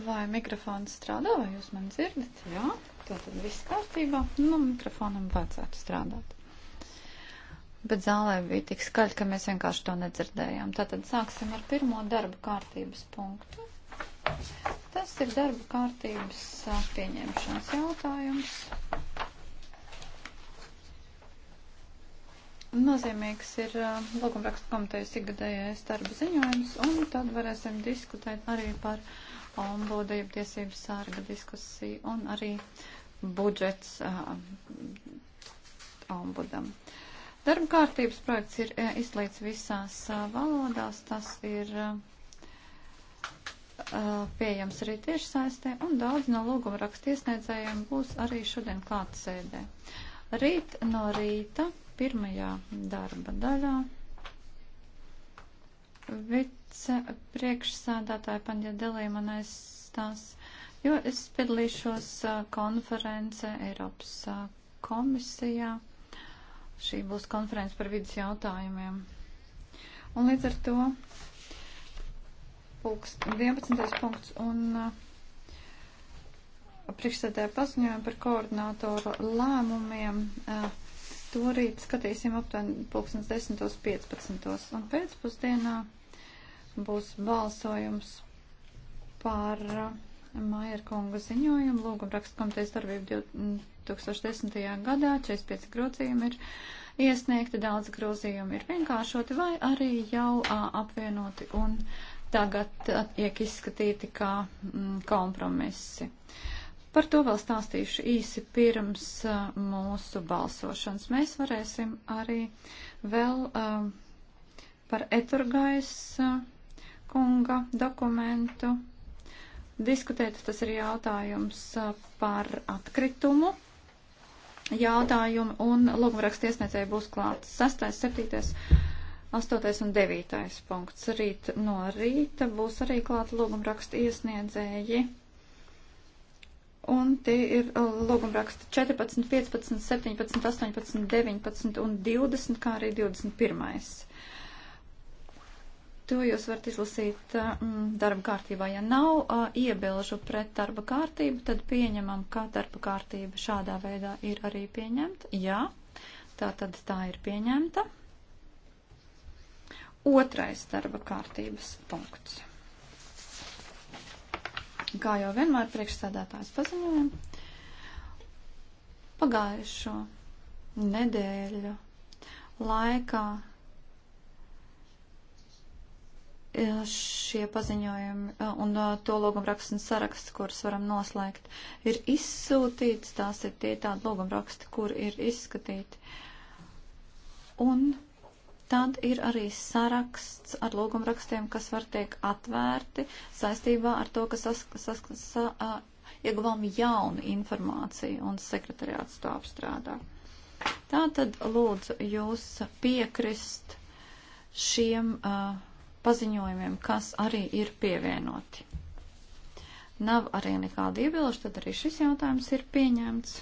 Vai mikrofons strādā, vai jūs mani dzirdat? Jā, tātad viss kārtībā. Nu, mikrofonam vajadzētu strādāt. Bet zālē bija tik skaļi, ka mēs vienkārši to nedzirdējām. Tātad sāksim ar pirmo darba kārtības punktu. Tas ir darba kārtības pieņemšanas jautājums. Nozīmīgs ir logumrakstu komitejas ikgadējais darba ziņojums, un tad varēsim diskutēt arī par uh, ombuda, jeb tiesību sārga diskusija un arī budžets uh, ombudam. Darba kārtības projekts ir uh, izlīdz visās uh, valodās, tas ir uh, pieejams arī tiešsaistē un daudz no lūguma rakstiesniedzējiem būs arī šodien klātsēdē. Rīt no rīta, pirmajā darba daļā, Vit vārds priekšsādātāja Pandjadelī man aizstās, jo es piedalīšos uh, konference Eiropas uh, komisijā. Šī būs konference par vidas jautājumiem. Un līdz ar to pulkst, 11. punkts un uh, priekšsēdē paziņojumu par koordinātoru lēmumiem. Uh, Tūrīt skatīsim aptuveni 10.15. un pēcpusdienā būs balsojums par uh, Mairkunga ziņojumu. Lūguma rakstu komitejas darbību 2010. gadā 45 grozījumi ir iesniegti, daudz grozījumi ir vienkāršoti vai arī jau apvienoti un tagad tiek izskatīti kā kompromisi. Par to vēl stāstīšu īsi pirms mūsu balsošanas. Mēs varēsim arī vēl par eturgais kunga dokumentu diskutēt, tas ir jautājums par atkritumu jautājumu, un lūgumraksta iesniedzēja būs klāts 6., 7., 8. un 9. punkts. Rīt no rīta būs arī klāta lūgumraksta iesniedzēji. Un tie ir lūgumraksti 14, 15, 17, 18, 19 un 20, kā arī 21. To jūs varat izlasīt uh, mm, darba kārtībā. Ja nav uh, iebilžu pret darba kārtību, tad pieņemam, ka darba kārtība šādā veidā ir arī pieņemta. Jā, tā tad tā ir pieņemta. Otrais darba kārtības punkts. Kā jau vienmēr priekšsēdētājs paziņojam, pagājušo nedēļu laikā šie paziņojumi un to lūgumrakstu saraksts, kurus varam noslēgt, ir izsūtīts. Tās ir tie tādi lūgumraksti, kur ir izskatīti. Un tad ir arī saraksts ar lūgumrakstiem, kas var tiek atvērti saistībā ar to, ka sas, sas, sa, uh, ieguvām jaunu informāciju un sekretariāts to apstrādā. Tā tad lūdzu jūs piekrist šiem. Uh, paziņojumiem, kas arī ir pievienoti. Nav arī nekāda iebilža, tad arī šis jautājums ir pieņemts.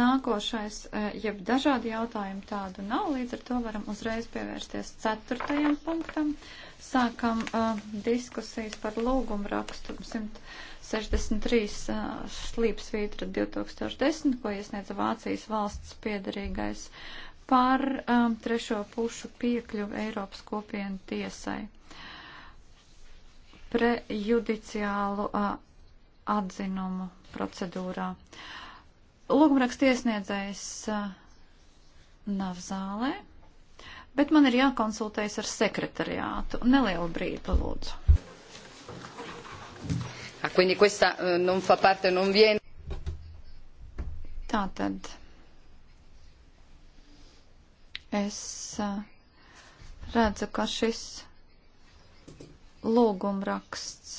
Nākošais, eh, jeb dažādi jautājumi tādu nav, līdz ar to varam uzreiz pievērsties ceturtajam punktam. Sākam uh, diskusijas par lūgumu rakstu 163 uh, slīpsvītra 2010, ko iesniedza Vācijas valsts piedarīgais uh, par um, trešo pušu piekļuvu Eiropas kopienu tiesai. Prejudiciālu uh, atzinumu procedūrā. Lūgumraksta iesniedzējs uh, nav zālē, bet man ir jākonsultējas ar sekretariātu. Nelielu brīdi, lūdzu. Ah, quindi questa uh, non fa parte, non viene. Tātad Es redzu, ka šis lūgumraksts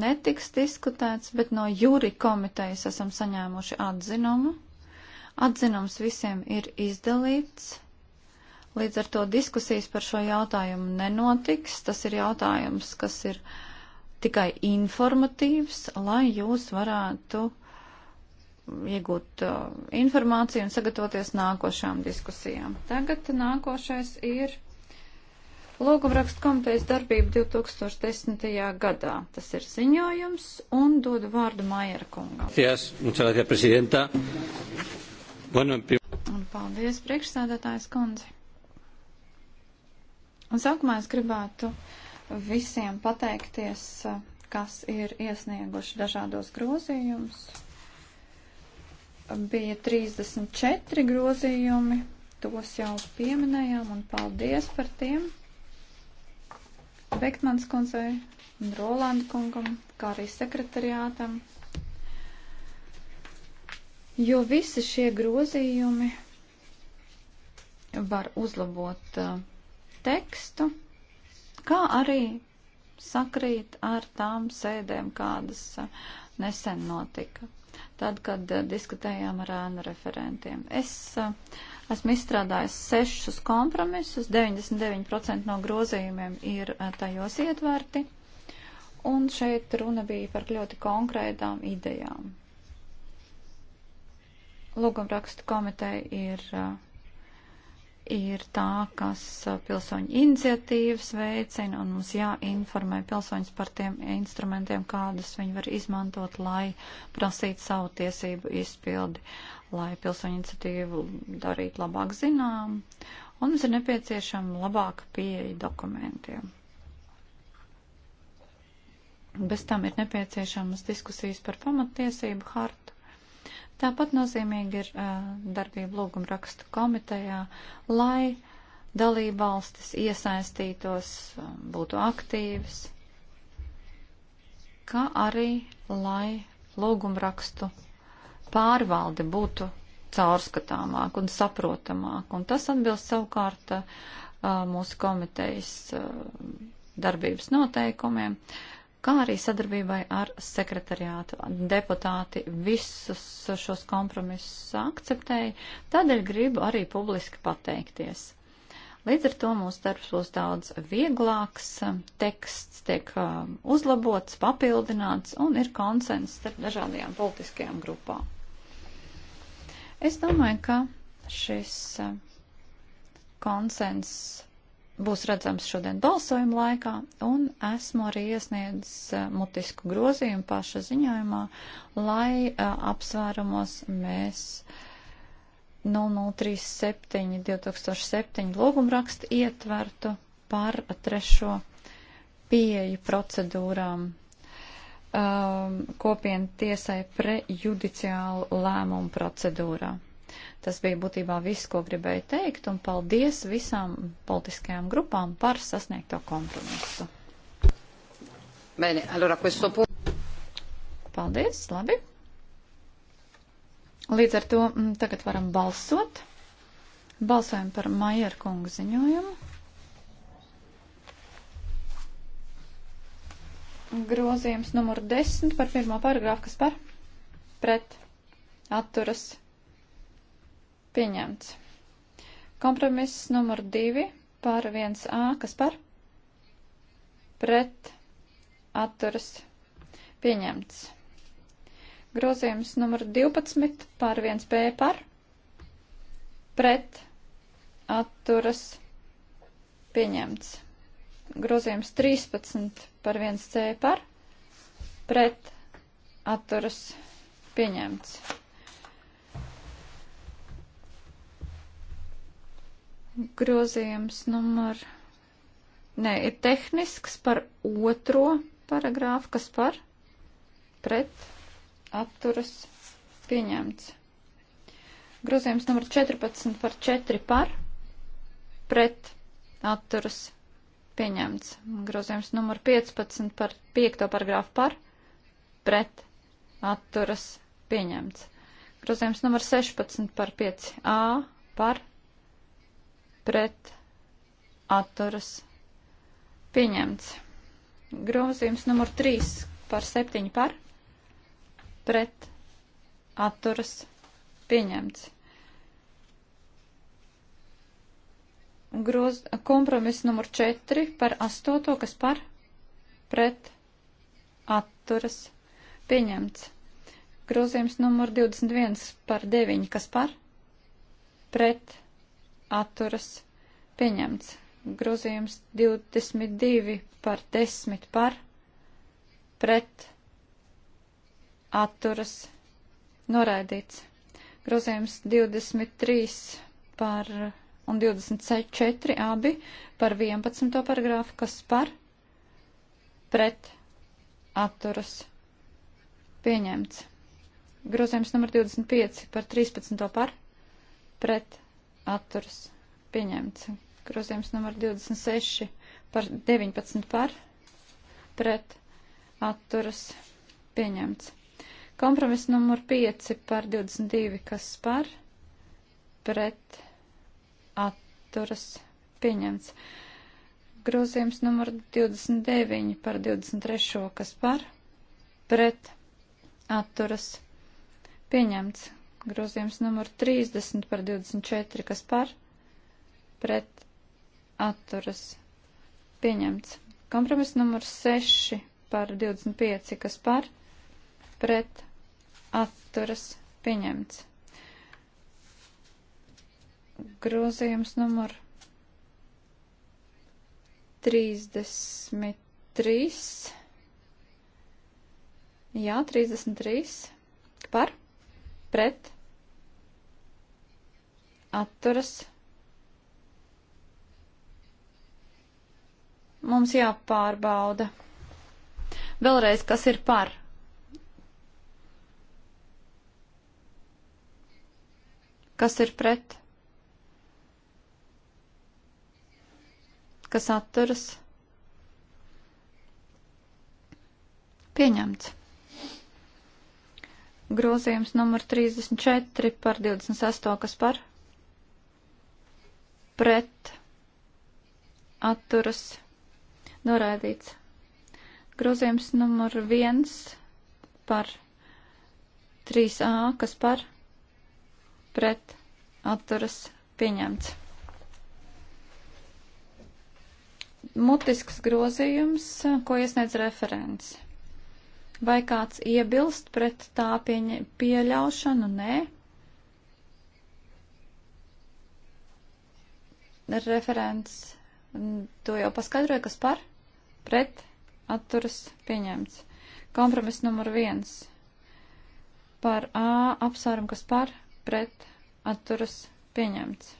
netiks diskutēts, bet no jūri komitejas esam saņēmuši atzinumu. Atzinums visiem ir izdalīts. Līdz ar to diskusijas par šo jautājumu nenotiks. Tas ir jautājums, kas ir tikai informatīvs, lai jūs varētu iegūt uh, informāciju un sagatavoties nākošām diskusijām. Tagad nākošais ir Lūgumrakstu komitejas darbība 2010. gadā. Tas ir ziņojums un dodu vārdu Maiera kungam. Yes, bueno, prim... Paldies, priekšsādātājs kundze. Un sākumā es gribētu visiem pateikties, uh, kas ir iesnieguši dažādos grozījumus bija 34 grozījumi, tos jau pieminējām un paldies par tiem. Bektmans kundzei un Rolanda kungam, kā arī sekretariātam. Jo visi šie grozījumi var uzlabot uh, tekstu, kā arī sakrīt ar tām sēdēm, kādas uh, nesen notika tad, kad eh, diskutējām ar ēnu referentiem. Es eh, esmu izstrādājis sešus kompromisus, 99% no grozījumiem ir eh, tajos ietverti, un šeit runa bija par ļoti konkrētām idejām. Lūgumrakstu komiteja ir uh, ir tā, kas pilsoņu iniciatīvas veicina, un mums jāinformē pilsoņus par tiem instrumentiem, kādus viņi var izmantot, lai prasītu savu tiesību izpildi, lai pilsoņu iniciatīvu darītu labāk zinām, un mums ir nepieciešama labāka pieeja dokumentiem. Bez tam ir nepieciešamas diskusijas par pamatiesību hartu Tāpat nozīmīgi ir darbība lūguma rakstu komitejā, lai dalība valstis iesaistītos, būtu aktīvas, kā arī, lai lūguma rakstu pārvalde būtu caurskatāmāk un saprotamāk. Un tas atbilst savukārt mūsu komitejas darbības noteikumiem. Uh, kā arī sadarbībai ar sekretariātu. Deputāti visus šos kompromisus akceptēja, tādēļ gribu arī publiski pateikties. Līdz ar to mūsu darbs būs daudz vieglāks, teksts tiek uh, uzlabots, papildināts un ir konsens starp dažādajām politiskajām grupām. Es domāju, ka šis uh, konsens būs redzams šodien balsojuma laikā, un esmu arī iesniedzis eh, mutisku grozījumu paša ziņojumā, lai eh, apsvērumos mēs 0037 2007 lūgumrakstu ietvertu par trešo pieeju procedūrām um, kopienu tiesai prejudiciālu lēmumu procedūrā. Tas bija būtībā viss, ko gribēju teikt, un paldies visām politiskajām grupām par sasniegto kompromisu. Bene, allora questo punto. Paldies, labi. Līdz ar to mm, tagad varam balsot. Balsojam par Maieru kungu ziņojumu. grozījums numur 10 par pirmo paragrāfu, kas par pret atturas Pieņemts. Kompromiss numur 2 par 1A, kas par? Pret atturas pieņemts. Grozījums numur 12 par 1B par? Pret atturas pieņemts. Grozījums 13 par 1C par? Pret atturas pieņemts grozījums numur. Nē, ir tehnisks par otro paragrāfu, kas par pret atturas pieņemts. Grozījums numur 14 par 4 par pret atturas pieņemts. Grozījums numur 15 par 5 paragrāfu par pret atturas pieņemts. Grozījums numur 16 par 5a par pret pret atturas pieņemts. Grozījums numur 3 par 7 par pret atturas pieņemts. Groz, kompromiss numur 4 par 8, kas par pret atturas pieņemts. Grozījums numur 21 par 9, kas par pret atturas pieņemts atturas pieņemts. Grozījums 22 par 10 par pret atturas noraidīts. Grozījums 23 par un 24 abi par 11. paragrāfu, kas par pret atturas pieņemts. Grozījums numur 25 par 13. par pret atturas pieņemts. Grozījums numur 26 par 19 par pret atturas pieņemts. Kompromis numur 5 par 22, kas par pret atturas pieņemts. Grozījums numur 29 par 23, kas par pret atturas pieņemts. Grozījums numur 30 par 24, kas par pret atturas pieņemts. Kompromiss numur 6 par 25, kas par pret atturas pieņemts. Grozījums numur 33. Jā, 33 par pret atturas. Mums jāpārbauda. Vēlreiz, kas ir par? Kas ir pret? Kas atturas? Pieņemts. Grozījums numur 34 par 28, kas par? pret atturas noraidīts. Grozījums numur viens par 3A, kas par pret atturas pieņemts. Mutisks grozījums, ko iesniedz referents. Vai kāds iebilst pret tā pieņa, pieļaušanu? Nē. Referents to jau paskaidroja, kas par, pret, atturas pieņemts. Kompromiss numur viens. Par A apsvērumu, kas par, pret, atturas pieņemts.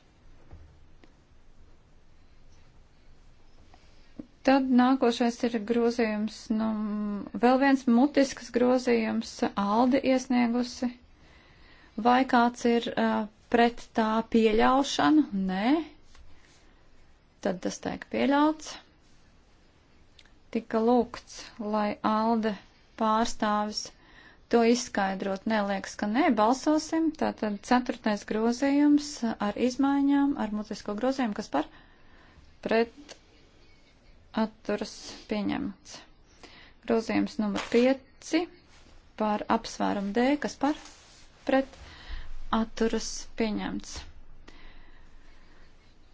Tad nākošais ir grozījums, nu, vēl viens mutisks grozījums, Aldi iesniegusi. Vai kāds ir uh, pret tā pieļaušanu? Nē. Tad tas tiek pieļauts. Tika lūgts, lai Alde pārstāvis to izskaidrot. Neliekas, ka nē, balsosim. Tātad ceturtais grozījums ar izmaiņām, ar mutisko grozījumu, kas par pret atturas pieņemts. Grozījums numur 5 par apsvērumu D, kas par pret atturas pieņemts.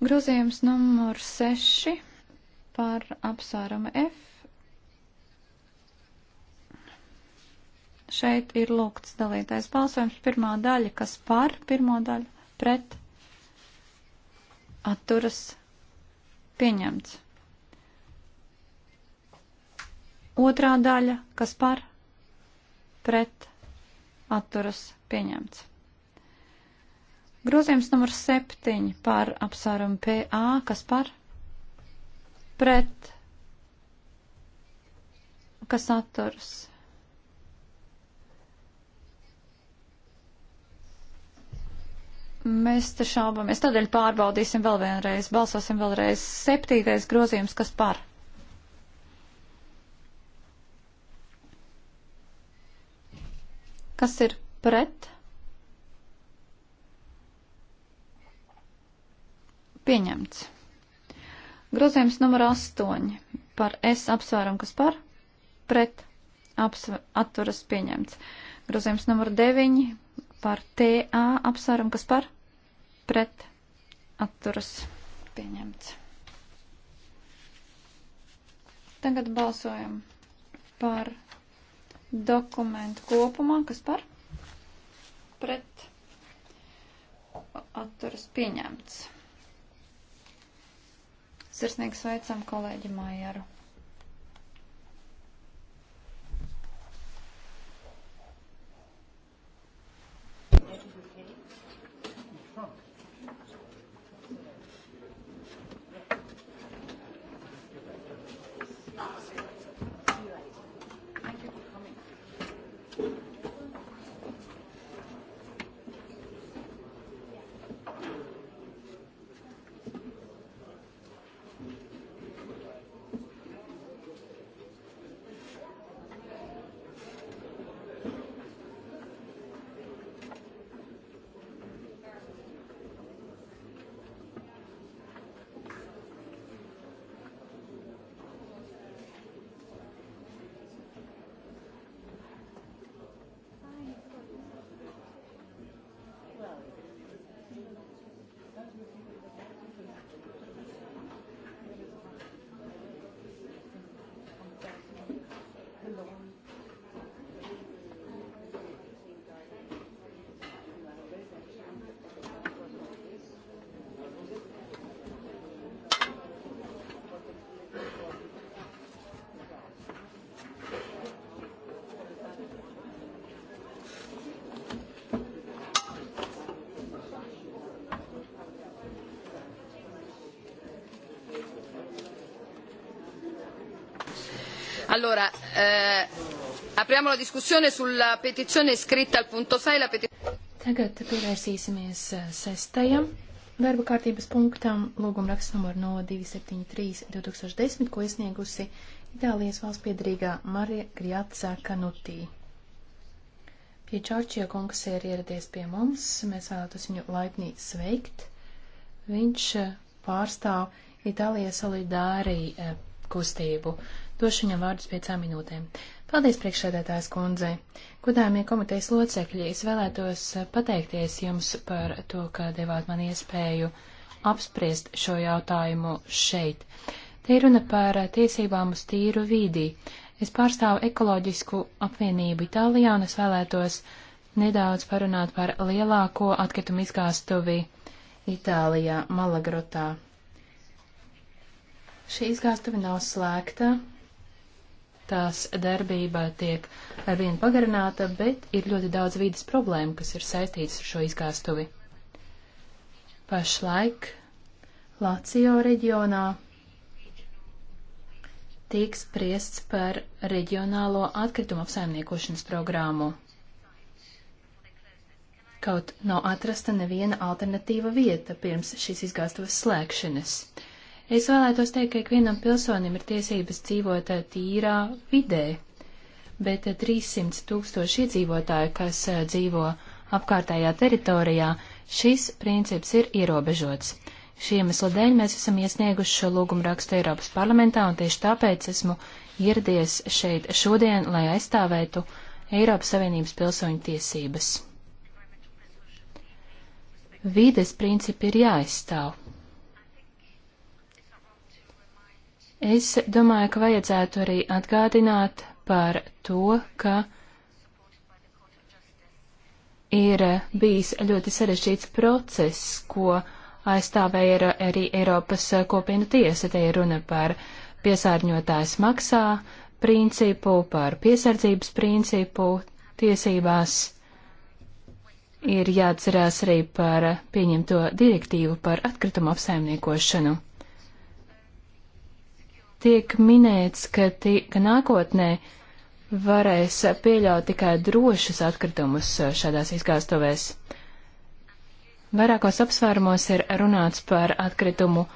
Grozījums numur 6 par apsvērumu F. Šeit ir lūgts dalītais balsojums. Pirmā daļa, kas par pirmo daļu, pret atturas pieņemts. Otrā daļa, kas par pret atturas pieņemts. Grozījums numur 7 par apsvērumu PA, kas par pret, kas atturs. Mēs te šaubamies, tādēļ pārbaudīsim vēl vienreiz, balsosim vēlreiz. Septītais grozījums, kas par? Kas ir pret? Pieņemts. Grozījums numur 8 par S apsvērumu, kas par pret atturas pieņemts. Grozījums numur 9 par TA apsvērumu, kas par pret atturas pieņemts. Tagad balsojam par dokumentu kopumā, kas par pret atturas pieņemts. Sirsnīgi sveicam kolēģi Maijaru. Allora, eh, apriamo la discussione sulla petizione scritta al punto 6. La peti... Tagad pievērsīsimies eh, sestajam darba kārtības punktam, lūguma raksts numur 0273 2010, ko iesniegusi Itālijas valsts piedarīgā Marija Griatsa Kanutī. Pie Čārčija kungs ir ieradies pie mums, mēs vēlētos viņu laipni sveikt. Viņš eh, pārstāv Itālijas solidāriju eh, kustību. Uh, Došu viņam vārdus piecām minūtēm. Paldies, priekšsēdētājs kundze. Godājumie komitejas locekļi, es vēlētos pateikties jums par to, ka devāt man iespēju apspriest šo jautājumu šeit. Te ir runa par tiesībām uz tīru vīdī. Es pārstāvu ekoloģisku apvienību Itālijā un es vēlētos nedaudz parunāt par lielāko atkritumu izgāstuvi Itālijā, Malagrotā. Šī izgāstuve nav slēgta, tās darbība tiek arvien pagarināta, bet ir ļoti daudz vīdes problēmu, kas ir saistītas ar šo izkāstuvi. Pašlaik Lācijo reģionā tiek spriests par reģionālo atkritumu apsaimniekošanas programmu. Kaut nav atrasta neviena alternatīva vieta pirms šīs izgāstuves slēgšanas. Uh, Es vēlētos teikt, ka ikvienam pilsonim ir tiesības dzīvot eh, tīrā vidē, bet 300 eh, tūkstoši iedzīvotāju, kas eh, dzīvo apkārtējā teritorijā, šis princips ir ierobežots. Šī iemesla dēļ mēs esam iesnieguši šo lūgumu rakstu Eiropas parlamentā, un tieši tāpēc esmu ieradies šeit šodien, lai aizstāvētu Eiropas Savienības pilsoņu tiesības. Vides principi ir jāaizstāv, Es domāju, ka vajadzētu arī atgādināt par to, ka ir bijis ļoti sarežģīts process, ko aizstāvēja arī Eiropas kopienu tiesa. Te ir runa par piesārņotājs maksā principu, par piesardzības principu tiesībās. Ir jāatcerās arī par pieņemto direktīvu par atkritumu apsaimniekošanu tiek minēts, ka, tī, ka nākotnē varēs pieļaut tikai drošus atkritumus šādās izgāstuvēs. Vairākos apsvērumos ir runāts par atkritumu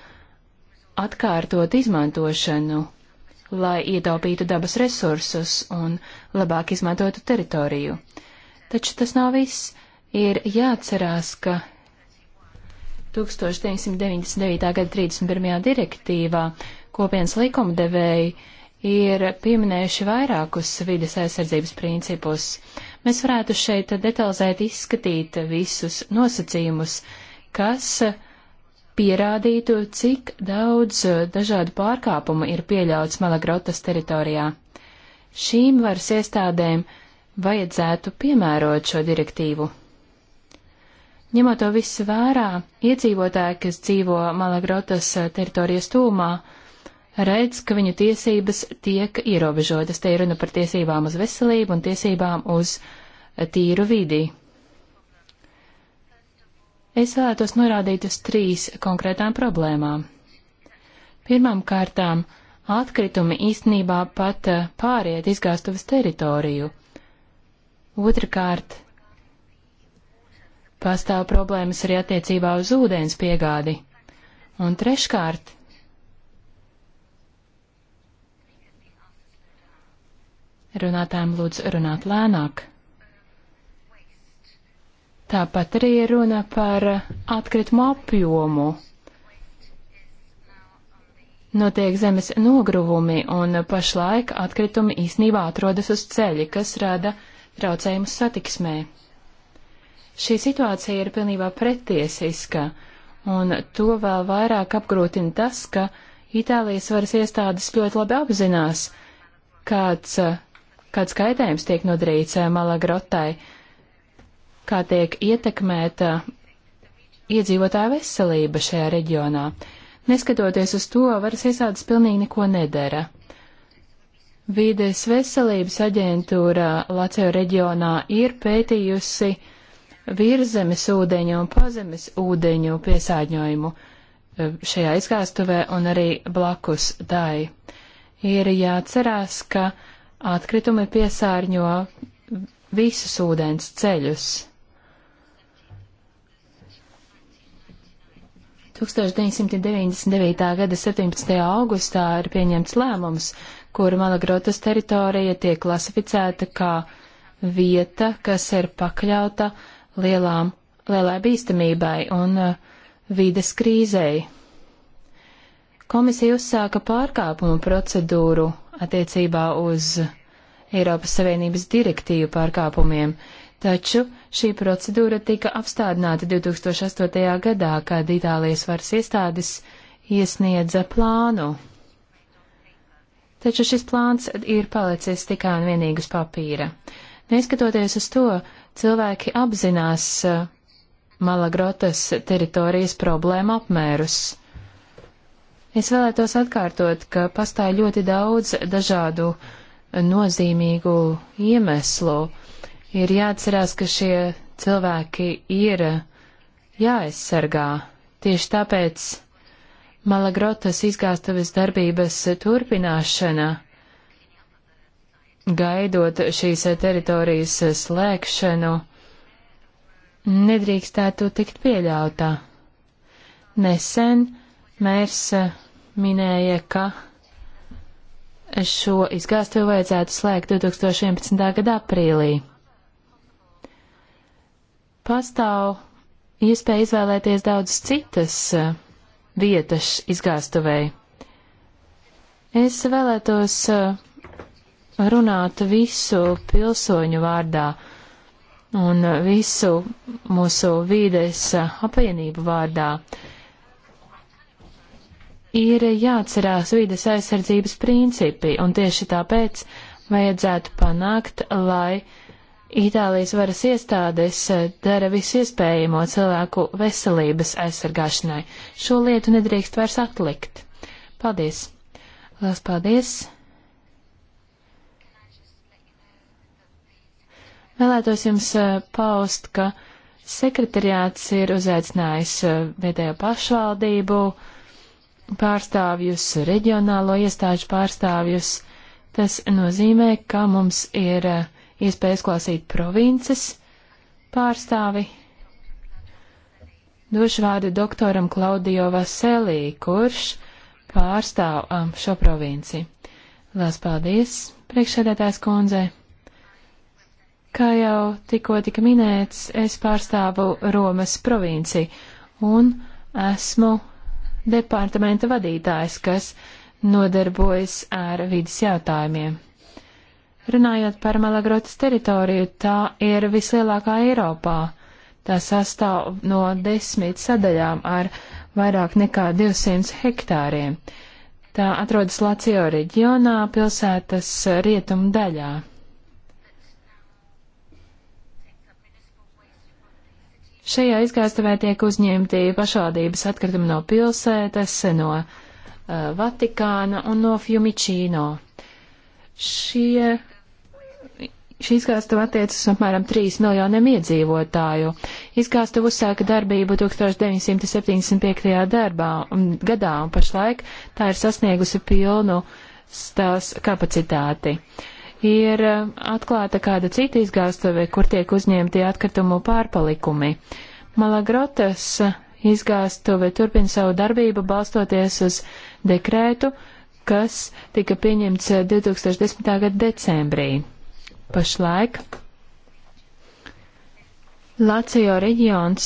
atkārtot izmantošanu, lai ietaupītu dabas resursus un labāk izmantotu teritoriju. Taču tas nav viss. Ir jāatcerās, ka 1999. gada 31. direktīvā kopienas likumdevēji ir pieminējuši vairākus vides aizsardzības principus. Mēs varētu šeit detalizēt izskatīt visus nosacījumus, kas pierādītu, cik daudz dažādu pārkāpumu ir pieļauts Malagrotas teritorijā. Šīm varas iestādēm vajadzētu piemērot šo direktīvu. Ņemot to visu vērā, iedzīvotāji, kas dzīvo Malagrotas teritorijas tūmā, redz, ka viņu tiesības tiek ierobežotas. Te ir runa par tiesībām uz veselību un tiesībām uz tīru vidi. Es vēlētos norādīt uz trīs konkrētām problēmām. Pirmām kārtām atkritumi īstenībā pat pāriet izgāstuves teritoriju. Otrakārt, pastāv problēmas arī attiecībā uz ūdens piegādi. Un treškārt, runātājiem lūdzu runāt lēnāk. Tāpat arī runa par atkritumu apjomu. Notiek zemes nogruvumi, un pašlaik atkritumi īsnībā atrodas uz ceļa, kas rada traucējumus satiksmē. Šī situācija ir pilnībā pretiesiska, un to vēl vairāk apgrūtina tas, ka Itālijas varas iestādes ļoti labi apzinās, kāds, eh, kāds kaitējums tiek nodarīts eh, Malagrotai, kā tiek ietekmēta iedzīvotāja veselība šajā reģionā. Neskatoties uz to, varas iestādes pilnīgi neko nedara. Vīdes veselības aģentūra Lācijā reģionā ir pētījusi virzemes ūdeņu un pazemes ūdeņu piesārņojumu e, šajā izgāstuvē un arī blakus tai. Ir jāatcerās, ka atkritumi piesārņo visus ūdens ceļus. 1999. gada 17. augustā ir pieņemts lēmums, kur Malagrotas teritorija tiek klasificēta kā vieta, kas ir pakļauta uh, lielām, lielai bīstamībai un uh, vides krīzei. Komisija uzsāka pārkāpumu procedūru attiecībā uz Eiropas Savienības direktīvu pārkāpumiem, taču šī procedūra tika apstādināta 2008. gadā, kad Itālijas varas iestādes iesniedza plānu. Taču šis plāns ir palicis tikai un vienīgi uz papīra. Neskatoties uz to, Cilvēki apzinās eh, Malagrotas teritorijas problēmu apmērus. Es vēlētos atkārtot, ka pastāv ļoti daudz dažādu nozīmīgu iemeslu. Ir jāatcerās, ka šie cilvēki ir jāaizsargā. Tieši tāpēc Malagrotas izgāstaves darbības turpināšana gaidot šīs teritorijas slēgšanu, nedrīkstētu tikt pieļautā. Nesen mērs minēja, ka šo izgāstuvi vajadzētu slēgt 2011. gada aprīlī. Pastāv iespēja izvēlēties daudz citas eh, vietas izgāstuvēji. Es vēlētos uh, runāt visu pilsoņu vārdā un visu mūsu vīdes apvienību vārdā. Ir jāatcerās vīdes aizsardzības principi, un tieši tāpēc vajadzētu panākt, lai Itālijas varas iestādes dara visu iespējamo cilvēku veselības aizsargāšanai. Šo lietu nedrīkst vairs atlikt. Paldies! Lielas paldies! Vēlētos jums eh, paust, ka sekretariāts ir uzaicinājis eh, vietējo pašvaldību pārstāvjus, reģionālo iestāžu pārstāvjus. Tas nozīmē, ka mums ir eh, iespēja izklāsīt provinces pārstāvi. Došu vārdu doktoram Klaudijo Vaselī, kurš pārstāv um, šo provinci. Lielas paldies, priekšsēdētājs kundzei! Kā jau tikko tika minēts, es pārstāvu Romas provinci un esmu departamenta vadītājs, kas nodarbojas ar vidas jautājumiem. Runājot par Malagrotas teritoriju, tā ir vislielākā Eiropā. Tā sastāv no desmit sadaļām ar vairāk nekā 200 hektāriem. Tā atrodas Lācijo reģionā, pilsētas rietumu daļā. Šajā izgāstuvē tiek uzņemti pašvaldības atkritumi no pilsētas, no uh, Vatikāna un no Fiumicino. Šie, šī izgāstuva attiecas apmēram 3 miljoniem iedzīvotāju. Izgāstuva uzsāka darbību 1975. Darbā, un, gadā un pašlaik tā ir sasniegusi pilnu tās kapacitāti. Uh, ir eh, atklāta kāda cita izgāstave, kur tiek uzņemti atkritumu pārpalikumi. Malagrotas izgāstuve turpina savu darbību balstoties uz dekrētu, kas tika pieņemts 2010. Eh, gada decembrī. Pašlaik Lācijo reģions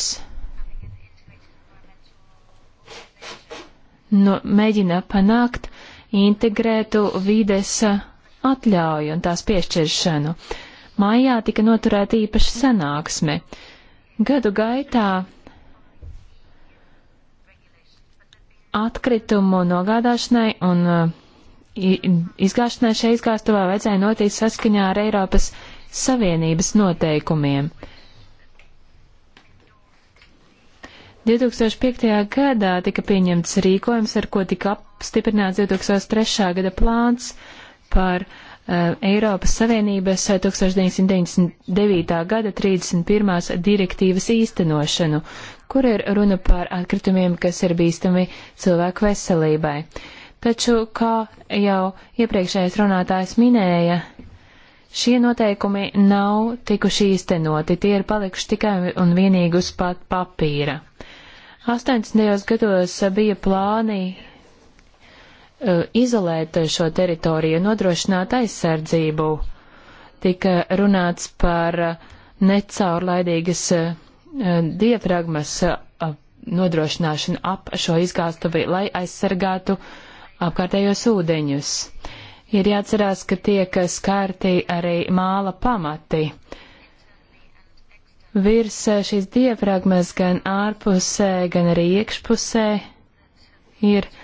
no, nu, mēģina panākt integrētu vides atļauju un tās piešķiršanu. Mājā tika noturēta īpaša sanāksme. Gadu gaitā atkritumu nogādāšanai un uh, izgāšanai šai izgāstuvā vajadzēja notikt saskaņā ar Eiropas Savienības noteikumiem. 2005. gadā tika pieņemts rīkojums, ar ko tika apstiprināts 2003. gada plāns par uh, Eiropas Savienības 1999. Eh, gada 31. direktīvas īstenošanu, kur ir runa par atkritumiem, kas ir bīstami cilvēku veselībai. Taču, kā jau iepriekšējais runātājs minēja, šie noteikumi nav tikuši īstenoti, tie ir palikuši tikai un vienīgi uz pat papīra. 80. gados bija plāni Eh, izolēt šo teritoriju, nodrošināt aizsardzību. Tika runāts par necaurlaidīgas eh, diafragmas eh, nodrošināšanu ap šo izgāstuvi, lai aizsargātu apkārtējos ūdeņus. Ir jāatcerās, ka tiek skārti arī māla pamati. Virs šīs diafragmas gan ārpusē, gan arī iekšpusē ir uh,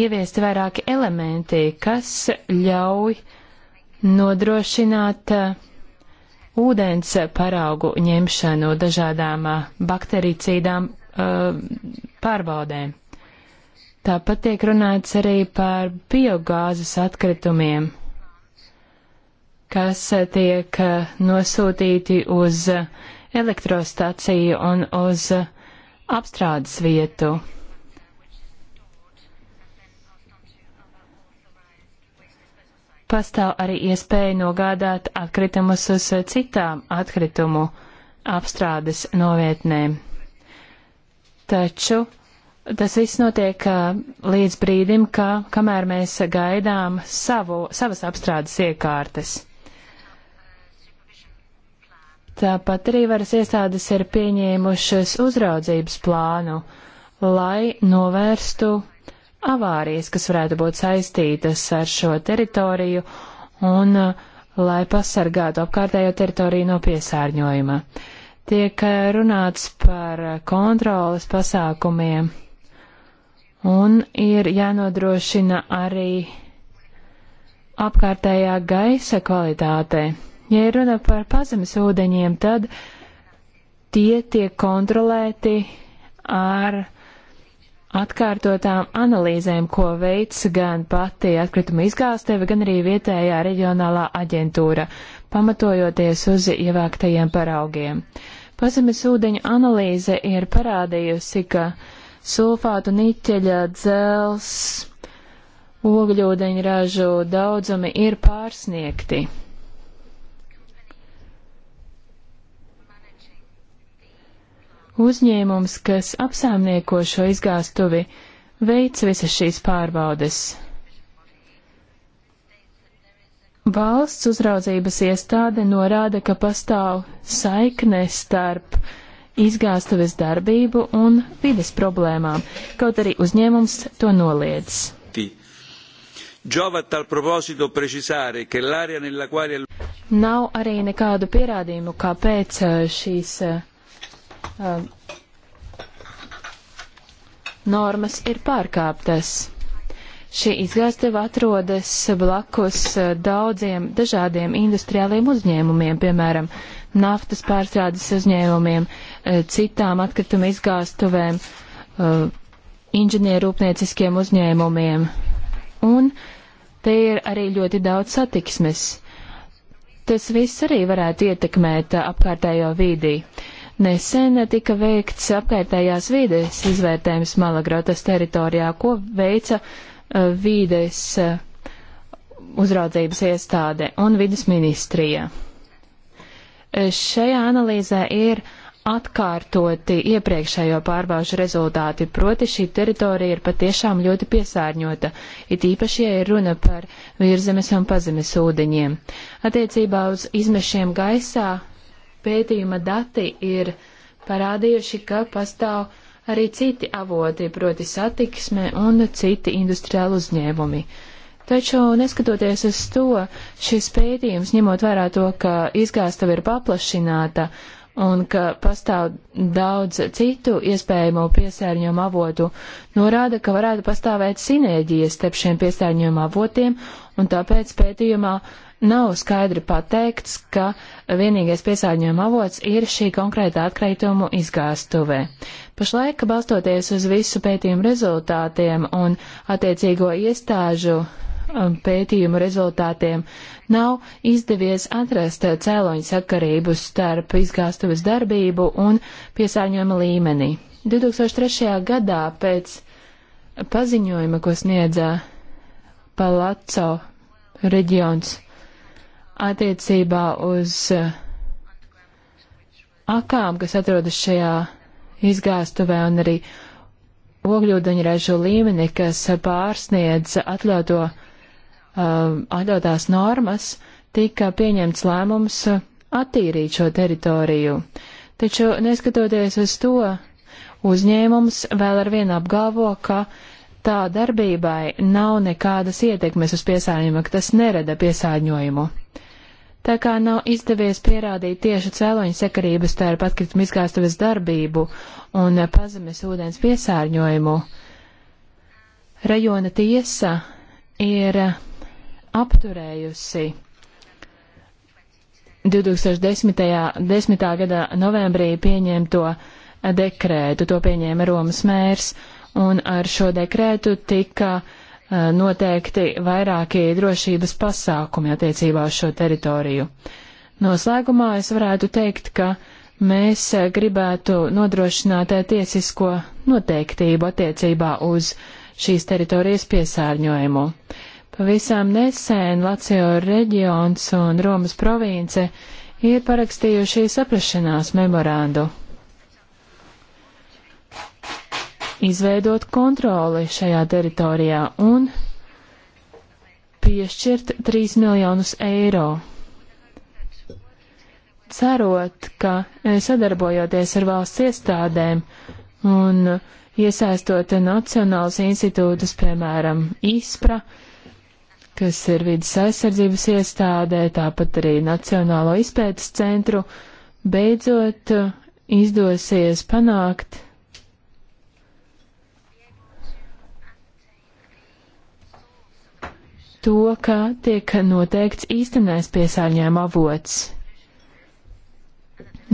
ieviesti vairāki elementi, kas ļauj nodrošināt uh, ūdens paraugu ņemšanu dažādām uh, baktericīdām uh, pārbaudēm. Tāpat tiek runāts arī par biogāzes atkritumiem, kas tiek nosūtīti uz elektrostaciju un uz apstrādes vietu. pastāv arī iespēja nogādāt atkritumus uz citām atkritumu apstrādes novietnēm. Taču tas viss notiek līdz brīdim, ka, kamēr mēs gaidām savu, savas apstrādes iekārtas. Tāpat arī varas iestādes ir pieņēmušas uzraudzības plānu, lai novērstu avārijas, kas varētu būt saistītas ar šo teritoriju un uh, lai pasargātu apkārtējo teritoriju no piesārņojuma. Tiek uh, runāts par uh, kontrolas pasākumiem un ir jānodrošina arī apkārtējā gaisa kvalitāte. Ja runa par pazemes ūdeņiem, tad tie tiek kontrolēti ar atkārtotām analīzēm, ko veids gan pati atkrituma izgāsteve, gan arī vietējā reģionālā aģentūra, pamatojoties uz ievāktajiem paraugiem. Pazemes ūdeņa analīze ir parādījusi, ka sulfātu niķeļa dzels, ogļūdeņražu daudzumi ir pārsniegti Uzņēmums, kas apsaimnieko šo izgāstuvi, veic visas šīs pārbaudes. Valsts uzraudzības iestāde norāda, ka pastāv saikne starp izgāstuves darbību un vides problēmām, kaut arī uzņēmums to noliedz. Nav arī nekādu pierādījumu, kāpēc eh, šīs eh, um, normas ir pārkāptas. Šī izgāzteva atrodas blakus uh, daudziem dažādiem industriāliem uzņēmumiem, piemēram, naftas pārstrādes uzņēmumiem, uh, citām atkrituma izgāstuvēm, uh, inženierūpnieciskiem uzņēmumiem. Un te ir arī ļoti daudz satiksmes. Tas viss arī varētu ietekmēt apkārtējo vīdī. Uh, Nesen tika veikts apkārtējās vīdes izvērtējums Malagrotas teritorijā, ko veica uh, vīdes uh, uzraudzības iestāde un vidas ministrija. Uh, šajā analīzē ir atkārtoti iepriekšējo pārbaužu rezultāti, proti šī teritorija ir patiešām ļoti piesārņota, it īpaši, ja ir runa par virzemes un pazemes ūdeņiem. Attiecībā uz izmešiem gaisā pētījuma dati ir parādījuši, ka pastāv arī citi avoti, proti satiksme un citi industriāli uzņēmumi. Taču, neskatoties uz to, šis pētījums, ņemot vērā to, ka izgāstava ir paplašināta un ka pastāv daudz citu iespējamo piesārņojumu avotu, norāda, ka varētu pastāvēt sinēģijas starp šiem piesārņojumu avotiem, un tāpēc pētījumā uh, nav skaidri pateikts, ka vienīgais piesārņojuma avots ir šī konkrēta atkritumu izgāstuvē. Pašlaik, balstoties uz visu pētījumu rezultātiem un attiecīgo iestāžu um, pētījumu rezultātiem, nav izdevies atrast cēloņu sakarību starp izgāstuves darbību un piesārņojuma līmenī. 2003. gadā pēc paziņojuma, ko sniedza Palaco reģions attiecībā uz eh, akām, kas atrodas šajā izgāstuvē un arī ogļūdeņražu līmeni, kas pārsniedz atļauto, eh, atļautās normas, tika pieņemts lēmums eh, attīrīt šo teritoriju. Taču, neskatoties uz to, uzņēmums vēl ar vienu apgalvo, ka tā darbībai nav nekādas ietekmes uz piesārņojumu, ka tas nerada piesārņojumu. Tā kā nav izdevies pierādīt tieši cēloņu sakarības starp atkritumu izgāstuves darbību un pazemes ūdens piesārņojumu, rajona tiesa ir apturējusi 2010. 10. gada novembrī pieņemto dekrētu, to pieņēma Romas mērs, un ar šo dekrētu tika uh, Eh, noteikti vairākie drošības pasākumi attiecībā uz šo teritoriju. Noslēgumā es varētu teikt, ka mēs eh, gribētu nodrošināt eh, tiesisko noteiktību attiecībā uz šīs teritorijas piesārņojumu. Pavisam nesen Lacio reģions un Romas province ir parakstījuši saprašanās memorandu izveidot kontroli šajā teritorijā un piešķirt 3 miljonus eiro. Cerot, ka e, sadarbojoties ar valsts iestādēm un iesaistot nacionālus institūtus, piemēram, ISPRA, kas ir vidas aizsardzības iestādē, tāpat arī Nacionālo izpētes centru, beidzot e, izdosies panākt to, ka tiek noteikts īstenais piesārņojuma avots.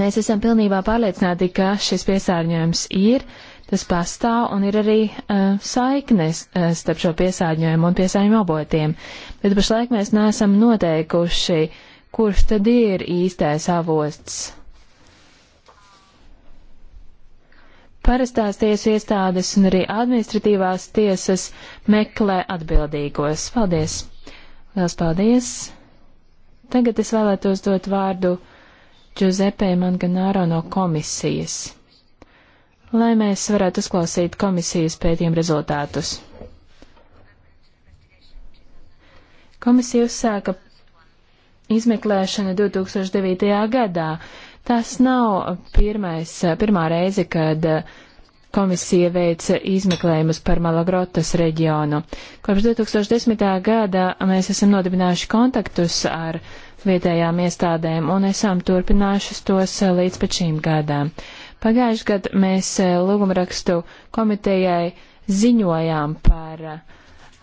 Mēs esam pilnībā pārliecināti, ka šis piesārņojums ir, tas pastāv un ir arī uh, saiknes uh, starp šo piesārņojumu un piesārņojumu avotiem. Bet pašlaik mēs neesam noteikuši, kurš tad ir īstais avots. Parastās tiesu iestādes un arī administratīvās tiesas meklē atbildīgos. Paldies! Lielas paldies! Tagad es vēlētos dot vārdu Giuseppe Manganāro no komisijas, lai mēs varētu uzklausīt komisijas pētījuma rezultātus. Komisija uzsāka izmeklēšana 2009. gadā Tas nav pirmais, pirmā reize, kad komisija veica izmeklējumus par Malagrotas reģionu. Kopš 2010. gada mēs esam nodibinājuši kontaktus ar vietējām iestādēm un esam turpinājuši tos līdz pat šīm gadām. Pagājuši gadu mēs lūgumrakstu komitejai ziņojām par uh,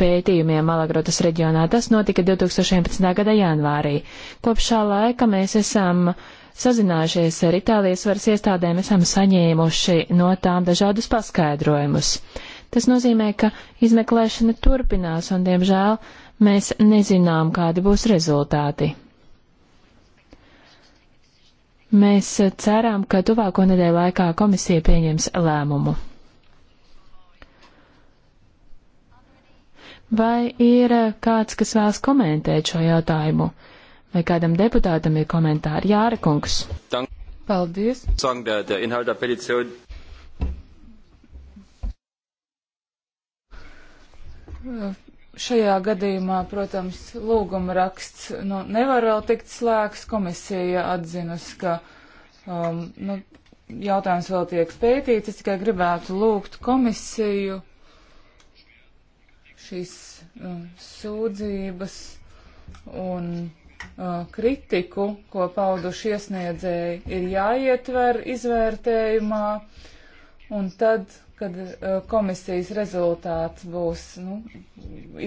pētījumiem Malagrotas reģionā. Tas notika 2011. gada janvārī. Kopš šā laika mēs esam sazinājušies ar Itālijas varas iestādēm, esam saņēmuši no tām dažādus paskaidrojumus. Tas nozīmē, ka izmeklēšana turpinās un, diemžēl, mēs nezinām, kādi būs rezultāti. Mēs ceram, ka tuvāko nedēļu laikā komisija pieņems lēmumu. Vai ir eh, kāds, kas vēlas komentēt šo jautājumu? Vai kādam deputātam ir komentāri? Jāra kungs. Paldies. Šajā gadījumā, protams, lūguma raksts nu, nevar vēl tikt slēgts. Komisija atzinusi, ka um, nu, jautājums vēl tiek pētīts. Es tikai gribētu lūgt komisiju šīs uh, sūdzības un uh, kritiku, ko pauduši iesniedzēji, ir jāietver izvērtējumā, un tad, kad uh, komisijas rezultāts būs, nu,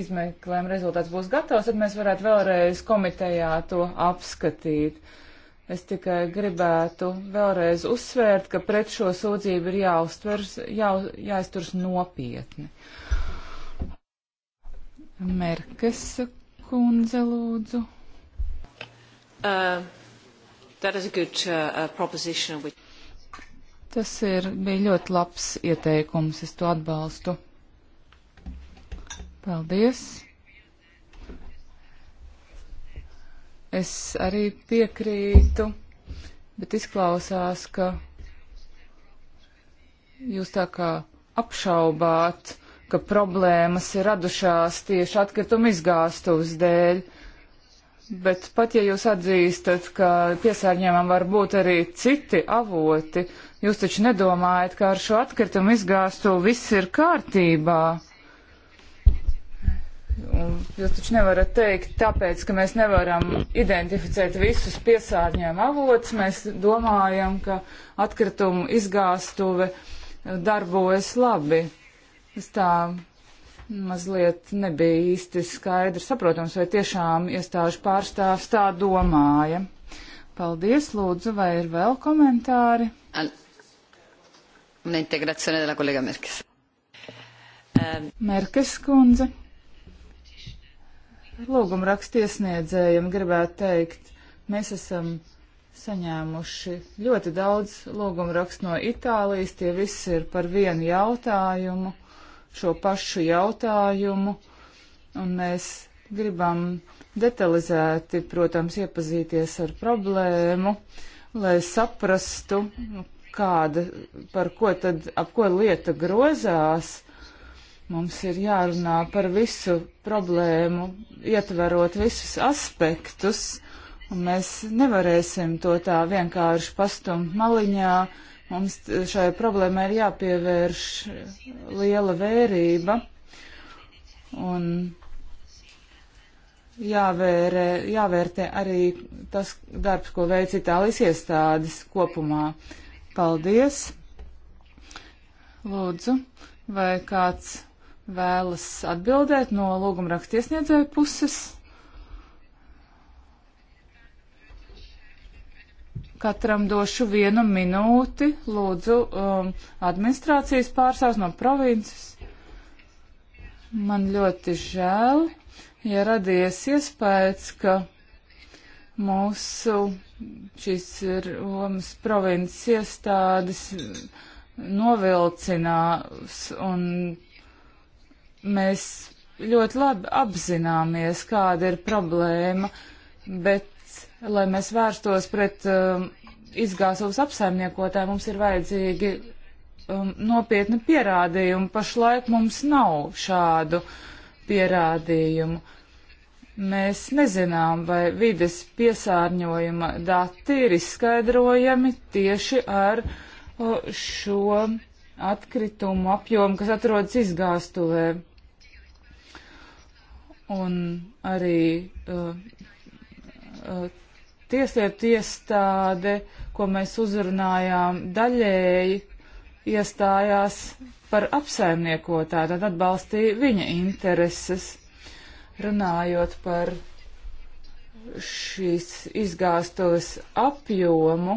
izmeklējuma rezultāts būs gatavs, tad mēs varētu vēlreiz komitejā to apskatīt. Es tikai gribētu vēlreiz uzsvērt, ka pret šo sūdzību ir jāuztvers, jā, jāizturs nopietni. Uh, Merkes kundze lūdzu. Uh, good, uh, uh which... Tas ir, bija ļoti labs ieteikums, es to atbalstu. Paldies. Es arī piekrītu, bet izklausās, ka jūs tā kā apšaubāt ka problēmas ir radušās tieši atkrituma izgāstuves dēļ. Bet pat ja jūs atzīstat, ka piesārņojumam var būt arī citi avoti, jūs taču nedomājat, ka ar šo atkritumu izgāstu viss ir kārtībā. Un jūs taču nevarat teikt, tāpēc, ka mēs nevaram identificēt visus piesārņojumu avots, mēs domājam, ka atkritumu izgāstuve darbojas labi. Es tā mazliet nebija īsti skaidrs, saprotams, vai tiešām iestāžu pārstāvs tā domāja. Paldies, lūdzu, vai ir vēl komentāri? Una integrazione della collega Merkes. Um. Ehm. Merkes kundze. Lūguma rakstiesniedzējiem gribētu teikt, mēs esam saņēmuši ļoti daudz lūguma rakstu no Itālijas, tie visi ir par vienu jautājumu šo pašu jautājumu, un mēs gribam detalizēti, protams, iepazīties ar problēmu, lai saprastu, nu, kāda, par ko tad, ap ko lieta grozās. Mums ir jārunā par visu problēmu, ietverot visus aspektus, un mēs nevarēsim to tā vienkārši pastumt maliņā, Mums šai problēmai ir jāpievērš liela vērība un jāvērē, jāvērtē arī tas darbs, ko veic Itālijas iestādes kopumā. Paldies! Lūdzu, vai kāds vēlas atbildēt no lūgumrakstiesniedzēju puses? Katram došu vienu minūti. Lūdzu, um, administrācijas pārstāvs no provinces. Man ļoti žēl, ja radies iespējas, ka mūsu šīs ir Romas provinces iestādes novilcinās un mēs ļoti labi apzināmies, kāda ir problēma, bet lai mēs vērstos pret um, izgāzavas apsaimniekotāju, mums ir vajadzīgi um, nopietni pierādījumi. Pašlaik mums nav šādu pierādījumu. Mēs nezinām, vai vides piesārņojuma dati ir izskaidrojami tieši ar uh, šo atkritumu apjomu, kas atrodas izgāstuvē. Un arī uh, uh, Tieslietu iestāde, ko mēs uzrunājām daļēji, iestājās par apsaimniekotāju, tad atbalstīja viņa intereses. Runājot par šīs izgāstuves apjomu,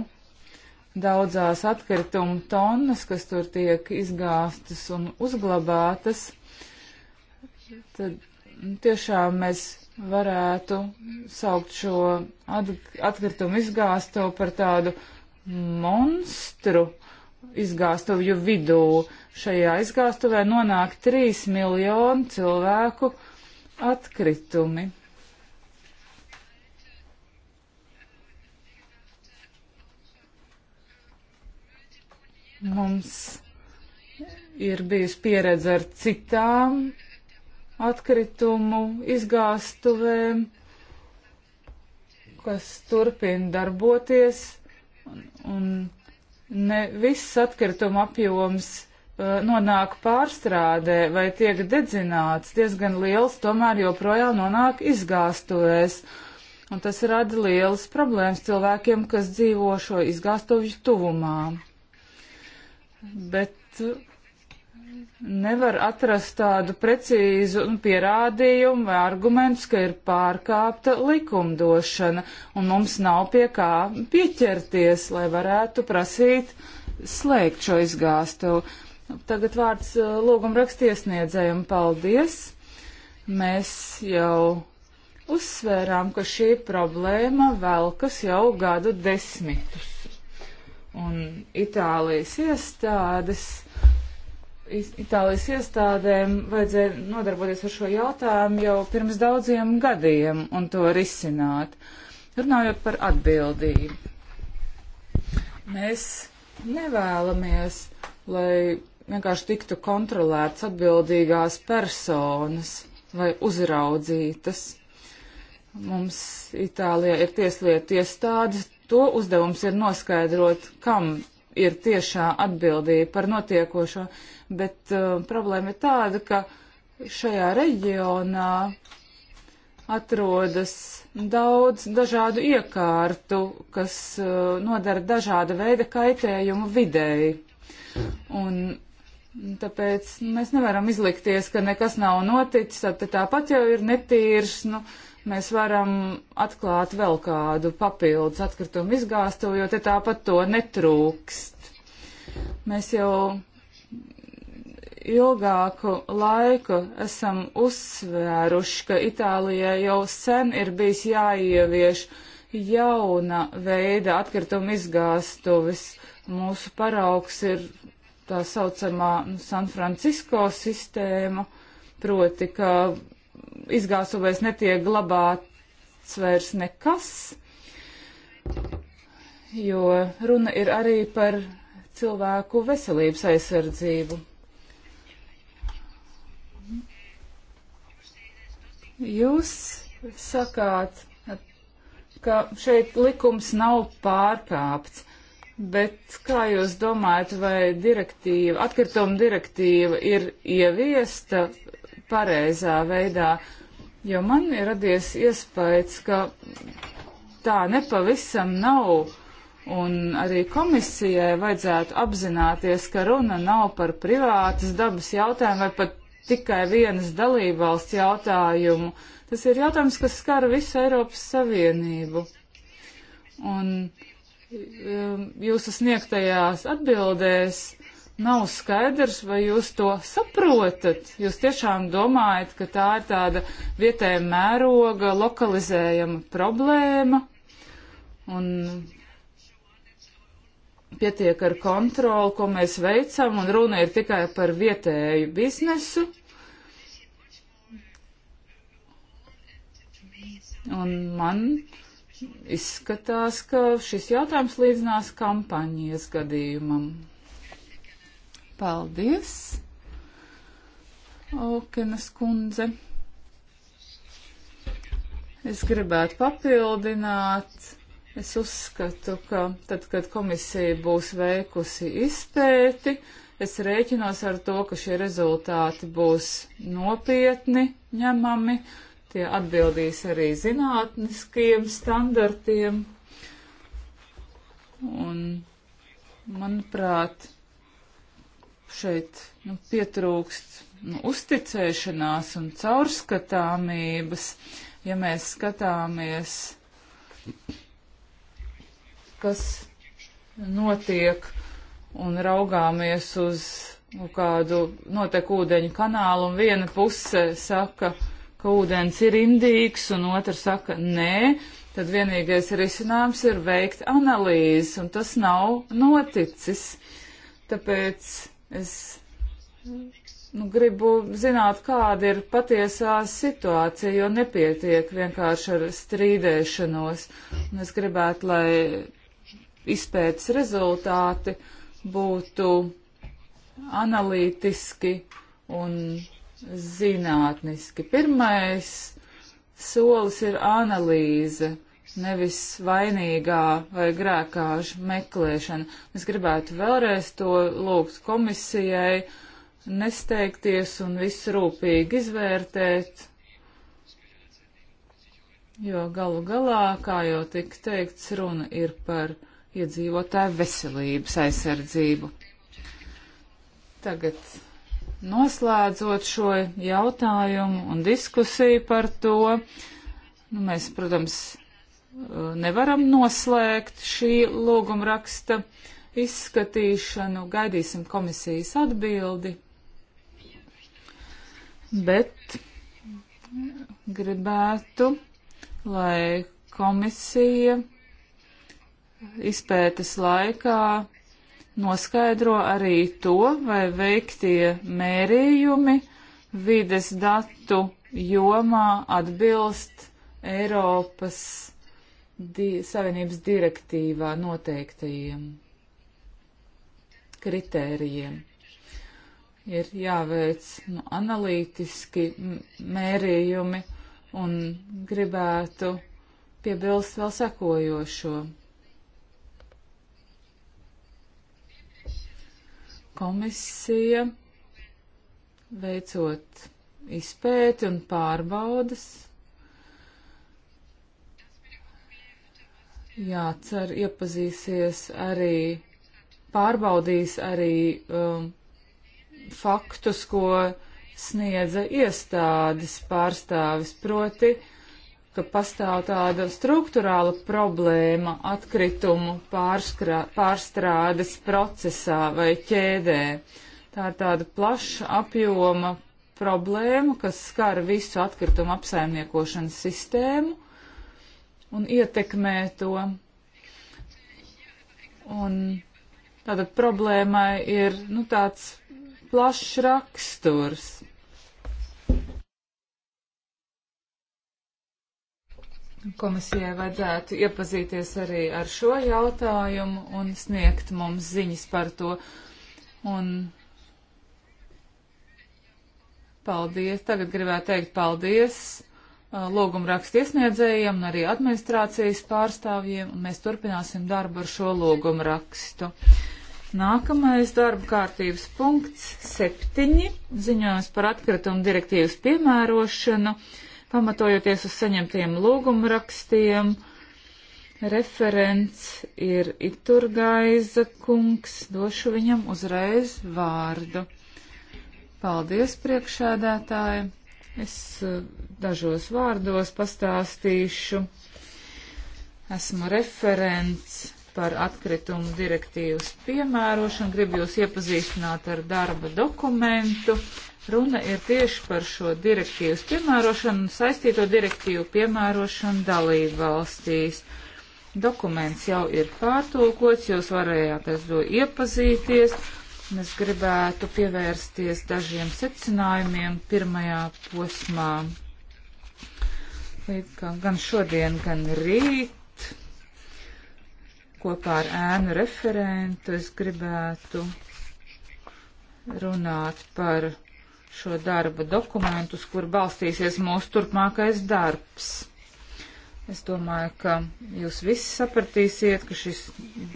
daudzās atkritumu tonnas, kas tur tiek izgāstas un uzglabātas, tad tiešām mēs varētu saukt šo atkritumu izgāsto par tādu monstru izgāstuvju vidū. Šajā izgāstuvē nonāk 3 miljonu cilvēku atkritumi. Mums ir bijusi pieredze ar citām atkritumu izgāstuvēm, kas turpina darboties, un, un ne viss atkrituma apjoms uh, nonāk pārstrādē vai tiek dedzināts, diezgan liels tomēr joprojām nonāk izgāstuvēs. Un tas rada lielas problēmas cilvēkiem, kas dzīvo šo izgāstuvju tuvumā. Bet nevar atrast tādu precīzu nu, pierādījumu vai argumentus, ka ir pārkāpta likumdošana, un mums nav pie kā pieķerties, lai varētu prasīt slēgt šo izgāstu. Tagad vārds uh, lūguma rakstiesniedzējiem. Paldies! Mēs jau uzsvērām, ka šī problēma velkas jau gadu desmitus. Un Itālijas iestādes Itālijas iestādēm vajadzēja nodarboties ar šo jautājumu jau pirms daudziem gadiem un to risināt. Runājot par atbildību, mēs nevēlamies, lai vienkārši tiktu kontrolētas atbildīgās personas vai uzraudzītas. Mums Itālijā ir tieslietu iestādes, to uzdevums ir noskaidrot, kam ir tiešā atbildība par notiekošo, bet uh, problēma ir tāda, ka šajā reģionā atrodas daudz dažādu iekārtu, kas uh, nodara dažāda veida kaitējumu videi. Un tāpēc mēs nevaram izlikties, ka nekas nav noticis, tad tāpat jau ir netīrs. Nu, uh, mēs varam atklāt vēl kādu papildus atkritumu izgāstu, jo te tāpat to netrūkst. Mēs jau ilgāku laiku esam uzsvēruši, ka Itālijai jau sen ir bijis jāievieš jauna veida atkritumu izgāstuvis. Mūsu paraugs ir tā saucamā San Francisco sistēma, proti, ka izgāzuvēs netiek glabāts vairs nekas, jo runa ir arī par cilvēku veselības aizsardzību. Jūs sakāt, ka šeit likums nav pārkāpts. Bet kā jūs domājat, vai direktīva, atkrituma direktīva ir ieviesta pareizā veidā? Jo man ir radies iespējas, ka tā nepavisam nav. Un arī komisijai vajadzētu apzināties, ka runa nav par privātas dabas jautājumu vai pat tikai vienas dalībvalsts jautājumu. Tas ir jautājums, kas skara visu Eiropas Savienību. Un um, jūsu sniegtajās atbildēs nav skaidrs, vai jūs to saprotat. Jūs tiešām domājat, ka tā ir tāda vietēja mēroga, lokalizējama problēma un pietiek ar kontroli, ko mēs veicam, un runa ir tikai par vietēju biznesu. Un man izskatās, ka šis jautājums līdzinās kampaņas gadījumam. Paldies, Aukenas kundze. Es gribētu papildināt. Es uzskatu, ka tad, kad komisija būs veikusi izpēti, es rēķinos ar to, ka šie rezultāti būs nopietni ņemami, tie atbildīs arī zinātniskiem standartiem. Un, manuprāt, šeit nu, pietrūkst nu, uzticēšanās un caurskatāmības, ja mēs skatāmies, kas notiek un raugāmies uz nu, kādu notiek ūdeņu kanālu un viena puse saka, ka ūdens ir indīgs un otra saka nē, tad vienīgais risinājums ir veikt analīzes un tas nav noticis. Tāpēc Es nu, gribu zināt, kāda ir patiesā situācija, jo nepietiek vienkārši ar strīdēšanos. Un es gribētu, lai izpētes rezultāti būtu analītiski un zinātniski. Pirmais solis ir analīze nevis vainīgā vai grēkāžu meklēšana. Es gribētu vēlreiz to lūgt komisijai, nesteigties un visu rūpīgi izvērtēt, jo galu galā, kā jau tika teikts, runa ir par iedzīvotāju veselības aizsardzību. Tagad noslēdzot šo jautājumu un diskusiju par to, nu, mēs, protams, nevaram noslēgt šī lūgumraksta izskatīšanu, gaidīsim komisijas atbildi. Bet gribētu, lai komisija izpētes laikā noskaidro arī to, vai veiktie mērījumi vides datu jomā atbilst Eiropas di Savienības direktīvā noteiktajiem kritērijiem. Ir jāveic nu, analītiski mērījumi un gribētu piebilst vēl sekojošo. Komisija veicot izpēti un pārbaudas Jā, cer iepazīsies arī, pārbaudīs arī um, faktus, ko sniedza iestādes pārstāvis, proti, ka pastāv tāda struktūrāla problēma atkritumu pārskrā, pārstrādes procesā vai ķēdē. Tā ir tāda plaša apjoma problēma, kas skar visu atkritumu apsaimniekošanas sistēmu un ietekmē to. Un tāda problēmai ir nu, tāds plašs raksturs. Komisijai vajadzētu iepazīties arī ar šo jautājumu un sniegt mums ziņas par to. Un paldies, tagad gribētu teikt paldies Uh, lūguma rakstu iesniedzējiem un arī administrācijas pārstāvjiem, un mēs turpināsim darbu ar šo lūguma rakstu. Nākamais darba kārtības punkts - septiņi ziņojums par atkritumu direktīvas piemērošanu, pamatojoties uz saņemtiem lūguma rakstiem. Referents ir Iturgaiza kungs, došu viņam uzreiz vārdu. Paldies, priekšēdētāji! Es eh, dažos vārdos pastāstīšu. Esmu referents par atkritumu direktīvas piemērošanu, gribu jūs iepazīstināt ar darba dokumentu. Runa ir tieši par šo direktīvas piemērošanu un saistīto direktīvu piemērošanu dalību valstīs. Dokuments jau ir pārtulkots, jūs varējāt ar to iepazīties un es gribētu pievērsties dažiem secinājumiem pirmajā posmā. Līdz kā gan šodien, gan rīt kopā ar ēnu referentu es gribētu runāt par šo darba dokumentu, uz kur balstīsies mūsu turpmākais darbs. Es domāju, ka jūs visi sapratīsiet, ka šis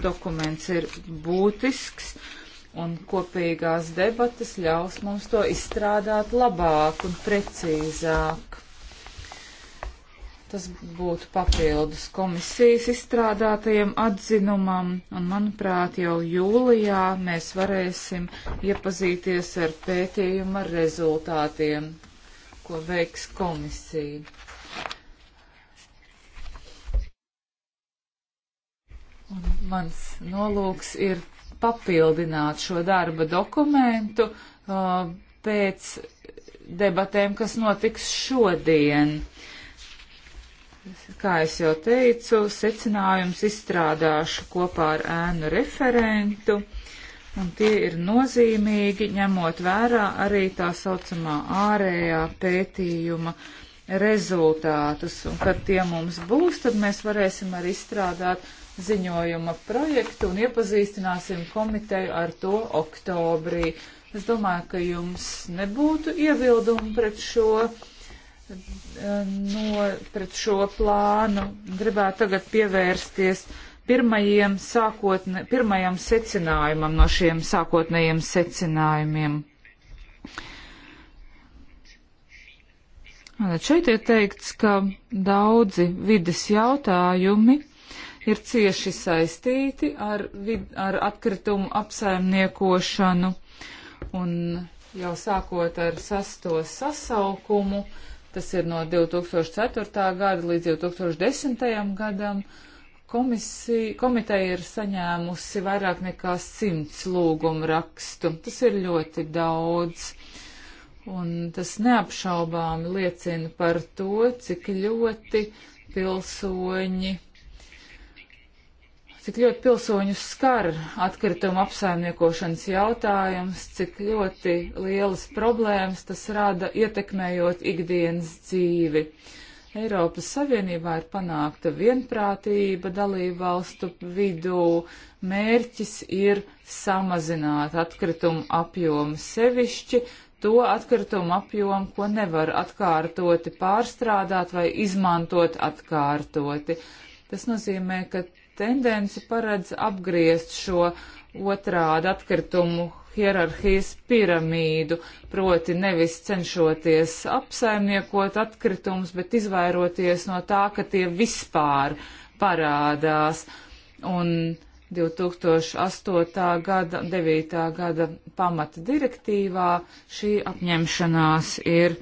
dokuments ir būtisks un kopīgās debatas ļaus mums to izstrādāt labāk un precīzāk. Tas būtu papildus komisijas izstrādātajam atzinumam, un, manuprāt, jau jūlijā mēs varēsim iepazīties ar pētījuma rezultātiem, ko veiks komisija. Un mans nolūks ir papildināt šo darba dokumentu uh, pēc debatēm, kas notiks šodien. Kā es jau teicu, secinājums izstrādāšu kopā ar ēnu referentu, un tie ir nozīmīgi, ņemot vērā arī tā saucamā ārējā pētījuma rezultātus, un kad tie mums būs, tad mēs varēsim arī izstrādāt ziņojuma projektu un iepazīstināsim komiteju ar to oktobrī. Es domāju, ka jums nebūtu iebildumu pret šo, eh, no, pret šo plānu. Gribētu tagad pievērsties pirmajiem, sākotne, pirmajam secinājumam no šiem sākotnējiem secinājumiem. Šeit ir teikts, ka daudzi vides jautājumi ir cieši saistīti ar, vid, ar atkritumu apsaimniekošanu un jau sākot ar sesto sasaukumu, tas ir no 2004. gada līdz 2010. gadam, komisija, komiteja ir saņēmusi vairāk nekā simts lūgumu rakstu. Tas ir ļoti daudz. Un tas neapšaubāmi liecina par to, cik ļoti pilsoņi cik ļoti pilsoņus skar atkrituma apsaimniekošanas jautājums, cik ļoti lielas problēmas tas rada ietekmējot ikdienas dzīvi. Eiropas Savienībā ir panākta vienprātība dalību valstu vidū. Mērķis ir samazināt atkritumu apjomu sevišķi, to atkritumu apjomu, ko nevar atkārtoti pārstrādāt vai izmantot atkārtoti. Tas nozīmē, ka tendence paredz apgriezt šo otrādu atkritumu hierarhijas piramīdu, proti nevis cenšoties apsaimniekot atkritumus, bet izvairoties no tā, ka tie vispār parādās. Un 2008. gada, 9. gada pamata direktīvā šī apņemšanās ir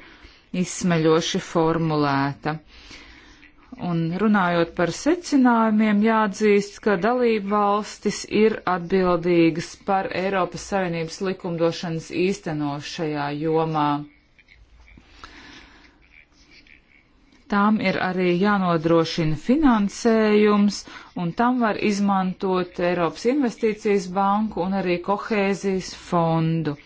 izsmeļoši formulēta. Uh, Un runājot par secinājumiem, jāatzīst, ka dalība valstis ir atbildīgas par Eiropas Savienības likumdošanas īstenošajā jomā. Tām ir arī jānodrošina finansējums, un tam var izmantot Eiropas Investīcijas banku un arī kohēzijas fondu.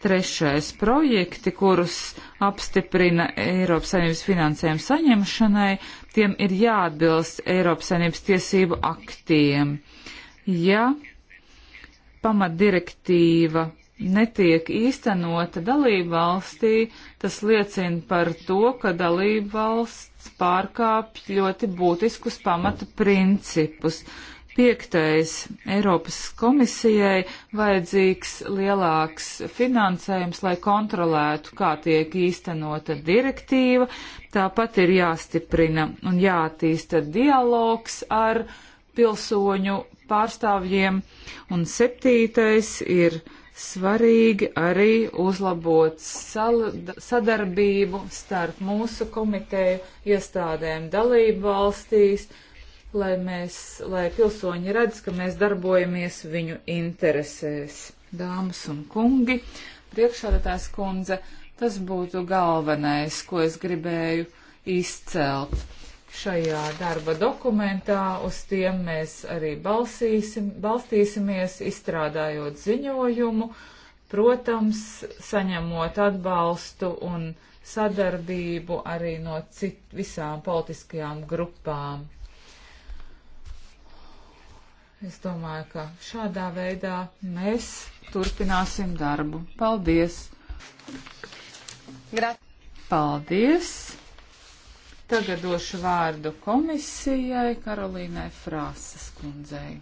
Trešais projekti, kurus apstiprina Eiropas Savienības finansējuma saņemšanai, tiem ir jāatbilst Eiropas saimnības tiesību aktiem. Ja pamatdirektīva netiek īstenota dalību valstī, tas liecina par to, ka dalību valsts pārkāpj ļoti būtiskus pamatu principus. Piektais Eiropas komisijai vajadzīgs lielāks finansējums, lai kontrolētu, kā tiek īstenota direktīva, Tāpat ir jāstiprina un jātīsta dialogs ar pilsoņu pārstāvjiem. Un septītais ir svarīgi arī uzlabot sadarbību starp mūsu komiteju iestādēm dalību valstīs, lai, mēs, lai pilsoņi redz, ka mēs darbojamies viņu interesēs. Dāmas un kungi, priekšādātās kundze. Tas būtu galvenais, ko es gribēju izcelt šajā darba dokumentā. Uz tiem mēs arī balsīsim, balstīsimies, izstrādājot ziņojumu, protams, saņemot atbalstu un sadarbību arī no cit, visām politiskajām grupām. Es domāju, ka šādā veidā mēs turpināsim darbu. Paldies! Gra Paldies! Tagad došu vārdu komisijai Karolīnai Frāses kundzei.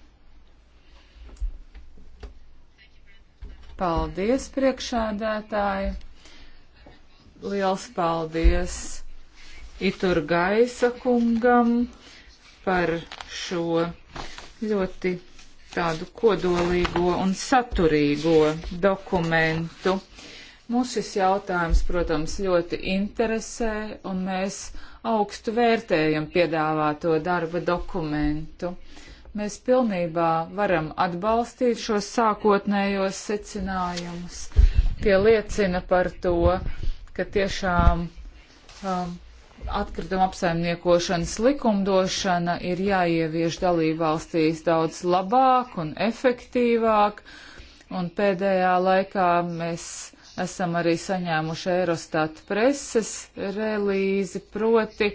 Paldies, priekšādētāji! Liels paldies Itur Gaisa kungam par šo ļoti tādu kodolīgo un saturīgo dokumentu. Mūs šis jautājums, protams, ļoti interesē, un mēs augstu vērtējam piedāvāto darba dokumentu. Mēs pilnībā varam atbalstīt šos sākotnējos secinājumus. Tie liecina par to, ka tiešām um, atkrituma apsaimniekošanas likumdošana ir jāievieš dalībvalstīs daudz labāk un efektīvāk, un pēdējā laikā mēs Esam arī saņēmuši Eurostat preses relīzi, proti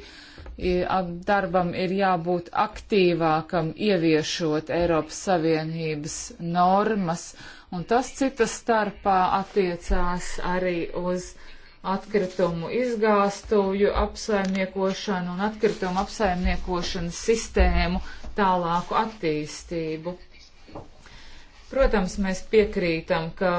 darbam ir jābūt aktīvākam, ieviešot Eiropas Savienības normas, un tas citas starpā attiecās arī uz atkritumu izgāstuvju apsaimniekošanu un atkritumu apsaimniekošanas sistēmu tālāku attīstību. Protams, mēs piekrītam, ka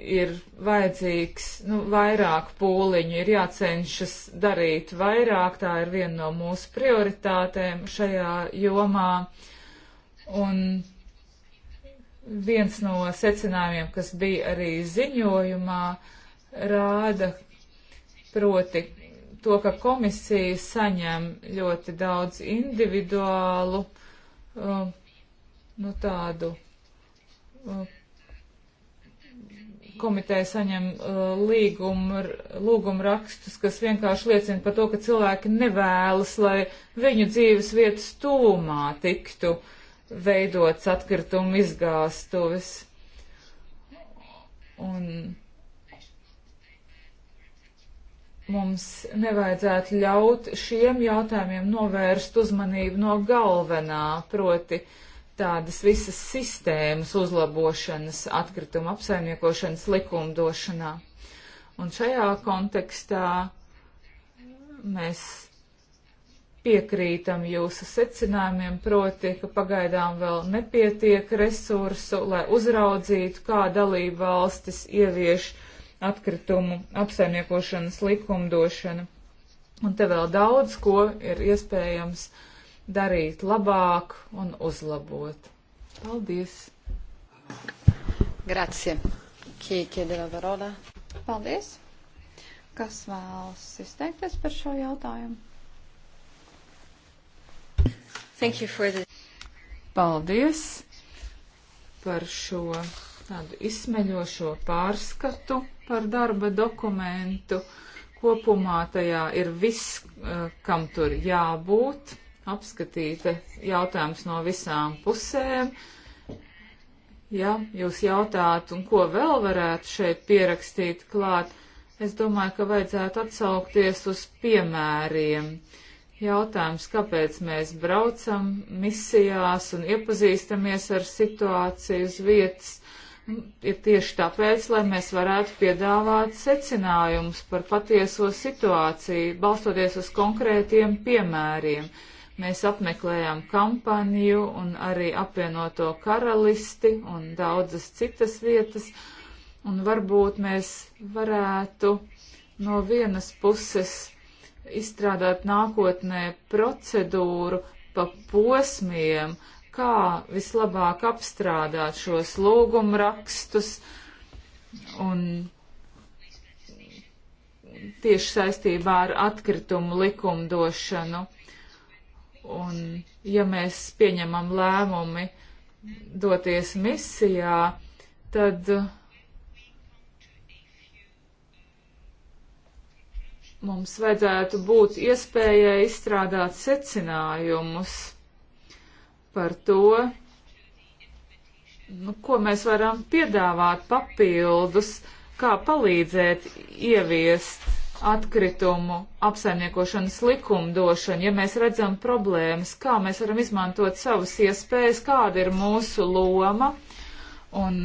ir vajadzīgs nu, vairāk pūliņu, ir jācenšas darīt vairāk, tā ir viena no mūsu prioritātēm šajā jomā. Un viens no secinājumiem, kas bija arī ziņojumā, rāda proti to, ka komisija saņem ļoti daudz individuālu, uh, nu tādu uh, komiteja saņem uh, līgumu, lūgumu rakstus, kas vienkārši liecina par to, ka cilvēki nevēlas, lai viņu dzīves vietas tūmā tiktu veidots atkritumu izgāstuvis. Un mums nevajadzētu ļaut šiem jautājumiem novērst uzmanību no galvenā, proti uh, tādas visas sistēmas uzlabošanas atkrituma apsaimniekošanas likumdošanā. Un šajā kontekstā mēs piekrītam jūsu secinājumiem, proti, ka pagaidām vēl nepietiek resursu, lai uzraudzītu, kā dalība valstis ievieš atkritumu apsaimniekošanas likumdošanu. Un te vēl daudz, ko ir iespējams izdarīt darīt labāk un uzlabot. Paldies! Grazie! Chiede la parola. Paldies! Kas vēlas izteikties par šo jautājumu? Thank you for the... Paldies par šo tādu izsmeļošo pārskatu par darba dokumentu. Kopumā tajā ir viss, eh, kam tur jābūt apskatīta jautājums no visām pusēm. Ja jūs jautājat, un ko vēl varētu šeit pierakstīt klāt, es domāju, ka vajadzētu atsaukties uz piemēriem. Jautājums, kāpēc mēs braucam misijās un iepazīstamies ar situāciju uz vietas, ir tieši tāpēc, lai mēs varētu piedāvāt secinājumus par patieso situāciju, balstoties uz konkrētiem piemēriem Mēs apmeklējām kampaniju un arī apvienoto karalisti un daudzas citas vietas. Un varbūt mēs varētu no vienas puses izstrādāt nākotnē procedūru pa posmiem, kā vislabāk apstrādāt šos lūgumrakstus un tieši saistībā ar atkritumu likumdošanu. Un ja mēs pieņemam lēmumi doties misijā, tad uh, mums vajadzētu būt iespējai izstrādāt secinājumus par to, nu, ko mēs varam piedāvāt papildus, kā palīdzēt ieviest atkritumu apsaimniekošanas likumdošanu, ja mēs redzam problēmas, kā mēs varam izmantot savas iespējas, kāda ir mūsu loma un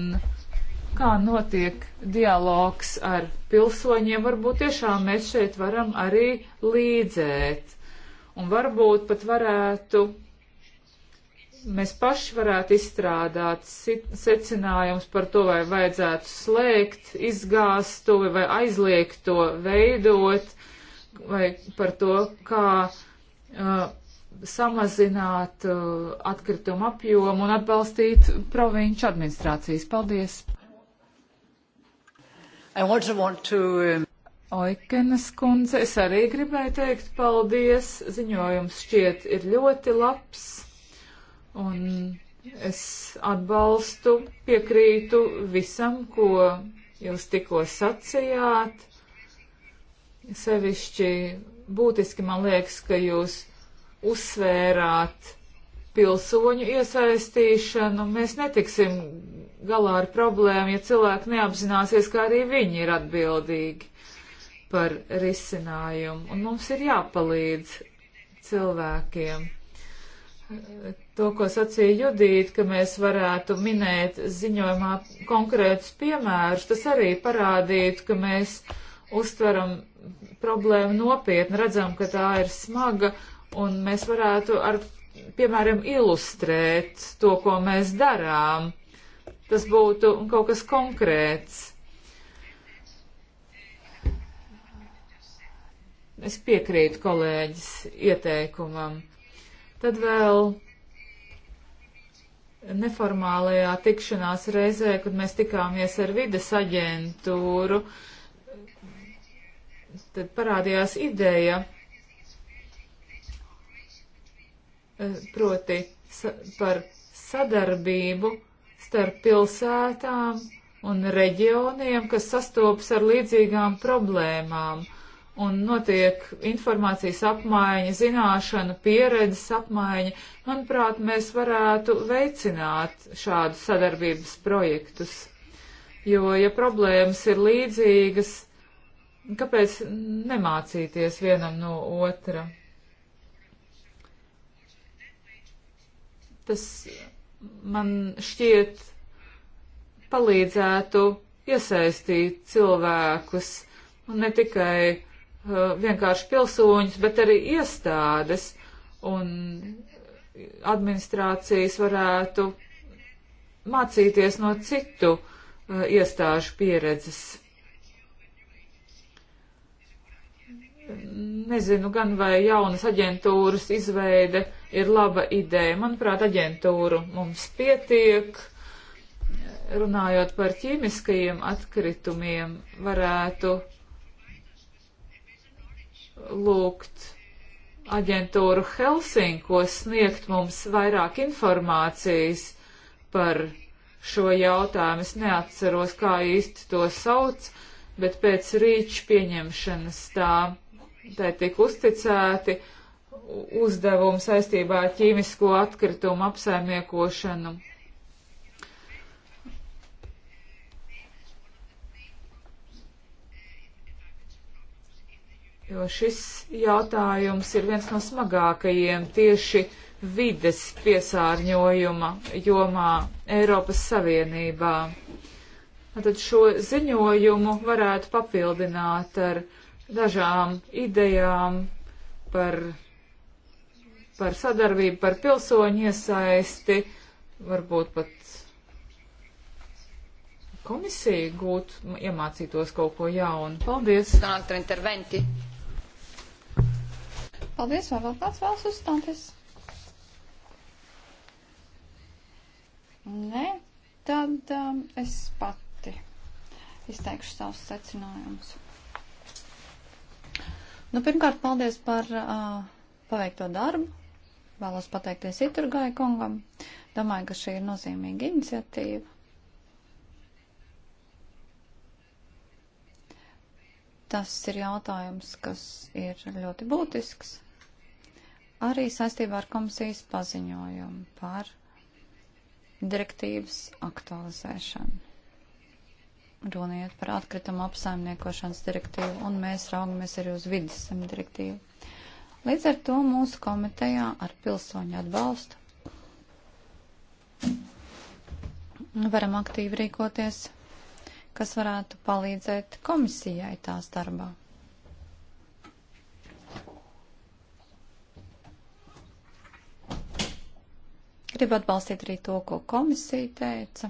kā notiek dialogs ar pilsoņiem, varbūt tiešām mēs šeit varam arī līdzēt. Un varbūt pat varētu mēs paši varētu izstrādāt secinājumus par to, vai vajadzētu slēgt, izgāzt to vai aizliegt to veidot, vai par to, kā uh, samazināt uh, atkritumu apjomu un atbalstīt provinču administrācijas. Paldies! Um, Oikenas kundze, es arī gribēju teikt paldies. Ziņojums šķiet ir ļoti labs Un es atbalstu, piekrītu visam, ko jūs tikko sacījāt. Sevišķi būtiski man liekas, ka jūs uzsvērāt pilsoņu iesaistīšanu. Mēs netiksim galā ar problēmu, ja cilvēki neapzināsies, ka arī viņi ir atbildīgi par risinājumu. Un mums ir jāpalīdz cilvēkiem to, ko sacīja Judīt, ka mēs varētu minēt ziņojumā konkrētus piemērus, tas arī parādītu, ka mēs uztveram problēmu nopietni, redzam, ka tā ir smaga, un mēs varētu ar, piemēram, ilustrēt to, ko mēs darām. Tas būtu kaut kas konkrēts. Es piekrītu kolēģis ieteikumam. Tad vēl neformālajā tikšanās reizē, kad mēs tikāmies ar vides aģentūru, tad parādījās ideja proti sa par sadarbību starp pilsētām un reģioniem, kas sastopas ar līdzīgām problēmām un notiek informācijas apmaiņa, zināšanu, pieredzes apmaiņa. Manuprāt, mēs varētu veicināt šādu sadarbības projektus, jo, ja problēmas ir līdzīgas, kāpēc nemācīties vienam no otra? Tas man šķiet palīdzētu iesaistīt cilvēkus un ne tikai Uh, vienkārši pilsoņus, bet arī iestādes un administrācijas varētu mācīties no citu uh, iestāžu pieredzes. Nezinu gan, vai jaunas aģentūras izveide ir laba ideja. Manuprāt, aģentūru mums pietiek. Runājot par ķīmiskajiem atkritumiem, varētu lūgt aģentūru Helsinkos sniegt mums vairāk informācijas par šo jautājumu. Es neatceros, kā īsti to sauc, bet pēc rīča pieņemšanas tā, tā tika uzticēti uzdevumi saistībā ar ķīmisko atkritumu apsaimniekošanu jo šis jautājums ir viens no smagākajiem tieši vides piesārņojuma jomā Eiropas Savienībā. Tad šo ziņojumu varētu papildināt ar dažām idejām par, par sadarbību, par pilsoņu iesaisti, varbūt pat komisija gūtu, iemācītos kaut ko jaunu. Paldies! Paldies, vai vēl kāds vēlas uzstāties? Nē, tad um, es pati izteikšu savus secinājumus. Nu, pirmkārt, paldies par uh, paveikto darbu. Vēlos pateikties Iturgai kungam. Domāju, ka šī ir nozīmīga iniciatīva. Tas ir jautājums, kas ir ļoti būtisks arī saistībā ar komisijas paziņojumu par direktīvas aktualizēšanu. Runiet par atkritumu apsaimniekošanas direktīvu, un mēs raugamies arī uz vidas direktīvu. Līdz ar to mūsu komitejā ar pilsoņu atbalstu varam aktīvi rīkoties, kas varētu palīdzēt komisijai tās darbā. Gribu atbalstīt arī to, ko komisija teica.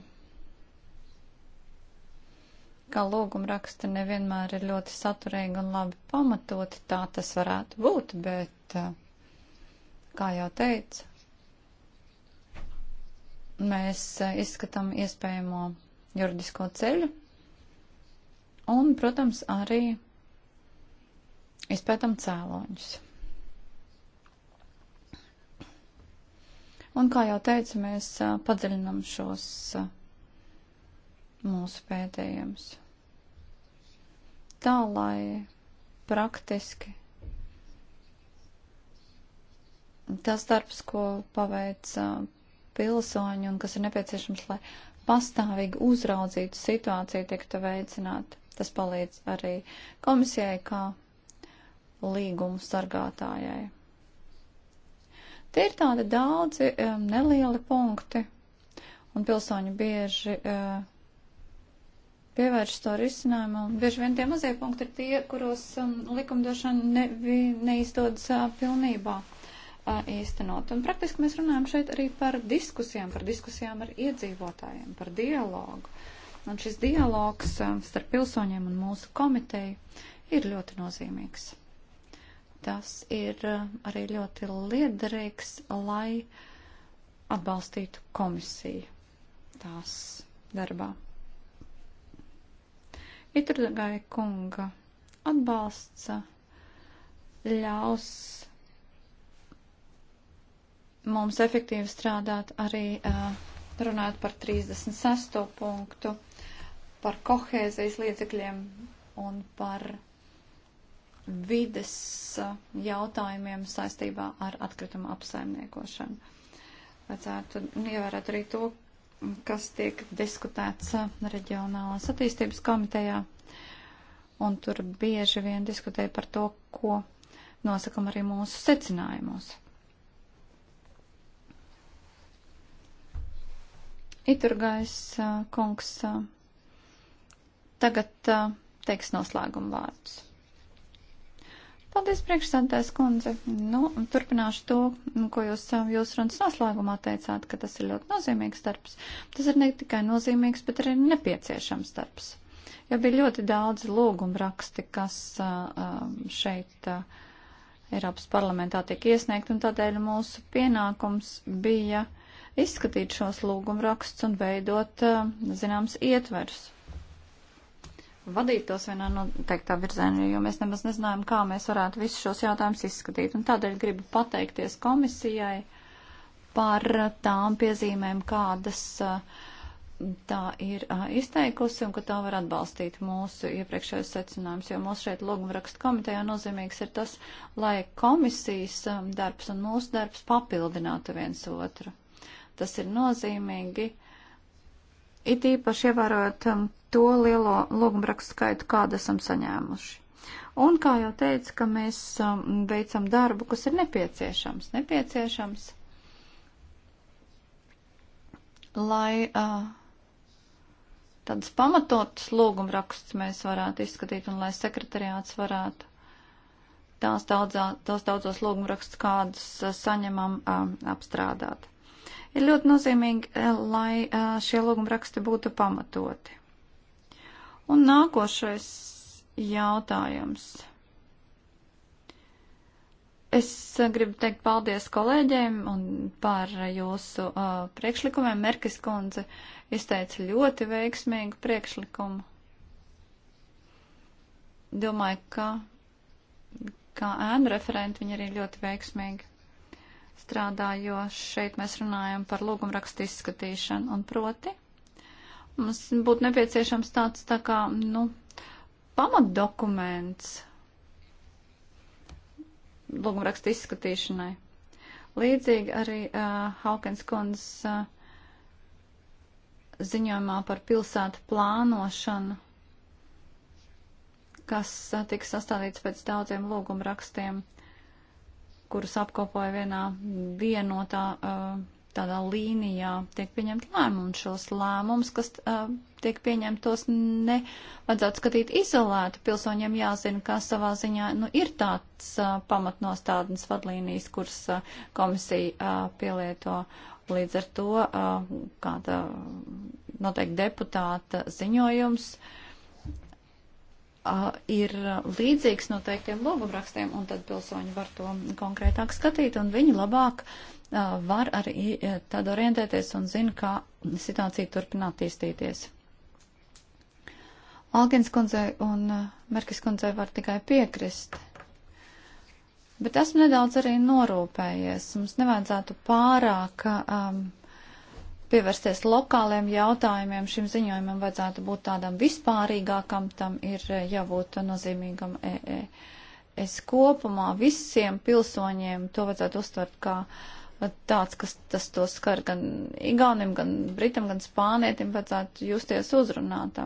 Kā lūguma raksta nevienmēr ir ļoti saturīgi un labi pamatoti, tā tas varētu būt, bet, eh, kā jau teica, mēs eh, izskatām iespējamo juridisko ceļu un, protams, arī izpētam cēloņus. Un, kā jau teicu, mēs padziļinam šos mūsu pētējumus. Tā, lai praktiski tas darbs, ko paveic pilsoņi un kas ir nepieciešams, lai pastāvīgi uzraudzītu situāciju, tiktu veicināta. Tas palīdz arī komisijai kā līgumu sargātājai. Tie ir tādi daudzi um, nelieli punkti, un pilsoņi bieži uh, pievērš to risinājumu, un bieži vien tie mazie punkti ir tie, kuros um, likumdošana ne, neizdodas uh, pilnībā uh, īstenot. Un praktiski mēs runājam šeit arī par diskusijām, par diskusijām ar iedzīvotājiem, par dialogu. Un šis dialogs uh, starp pilsoņiem un mūsu komiteju ir ļoti nozīmīgs tas ir eh, arī ļoti liederīgs, lai atbalstītu komisiju tās darbā. Iturgai kunga atbalsts eh, ļaus mums efektīvi strādāt arī eh, runāt par 36. punktu, par kohēzijas līdzekļiem un par vides uh, jautājumiem saistībā ar atkritumu apsaimniekošanu. Vajadzētu ievērēt arī to, kas tiek diskutēts uh, reģionālās attīstības komitejā, un tur bieži vien diskutēja par to, ko nosakam arī mūsu secinājumos. Iturgais uh, kungs tagad teiks noslēgumu vārdus. Paldies, priekšsēdētājs kundze. Nu, turpināšu to, ko jūs jūs runas noslēgumā teicāt, ka tas ir ļoti nozīmīgs darbs. Tas ir ne tikai nozīmīgs, bet arī nepieciešams darbs. Jo bija ļoti daudz lūgumu raksti, kas šeit Eiropas parlamentā tiek iesniegt, un tādēļ mūsu pienākums bija izskatīt šos lūgumu rakstus un veidot zināms ietvers vadītos vienā noteiktā virzienā, jo mēs nemaz nezinājām, kā mēs varētu visus šos jautājumus izskatīt. Un tādēļ gribu pateikties komisijai par tām piezīmēm, kādas uh, tā ir uh, izteikusi un ka tā var atbalstīt mūsu iepriekšējos secinājumus, jo mūsu šeit logumrakstu komitejā nozīmīgs ir tas, lai komisijas um, darbs un mūsu darbs papildinātu viens otru. Tas ir nozīmīgi It īpaši ievērojot um, to lielo lūgumrakstu skaitu, kādu esam saņēmuši. Un, kā jau teicu, ka mēs um, veicam darbu, kas ir nepieciešams, nepieciešams, lai uh, tādas pamatotas lūgumrakstus mēs varētu izskatīt un lai sekretariāts varētu tās, daudzā, tās daudzos lūgumrakstus, kādus uh, saņemam, um, apstrādāt. Ir ļoti nozīmīgi, eh, lai eh, šie lūguma raksti būtu pamatoti. Un nākošais jautājums. Es eh, gribu teikt paldies kolēģiem un par jūsu uh, priekšlikumiem. Merkis kundze izteica ļoti veiksmīgu priekšlikumu. Domāju, ka kā ēnu referenti viņi arī ļoti veiksmīgi strādā, jo šeit mēs runājam par lūgumrakstu izskatīšanu un proti. Mums būtu nepieciešams tāds tā kā, nu, pamatdokuments lūgumrakstu izskatīšanai. Līdzīgi arī uh, Haukens kundz uh, ziņojumā par pilsētu plānošanu, kas uh, tiks sastādīts pēc daudziem lūgumrakstiem. rakstiem kurus apkopoja vienā vienotā eh, tādā līnijā, tiek pieņemt lēmumi. Šos lēmumus, kas eh, tiek pieņemt, tos nevajadzētu skatīt izolēti. Pilsoņiem jāzina, kā savā ziņā nu, ir tāds eh, pamatnostādnes vadlīnijas, kuras komisija pielieto. Līdz ar to kāda noteikti deputāta ziņojums. Uh, ir līdzīgs noteiktiem logumrakstiem, un tad pilsoņi var to konkrētāk skatīt, un viņi labāk var arī e, tad orientēties un zina, kā situācija turpina attīstīties. Alkins kundzei un e, Merkis kundzei var tikai piekrist. Bet esmu nedaudz arī norūpējies. Mums nevajadzētu pārāk um, pievērsties lokāliem jautājumiem. Šim ziņojumam vajadzētu būt tādam vispārīgākam, tam ir jābūt nozīmīgam EES kopumā. Visiem pilsoņiem to vajadzētu uztvert kā tāds, kas tas to skar gan Igaunim, gan Britam, gan Spānietim, vajadzētu justies uzrunātā.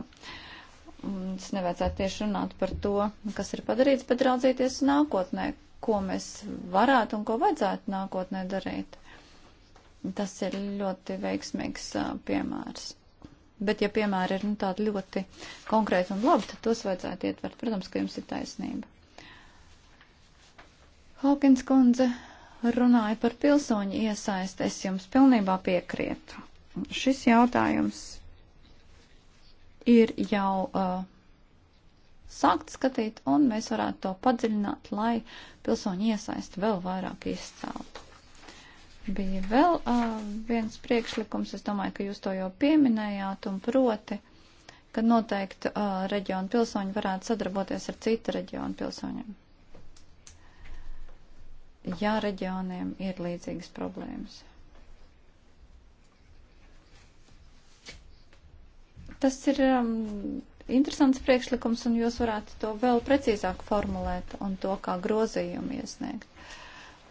Tas nevajadzētu tieši runāt par to, kas ir padarīts, bet raudzīties nākotnē, ko mēs varētu un ko vajadzētu nākotnē darīt. Tas ir ļoti veiksmīgs uh, piemērs. Bet, ja piemēri ir nu, tādi ļoti konkrēti un labi, tad tos vajadzētu ietvert. Protams, ka jums ir taisnība. Hawkins kundze runāja par pilsoņu iesaisti. Es jums pilnībā piekrietu. Šis jautājums ir jau uh, sākt skatīt, un mēs varētu to padziļināt, lai pilsoņu iesaisti vēl vairāk izceltu. Bija vēl uh, viens priekšlikums, es domāju, ka jūs to jau pieminējāt, un proti, ka noteikti uh, reģionu pilsoņi varētu sadarboties ar citu reģionu pilsoņiem. Ja reģioniem ir līdzīgas problēmas. Tas ir um, interesants priekšlikums, un jūs varētu to vēl precīzāk formulēt un to kā grozījumu iesniegt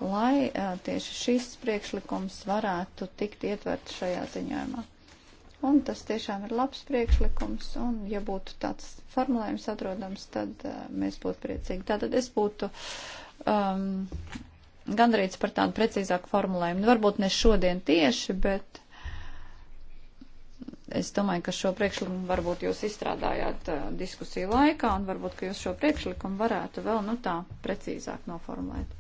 lai uh, tieši šis priekšlikums varētu tikt ietverts šajā ziņojumā. Un tas tiešām ir labs priekšlikums, un ja būtu tāds formulējums atrodams, tad uh, mēs būtu priecīgi. Tātad es būtu um, gandrīz par tādu precīzāku formulējumu. Nu, varbūt ne šodien tieši, bet es domāju, ka šo priekšlikumu varbūt jūs izstrādājāt uh, diskusiju laikā, un varbūt, ka jūs šo priekšlikumu varētu vēl, nu tā, precīzāk noformulēt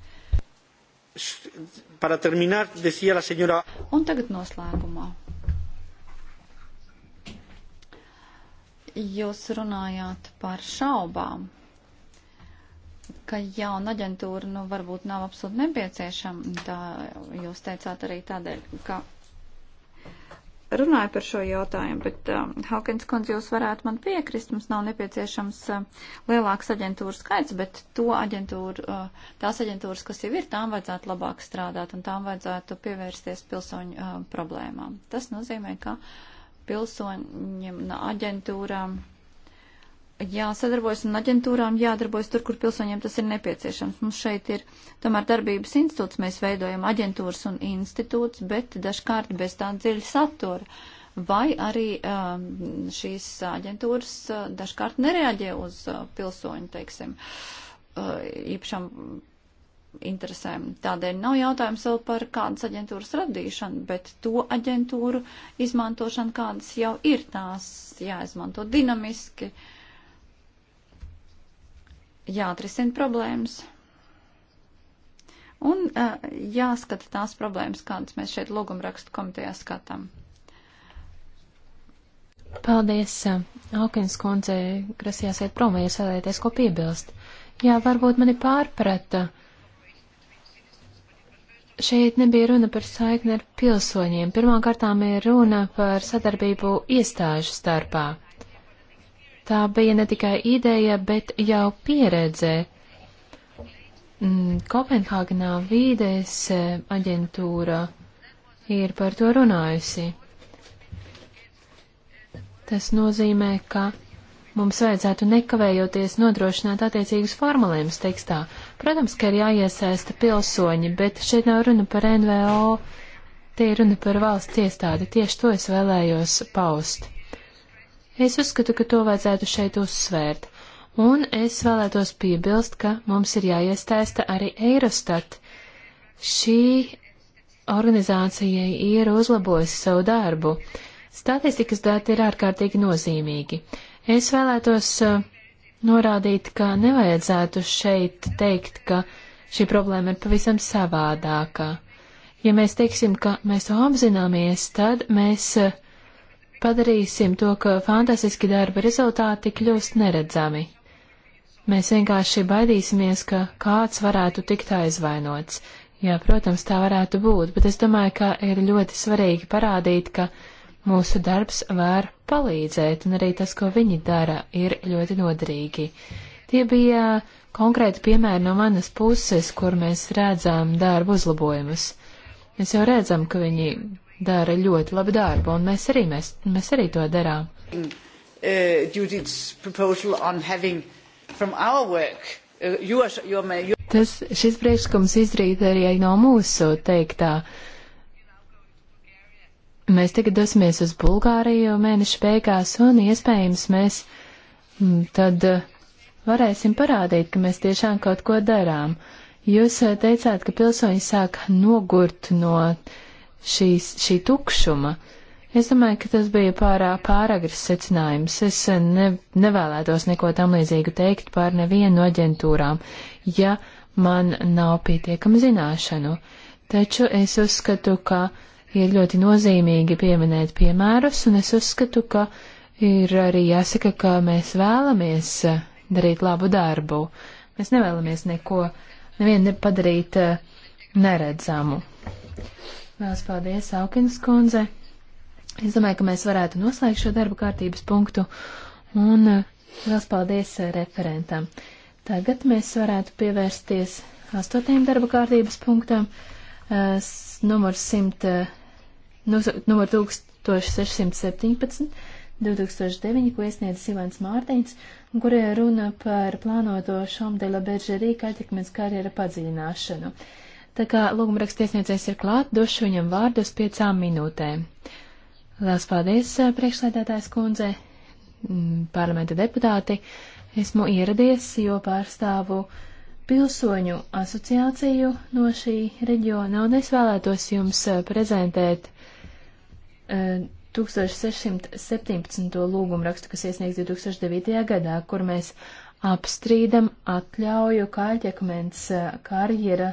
para terminar, decía la señora. Un tagad noslēgumā. Jūs runājāt par šaubām, ka jauna aģentūra nu, varbūt nav absolūti nepieciešama. Tā jūs teicāt arī tādēļ, ka runāju par šo jautājumu, bet um, uh, Haukins kundze jūs varētu man piekrist, mums nav nepieciešams uh, lielāks aģentūru skaits, bet to aģentūru, uh, tās aģentūras, kas jau ir, tām vajadzētu labāk strādāt un tām vajadzētu pievērsties pilsoņu uh, problēmām. Tas nozīmē, ka pilsoņiem aģentūrām. Uh, jāsadarbojas un aģentūrām jādarbojas tur, kur pilsoņiem tas ir nepieciešams. Mums šeit ir tomēr darbības institūts, mēs veidojam aģentūras un institūts, bet dažkārt bez tā dziļa satura. Vai arī um, šīs aģentūras uh, dažkārt nereaģē uz uh, pilsoņu, teiksim, uh, īpašām interesēm. Tādēļ nav jautājums vēl par kādas aģentūras radīšanu, bet to aģentūru izmantošanu, kādas jau ir, tās jāizmanto dinamiski. Uh, jāatrisina problēmas. Un uh, jāskata tās problēmas, kādas mēs šeit logumrakstu komitejā skatām. Paldies, eh, Aukins kundze, grasījās iet prom, vai jūs vēlēties ko piebilst? Jā, varbūt mani pārprata. Šeit nebija runa par saikni ar pilsoņiem. Pirmkārtām ir runa par sadarbību iestāžu starpā. Tā bija ne tikai ideja, bet jau pieredze. Mm, Kopenhāgenā vīdes e, aģentūra ir par to runājusi. Tas nozīmē, ka mums vajadzētu nekavējoties nodrošināt attiecīgus formulējumus tekstā. Protams, ka ir jāiesaista pilsoņi, bet šeit nav runa par NVO, te ir runa par valsts iestādi. Tieši to es vēlējos paust. Es uzskatu, ka to vajadzētu šeit uzsvērt. Un es vēlētos piebilst, ka mums ir jāiestaista arī Eirostat. Šī organizācija ir uzlabojusi savu darbu. Statistikas dati ir ārkārtīgi nozīmīgi. Es vēlētos uh, norādīt, ka nevajadzētu šeit teikt, ka šī problēma ir pavisam savādāka. Ja mēs teiksim, ka mēs to apzināmies, tad mēs uh, padarīsim to, ka fantastiski darba rezultāti kļūst neredzami. Mēs vienkārši baidīsimies, ka kāds varētu tikt aizvainots. Jā, protams, tā varētu būt, bet es domāju, ka ir ļoti svarīgi parādīt, ka mūsu darbs var palīdzēt, un arī tas, ko viņi dara, ir ļoti noderīgi. Tie bija konkrēti piemēri no manas puses, kur mēs redzām darbu uzlabojumus. Mēs jau redzam, ka viņi dara ļoti labu darbu, un mēs arī, mēs, mēs arī to darām. Uh, uh, Tas, šis priekšlikums izrīt arī no mūsu teiktā. Mēs tagad dosimies uz Bulgāriju mēneša beigās, un iespējams mēs mm, tad uh, varēsim parādīt, ka mēs tiešām kaut ko darām. Jūs teicāt, ka pilsoņi sāk nogurt no uh, šīs, šī tukšuma. Es domāju, ka tas bija pārā, pāragrs secinājums. Es eh, ne, nevēlētos neko tam līdzīgu teikt par nevienu no aģentūrām, ja man nav pietiekama zināšanu. Taču es uzskatu, ka ir ļoti nozīmīgi pieminēt piemērus, un es uzskatu, ka ir arī jāsaka, ka mēs vēlamies eh, darīt labu darbu. Mēs nevēlamies neko, nevienu nepadarīt eh, neredzamu. Lielas paldies, Aukinas kundze. Es domāju, ka mēs varētu noslēgt šo darba kārtības punktu. Un eh, liels paldies eh, referentam. Tagad mēs varētu pievērsties astotajam darba kārtības punktam. Eh, s, numur 100, nu, numur 1617, 2009, ko iesniedz Ivans Mārtiņš, un kurie runa par plānoto Šomdela Beržerī kaļķekmens karjera padziļināšanu. Uh, Tā kā lūgumraksta tiesniedzējs ir klāt, došu viņam vārdu uz piecām minūtēm. Lielas paldies, priekšsēdētājs kundze, parlamenta deputāti. Esmu ieradies, jo pārstāvu pilsoņu asociāciju no šī reģiona, un es vēlētos jums prezentēt 1617. lūgumrakstu, kas iesniegts 2009. gadā, kur mēs apstrīdam atļauju kaļķekmens karjera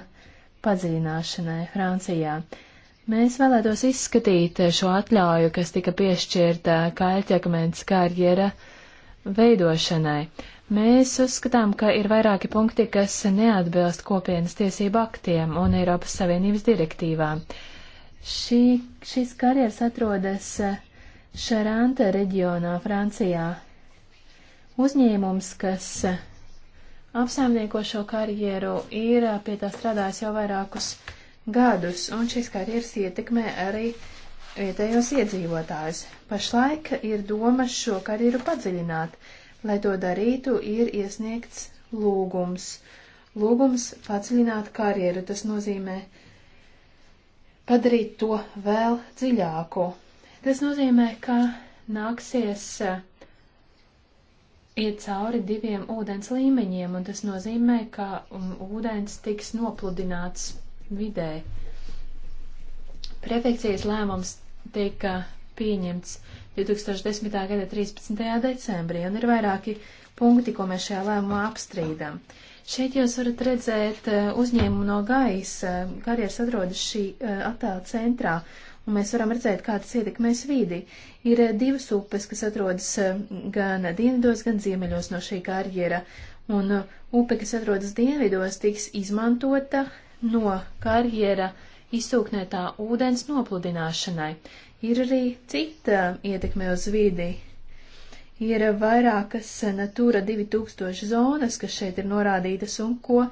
padziļināšanai Francijā. Mēs vēlētos izskatīt šo atļauju, kas tika piešķirta kaļķakmens karjera veidošanai. Mēs uzskatām, ka ir vairāki punkti, kas neatbilst kopienas tiesību aktiem un Eiropas Savienības direktīvām. Šī, šīs karjeras atrodas Šaranta reģionā Francijā. Uzņēmums, kas apsaimniekošo karjeru, ir pie tā strādājis jau vairākus gadus, un šīs karjeras ietekmē arī vietējos iedzīvotājus. Pašlaik ir doma šo karjeru padziļināt. Lai to darītu, ir iesniegts lūgums. Lūgums padziļināt karjeru, tas nozīmē padarīt to vēl dziļāku. Tas nozīmē, ka nāksies uh, iet cauri diviem ūdens līmeņiem, un tas nozīmē, ka um, ūdens tiks nopludināts vidē. Prefekcijas lēmums tika pieņemts 2010. gada 13. decembrī, un ir vairāki punkti, ko mēs šajā lēmumā apstrīdam. Šeit jūs varat redzēt uh, uzņēmumu no gaisa, karjeras atrodas šī uh, attēla centrā, un mēs varam redzēt, kā tas ietekmēs vīdi. Ir eh, divas upes, kas atrodas eh, gan dienvidos, gan ziemeļos no šī karjera, un eh, upe, kas atrodas dienvidos, tiks izmantota no karjera izsūknētā ūdens nopludināšanai. Ir arī cita ietekme uz vidi. Ir vairākas Natūra 2000 zonas, kas šeit ir norādītas un ko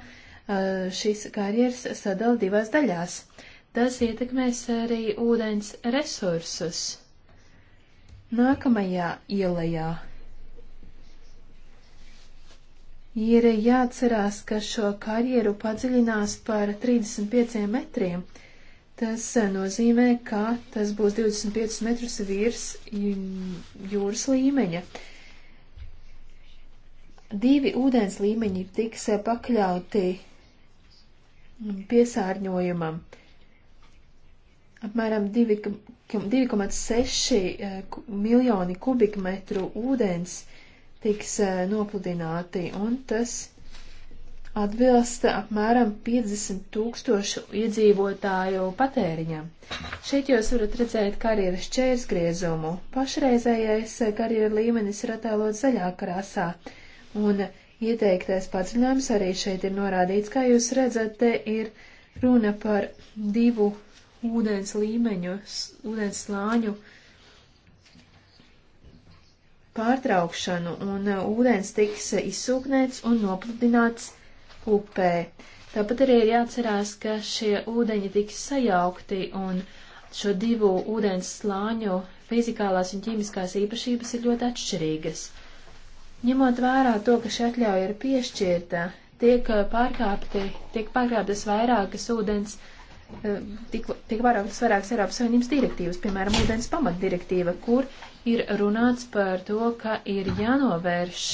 šis karjers sadala divās daļās. Tas ietekmēs arī ūdens resursus. Nākamajā ielējā ir jāatcerās, ka šo karjeru padziļinās par 35 metriem. Tas nozīmē, ka tas būs 25 metrus virs jūras līmeņa. Divi ūdens līmeņi tiks pakļauti piesārņojumam apmēram 2,6 eh, miljoni kubikmetru ūdens tiks eh, nopludināti, un tas atbilst apmēram 50 tūkstošu iedzīvotāju patēriņam. Šeit jūs varat redzēt karjeras čērsgriezumu. Pašreizējais eh, karjeras līmenis ir attēlots zaļā krāsā, un ieteiktais padziļinājums arī šeit ir norādīts. Kā jūs redzat, te ir runa par divu ūdens līmeņu, ūdens slāņu pārtraukšanu, un uh, ūdens tiks izsūknēts un nopludināts upē. Tāpat arī ir jāatcerās, ka šie ūdeņi tiks sajaukti, un šo divu ūdens slāņu fizikālās un ķīmiskās īpašības ir ļoti atšķirīgas. Ņemot vērā to, ka šī atļauja ir piešķirta, tiek uh, pārkāpti, tiek pārkāptas vairākas ūdens slāņu Eh, tik, tik vairākas vairākas Eiropas Savienības direktīvas, piemēram, ūdens pamatdirektīva, kur ir runāts par to, ka ir jānovērš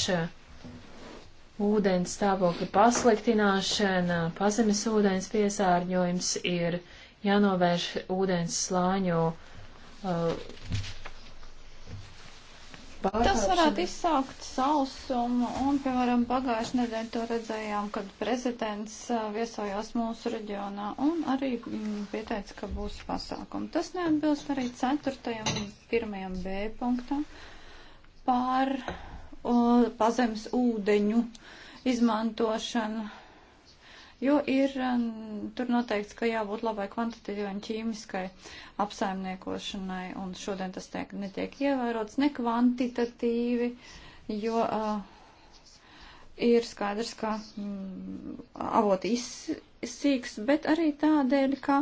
ūdens stāvokļa pasliktināšana, pazemes ūdens piesārņojums, ir jānovērš ūdens slāņu uh, Pārkāpšana. Tas varētu izsākt sausumu, un, piemēram, pagājušajā nedēļā to redzējām, kad prezidents viesojās mūsu reģionā un arī mm, pieteica, ka būs pasākumi. Tas neatbilst arī 4. un 1. B punktam par o, pazemes ūdeņu izmantošanu jo ir um, tur noteikts, ka jābūt labai kvantitatīvai un ķīmiskai apsaimniekošanai, un šodien tas tiek, netiek ievērots ne kvantitatīvi, jo uh, ir skaidrs, ka mm, avoti izsīks, bet arī tādēļ, ka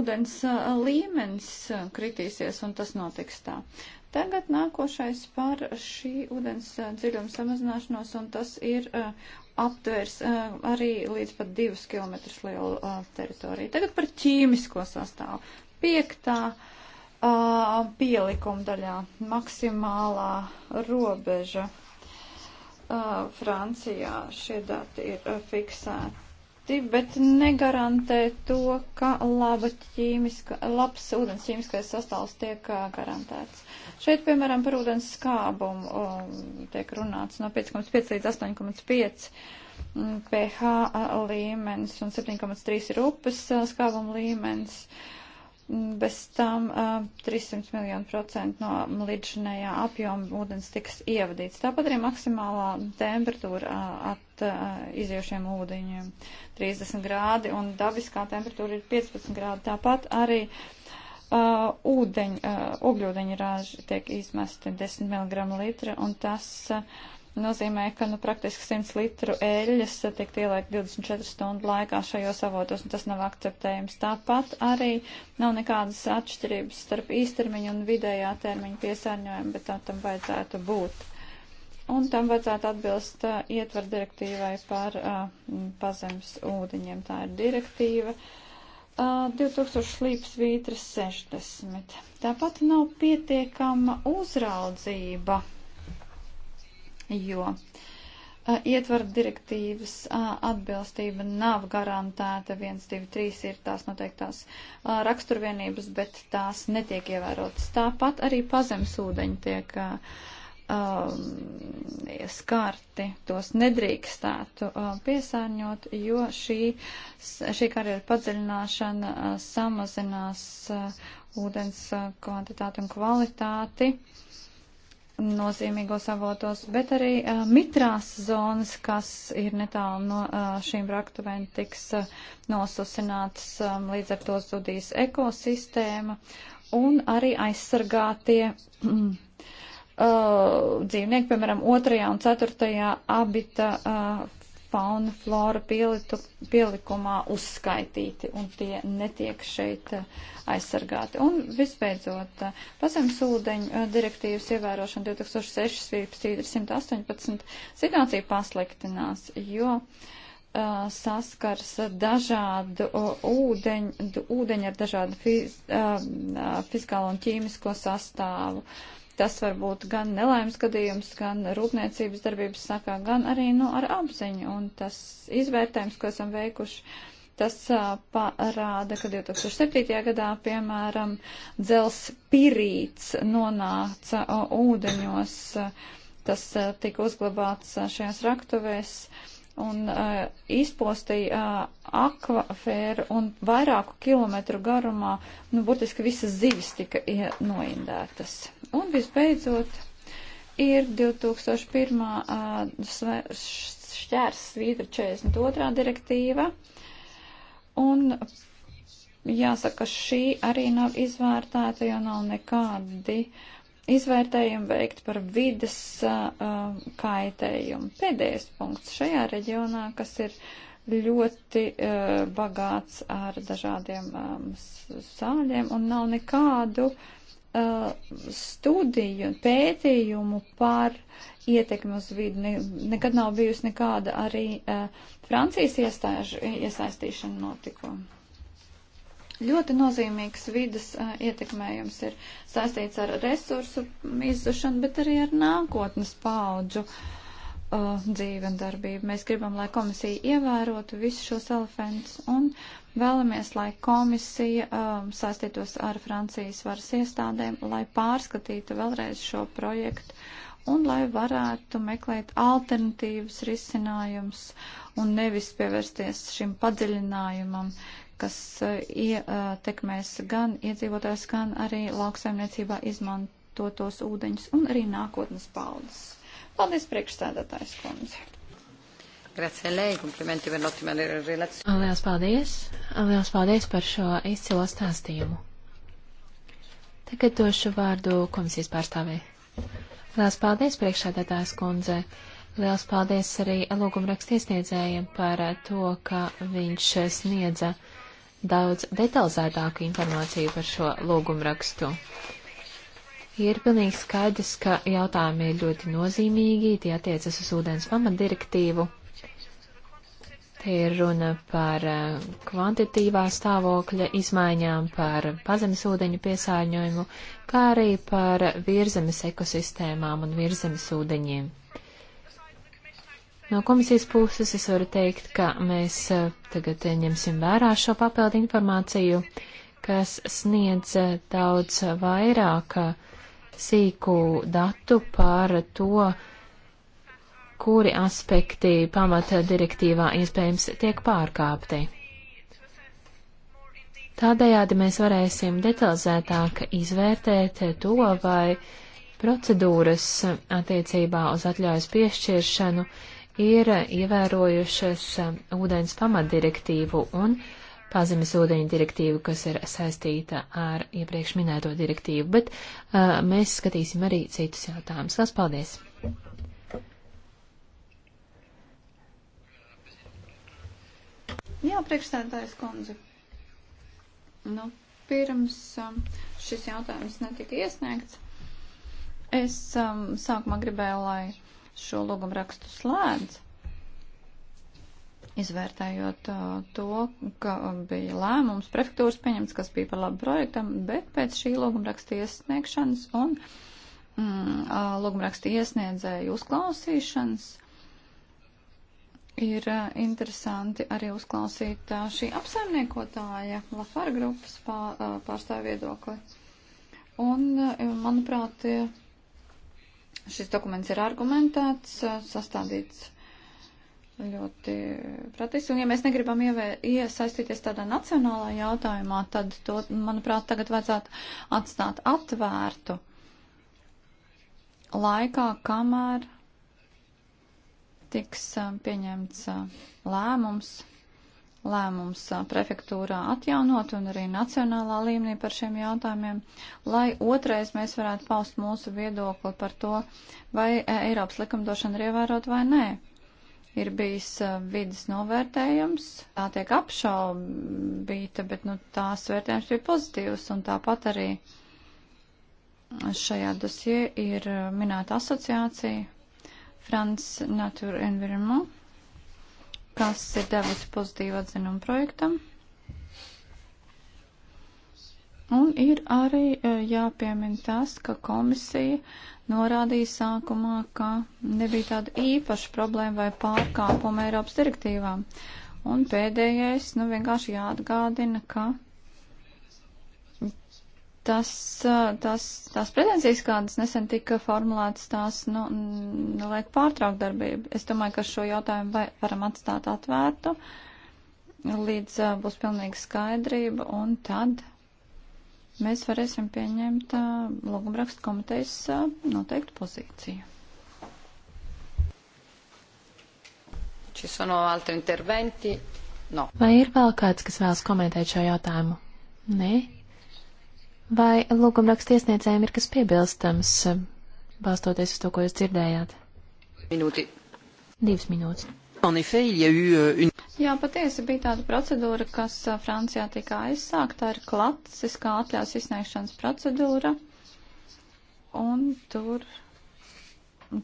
ūdens uh, līmenis uh, kritīsies, un tas notiks tā. Tagad nākošais par šī ūdens uh, dziļuma samazināšanos, un tas ir uh, aptvērs uh, arī līdz pat divus kilometrus lielu uh, teritoriju. Tagad par ķīmisko sastāvu. Piektā uh, pielikuma daļā maksimālā robeža uh, Francijā šie dati ir uh, fiksēti. Bet negarantē to, ka laba ķīmiska, labs ūdens ķīmiskais sastāvs tiek uh, garantēts. Šeit, piemēram, par ūdens skābumu um, tiek runāts no 5,5 līdz 8,5 mm, pH līmenis un 7,3 ir upes skābuma līmenis. Mm, bez tam uh, 300 miljonu procentu no līdzinējā apjoma ūdens tiks ievadīts. Tāpat arī maksimālā temperatūra uh, at uh, iziešiem ūdeņiem 30 grādi un dabiskā temperatūra ir 15 grādi. Tāpat arī uh, uh, ūdeņ, uh, ogļūdeņa rāži tiek izmesti 10 mg litra, un tas uh, nozīmē, ka nu, praktiski 100 litru eļļas uh, tiek ielaikt 24 stundu laikā šajos avotos, un tas nav akceptējams. Tāpat arī nav nekādas atšķirības starp īstermiņu un vidējā termiņa piesārņojumu, bet tā tam vajadzētu būt. Un tam vajadzētu atbilst uh, ietver direktīvai par uh, pazemes ūdeņiem. Tā ir direktīva. Uh, Uh, 2000 līdz vītras 60. Tāpat nav pietiekama uzraudzība, jo uh, ietvaru direktīvas uh, atbilstība nav garantēta. 1, 2, 3 ir tās noteiktās raksturvienības, bet tās netiek ievērotas. Tāpat arī pazemes ūdeņi tiek uh, um, skarti, tos nedrīkstētu uh, piesārņot, jo šī, šī karjeru padziļināšana uh, samazinās uh, ūdens uh, kvantitāti un kvalitāti nozīmīgos avotos, bet arī uh, mitrās zonas, kas ir netālu no uh, šīm raktuvēm, tiks uh, nosusinātas, um, līdz ar to zudīs ekosistēma un arī aizsargātie. uh, dzīvnieki, piemēram, otrajā un ceturtajā abita uh, fauna flora pielitu, pielikumā uzskaitīti, un tie netiek šeit uh, aizsargāti. Un visbeidzot, uh, pazemes ūdeņu uh, direktīvas ievērošana 2006.118 situācija pasliktinās, jo uh, saskars dažādu ūdeņu, ūdeņu ar dažādu fiz, uh, fiskālo un ķīmisko sastāvu. Uh, Tas var būt gan nelaimes gadījums, gan rūpniecības darbības sakā, gan arī nu, ar apziņu. Un tas izvērtējums, ko esam veikuši, tas uh, parāda, ka 2007. gadā, piemēram, dzels pirīts nonāca uh, ūdeņos, uh, tas uh, tika uzglabāts uh, šajās raktuvēs. Uh, un uh, izpostīja uh, akvafēru un vairāku kilometru garumā, nu, burtiski visas zivis tika noindētas. Un visbeidzot, ir 2001. Uh, šķērs svītra 42. direktīva, un jāsaka, šī arī nav izvērtēta, jo nav nekādi uh, izvērtējumu veikt par vidas uh, kaitējumu. Pēdējais punkts šajā reģionā, kas ir ļoti uh, bagāts ar dažādiem um, sāļiem un nav nekādu uh, studiju un pētījumu par ietekmi uz vidu. Ne, nekad nav bijusi nekāda arī uh, Francijas iestāžu iesaistīšana notikuma. Ļoti nozīmīgs vidas uh, ietekmējums ir saistīts ar resursu izzušanu, bet arī ar nākotnes paudžu uh, dzīvi un darbību. Mēs gribam, lai komisija ievērotu visus šos elementus un vēlamies, lai komisija um, saistītos ar Francijas varas iestādēm, lai pārskatītu vēlreiz šo projektu un lai varētu meklēt alternatīvas risinājums un nevis pievērsties šim padziļinājumam, uh, kas e, ietekmēs gan iedzīvotājs, gan arī lauksaimniecībā izmantotos ūdeņus un arī nākotnes paudzes. Paldies, priekšstādātājs kundze! Grazie lei, komplimenti par l'ottima relazione. Lielas paldies, lielas paldies par šo izcilo stāstījumu. Tagad došu vārdu komisijas pārstāvē. Lielas paldies priekšādātājs kundze. Lielas paldies arī lūguma rakstiesniedzējiem par to, ka viņš sniedza daudz detalizētāku informāciju par šo lūgumrakstu. Ir pilnīgi skaidrs, ka jautājumi ir ļoti nozīmīgi, tie attiecas uz ūdens pamatdirektīvu. Te ir runa par eh, kvantitīvā stāvokļa izmaiņām, par pazemes ūdeņu piesārņojumu, kā arī par virzemes ekosistēmām un virzemes ūdeņiem. No komisijas puses es varu teikt, ka mēs eh, tagad ņemsim vērā šo papildu informāciju, kas sniedz eh, daudz vairāk eh, sīku datu par to, kuri aspekti pamata direktīvā iespējams tiek pārkāpti. Tādējādi mēs varēsim detalizētāk izvērtēt to, vai procedūras attiecībā uz atļaujas piešķiršanu ir ievērojušas um, ūdens pamatdirektīvu un pazemes ūdeņu direktīvu, kas ir saistīta ar iepriekš minēto direktīvu, bet uh, mēs skatīsim arī citus jautājumus. Lās paldies! Jā, priekšstādājas kundze. Nu, pirms um, šis jautājums netika iesniegts, es um, sākumā gribēju, lai šo lūgumu rakstu slēdz, izvērtējot uh, to, ka uh, bija lēmums prefektūras pieņemts, kas bija par labu projektam, bet pēc šī lūguma raksta iesniegšanas un mm, uh, lūguma raksta iesniedzēju uzklausīšanas ir interesanti arī uzklausīt šī apsaimniekotāja Lafar grupas pārstāvju viedokli. Un, manuprāt, Šis dokuments ir argumentēts, sastādīts ļoti pratiski, un ja mēs negribam ievē, iesaistīties tādā nacionālā jautājumā, tad to, manuprāt, tagad vajadzētu atstāt atvērtu laikā, kamēr tiks um, pieņemts uh, lēmums lēmums prefektūrā atjaunot un arī nacionālā līmenī par šiem jautājumiem, lai otrais mēs varētu paust mūsu viedokli par to, vai Eiropas likumdošana ir ievērot vai nē. Ir bijis vidas novērtējums, tā tiek apšaubīta, bet nu, tās vērtējums bija pozitīvs un tāpat arī šajā dosie ir minēta asociācija France Nature Environment kas ir devusi pozitīvu atzinumu projektam. Un ir arī e, jāpiemina tas, ka komisija norādīja sākumā, ka nebija tāda īpaša problēma vai pārkāpuma Eiropas direktīvām. Un pēdējais, nu vienkārši jāatgādina, ka tas, eh, tas, tās pretensijas, kādas nesen tika formulētas, tās nu, liek pārtraukt darbību. Es domāju, ka šo jautājumu vai, varam atstāt atvērtu, līdz uh, būs pilnīga skaidrība, un tad mēs varēsim pieņemt uh, lūgumrakstu komitejas uh, noteiktu pozīciju. Ci sono altri interventi? No. Vai ir vēl kāds, kas vēlas komentēt šo jautājumu? Nē. Vai lūgumraksta iesniedzējiem ir kas piebilstams, balstoties uz to, ko jūs dzirdējāt? Minūti. Divas minūtes. Euh, Jā, patiesi bija tāda procedūra, kas uh, Francijā tika aizsākta ar klasiskā atļaus izsniegšanas procedūra. Un tur,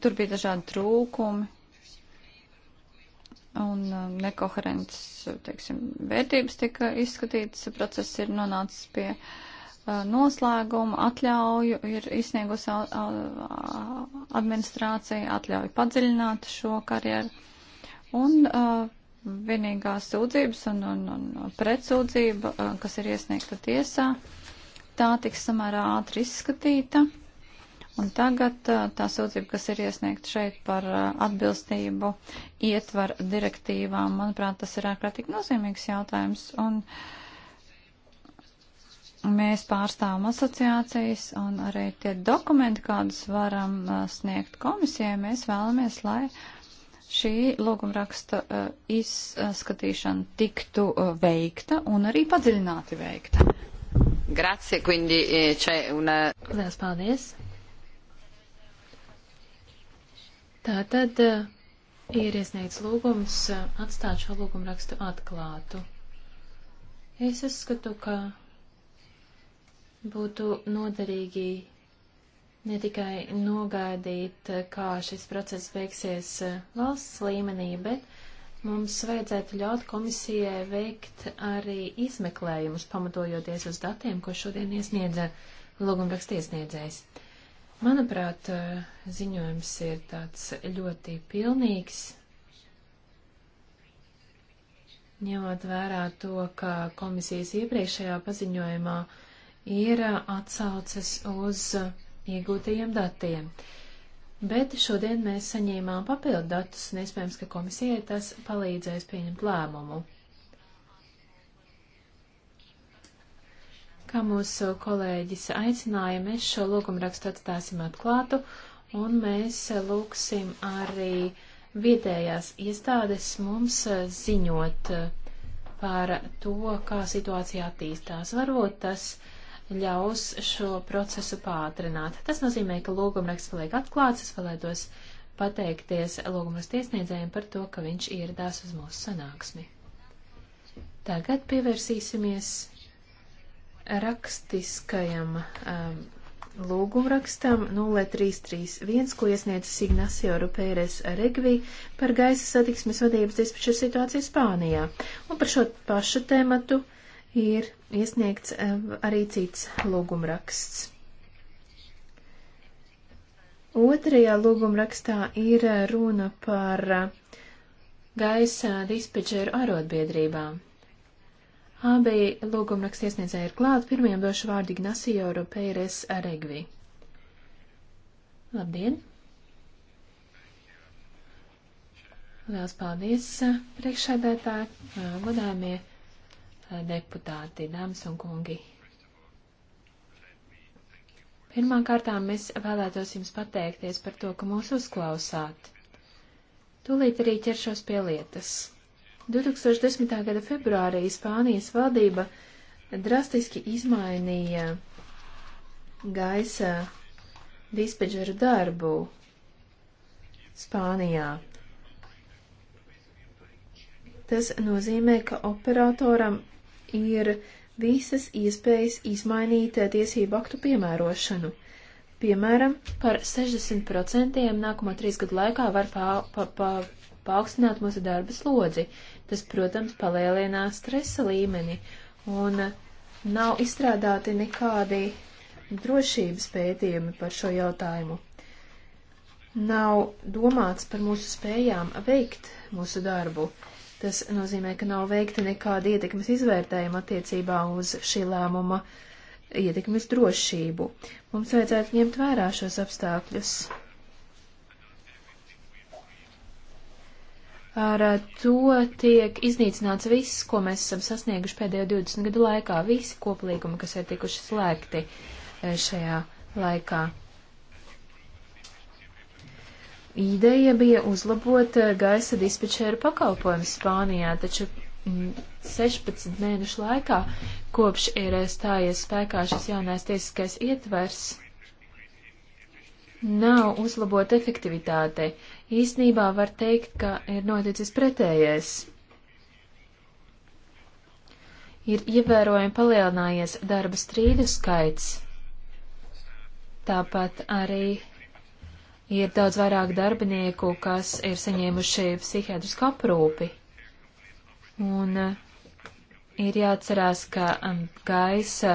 tur bija dažādi trūkumi, un um, nekoherents, teiksim, vērtības tika izskatītas, process ir nonācis pie uh, Uh, noslēgumu atļauju ir izsniegusi administrācija, atļauju padziļināt šo karjeru. Un uh, vienīgās sūdzības un, un, un pretsūdzība, uh, kas ir iesniegta tiesā, tā tiks samērā ātri izskatīta. Un tagad tā sūdzība, kas ir iesniegta šeit par atbilstību ietvar direktīvām, manuprāt, tas ir ārkārtīgi nozīmīgs jautājums. Un, uh, Mēs pārstāvam asociācijas un arī tie dokumenti, kādus varam uh, sniegt komisijai, mēs vēlamies, lai šī lūgumraksta uh, izskatīšana tiktu uh, veikta un arī padziļināti veikta. Grazie, quindi eh, c'è una. Lielas paldies. Tātad eh, ir iesniegts lūgums eh, atstāt šo lūgumrakstu atklātu. Es uzskatu, ka Būtu noderīgi ne tikai nogaidīt, kā šis process beigsies eh, valsts līmenī, bet mums vajadzētu ļaut komisijai veikt arī izmeklējumus, pamatojoties uz datiem, ko šodien iesniedza lūgumraksta iesniedzējs. Manuprāt, eh, ziņojums ir tāds ļoti pilnīgs, ņemot vērā to, ka komisijas iepriekšējā paziņojumā uh, ir uh, atsauces uz uh, iegūtajiem datiem. Bet šodien mēs saņēmām papildu datus, un iespējams, ka komisijai tas palīdzēs pieņemt lēmumu. Kā mūsu kolēģis aicināja, mēs šo lūgumrakstu atstāsim atklātu, un mēs lūksim arī vietējās iestādes mums uh, ziņot par to, kā situācija attīstās. Varbūt tas uh, ļaus šo procesu pātrināt. Tas nozīmē, ka lūgumraksts paliek atklāts. Es vēlētos pateikties lūgumraksta iesniedzējiem par to, ka viņš ieradās uz mūsu sanāksmi. Tagad pievērsīsimies rakstiskajam um, lūgumrakstam 0331, ko iesniedz Ignacio Rupēres Regvī par gaisa satiksmes vadības dispeču situāciju Spānijā. Un par šo pašu tēmatu uh, ir iesniegts eh, arī cits lūgumraksts. Otrajā lūgumrakstā ir eh, runa par eh, gaisa dispečeru arotbiedrībām. Abi lūgumraksta iesniedzēji ir klāt. Pirmajam došu vārdu Ignacio Ropeires Aregvi. Labdien! Lielas paldies, priekšsēdētāji, godājumie deputāti, dāmas un kungi. Pirmkārtām es vēlētos jums pateikties par to, ka mūs uzklausāt. Tūlīt arī ķeršos pie lietas. 2010. gada februārī Spānijas valdība drastiski izmainīja gaisa dispečera darbu Spānijā. Tas nozīmē, ka operatoram ir visas iespējas izmainīt eh, tiesību aktu piemērošanu. Piemēram, par 60% nākamo trīs gadu laikā var pa, pa, pa, paaugstināt mūsu darba slodzi. Tas, protams, palielinās stresa līmeni un nav izstrādāti nekādi drošības pētījumi par šo jautājumu. Nav domāts par mūsu spējām veikt mūsu darbu. Tas nozīmē, ka nav veikta nekāda ietekmes izvērtējuma attiecībā uz šī lēmuma ietekmes drošību. Mums vajadzētu ņemt vērā šos apstākļus. Ar to tiek iznīcināts viss, ko mēs esam sasnieguši pēdējo 20 gadu laikā, visi koplīgumi, kas ir tikuši slēgti eh, šajā laikā. Ideja bija uzlabot eh, gaisa dispečēru pakalpojumu Spānijā, taču 16 mm, mēnešu laikā, kopš ir eh, stājies spēkā šis jaunais tiesiskais ietvers, nav uzlabot efektivitāte. Īsnībā var teikt, ka ir noticis pretējais. Ir ievērojami palielinājies darba strīdu skaits. Tāpat arī ir daudz vairāk darbinieku, kas ir saņēmuši psihiatrisku aprūpi. Un eh, ir jāatcerās, ka um, gaisa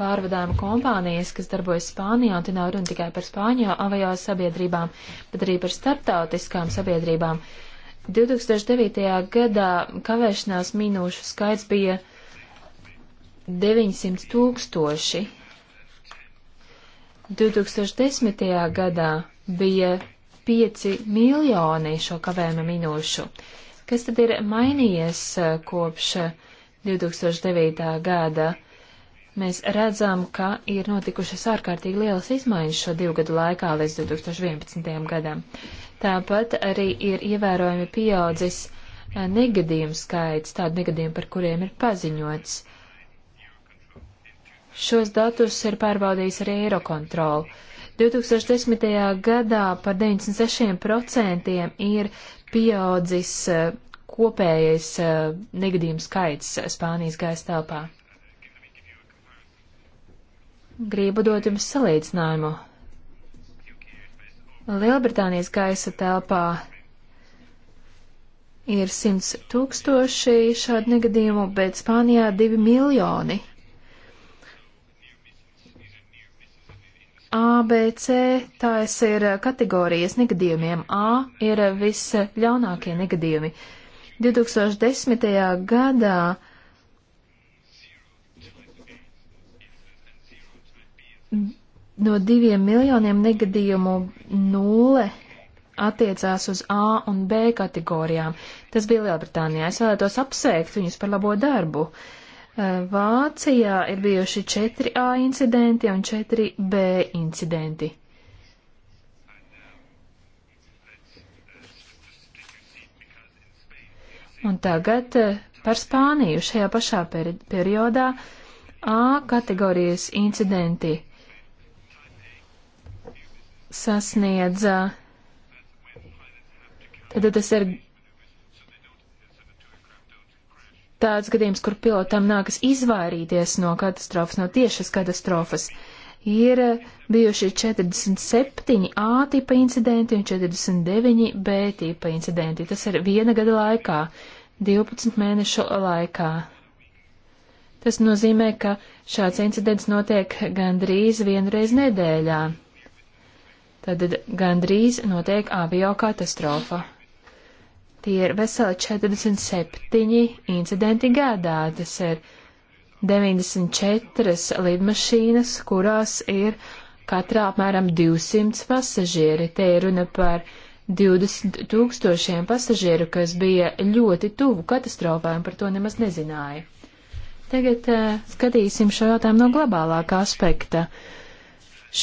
pārvadājuma kompānijas, kas darbojas Spānijā, un te nav runa tikai par Spāņu avio sabiedrībām, bet arī par starptautiskām sabiedrībām. 2009. gadā kavēšanās minūšu skaits bija 900 tūkstoši. 2010. gadā bija 5 miljoni šo kavējuma minūšu. Kas tad ir mainījies eh, kopš 2009. Eh, gada? Mēs redzam, ka ir notikušas ārkārtīgi lielas izmaiņas šo divu gadu laikā līdz 2011. gadam. Tāpat arī ir ievērojami pieaudzis eh, negadījumu skaits, tādu negadījumu, par kuriem ir paziņots. Šos datus ir pārbaudījis arī Eirokontrola. 2010. gadā par 96% ir pieaudzis eh, kopējais eh, negadījumu skaits Spānijas gaisa telpā. Gribu dot jums salīdzinājumu. Lielbritānijas gaisa telpā ir 100 tūkstoši šādu negadījumu, bet Spānijā 2 miljoni. ABC tās ir kategorijas negadījumiem. A ir visļaunākie negadījumi. 2010. gadā no diviem miljoniem negadījumu nulle attiecās uz A un B kategorijām. Tas bija Lielbritānijā. Es vēlētos apsveikt viņus par labo darbu. Uh, Vācijā ir bijuši 4A incidenti un 4B incidenti. Un tagad eh, par Spāniju šajā pašā peri periodā A kategorijas incidenti sasniedza. Tad tas ir tāds gadījums, kur pilotam nākas izvairīties no katastrofas, no tiešas katastrofas. Ir eh, bijuši 47 A tipa incidenti un 49 B tipa incidenti. Tas ir viena gada laikā, 12 mēnešu laikā. Tas nozīmē, ka šāds incidents notiek gandrīz vienreiz nedēļā. Tad gandrīz notiek avio katastrofa. Tie ir veseli 47 incidenti gadā. Tas ir 94 lidmašīnas, kurās ir katrā apmēram 200 pasažieri. Te ir runa par 20 tūkstošiem pasažieru, kas bija ļoti tuvu katastrofām, par to nemaz nezināja. Tagad uh, skatīsim šo jautājumu no globālāka aspekta.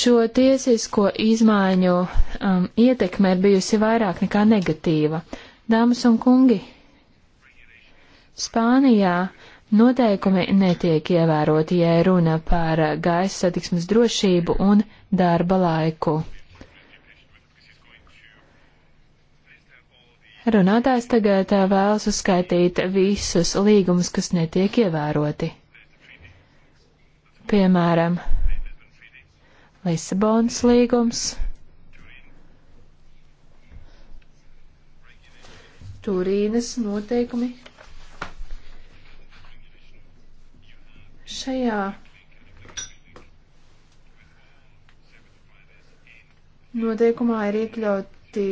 Šo tiesisko izmaiņu um, ietekme ir bijusi vairāk nekā negatīva. Dāmas un kungi, Spānijā noteikumi netiek ievēroti, ja runa par gaisa satiksmes drošību un darba laiku. Runātājs tagad vēlas uzskaitīt visus līgumus, kas netiek ievēroti. Piemēram, Lisabonas līgums. Turīnas noteikumi. Šajā noteikumā ir iekļauti,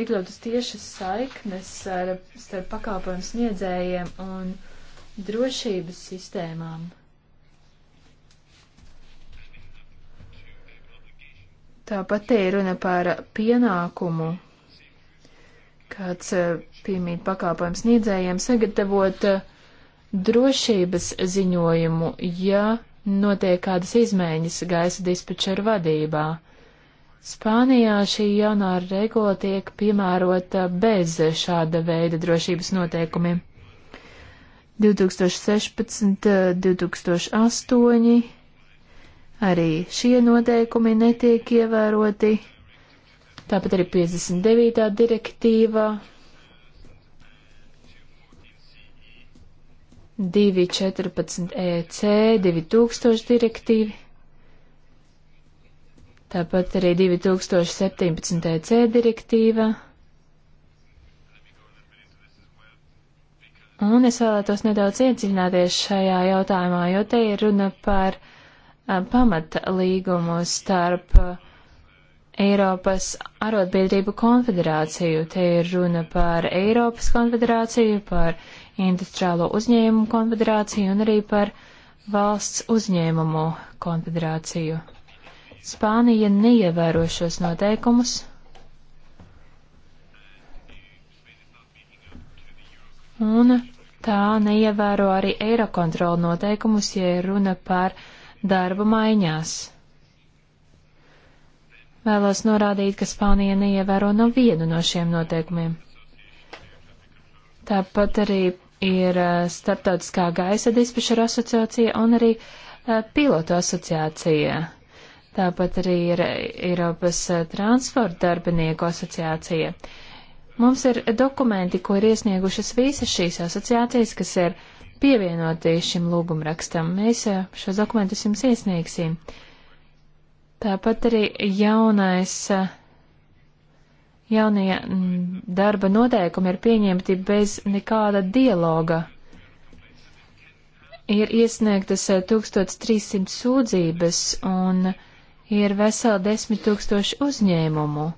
iekļautas tiešas saiknes ar, starp pakāpojumu sniedzējiem un drošības sistēmām. Tāpat te ir runa par pienākumu kāds eh, piemīt pakāpojums sniedzējiem, sagatavot eh, drošības ziņojumu, ja notiek kādas izmaiņas gaisa dispečera vadībā. Spānijā šī jaunā regula tiek piemērota eh, bez šāda veida drošības noteikumiem. 2016, 2008 arī šie noteikumi netiek ievēroti tāpat arī 59. direktīva, 214 EC, 2000 direktīvi, tāpat arī 2017 EC direktīva. Un es vēlētos nedaudz iedziļināties šajā jautājumā, jo te ir runa par pamata līgumu starp uh, Eiropas arotbiedrību konfederāciju. Te ir runa par Eiropas konfederāciju, par industriālo uzņēmumu konfederāciju un arī par valsts uzņēmumu konfederāciju. Spānija neievēro šos noteikumus. Un tā neievēro arī Eirokontrola noteikumus, ja ir runa par darba maiņās. Vēlos norādīt, ka Spānija neievēro no vienu no šiem noteikumiem. Tāpat arī ir Startautiskā gaisa dispečera asociācija un arī pilotu asociācija. Tāpat arī ir Eiropas transporta darbinieku asociācija. Mums ir dokumenti, ko ir iesniegušas visas šīs asociācijas, kas ir pievienoti šim lūgumrakstam. Mēs šos dokumentus jums iesniegsim. Uh, Tāpat arī jaunais, jaunie mm, darba noteikumi ir pieņemti bez nekāda dialoga. Ir iesniegtas 1300 eh, sūdzības un ir veseli 10 tūkstoši uzņēmumu.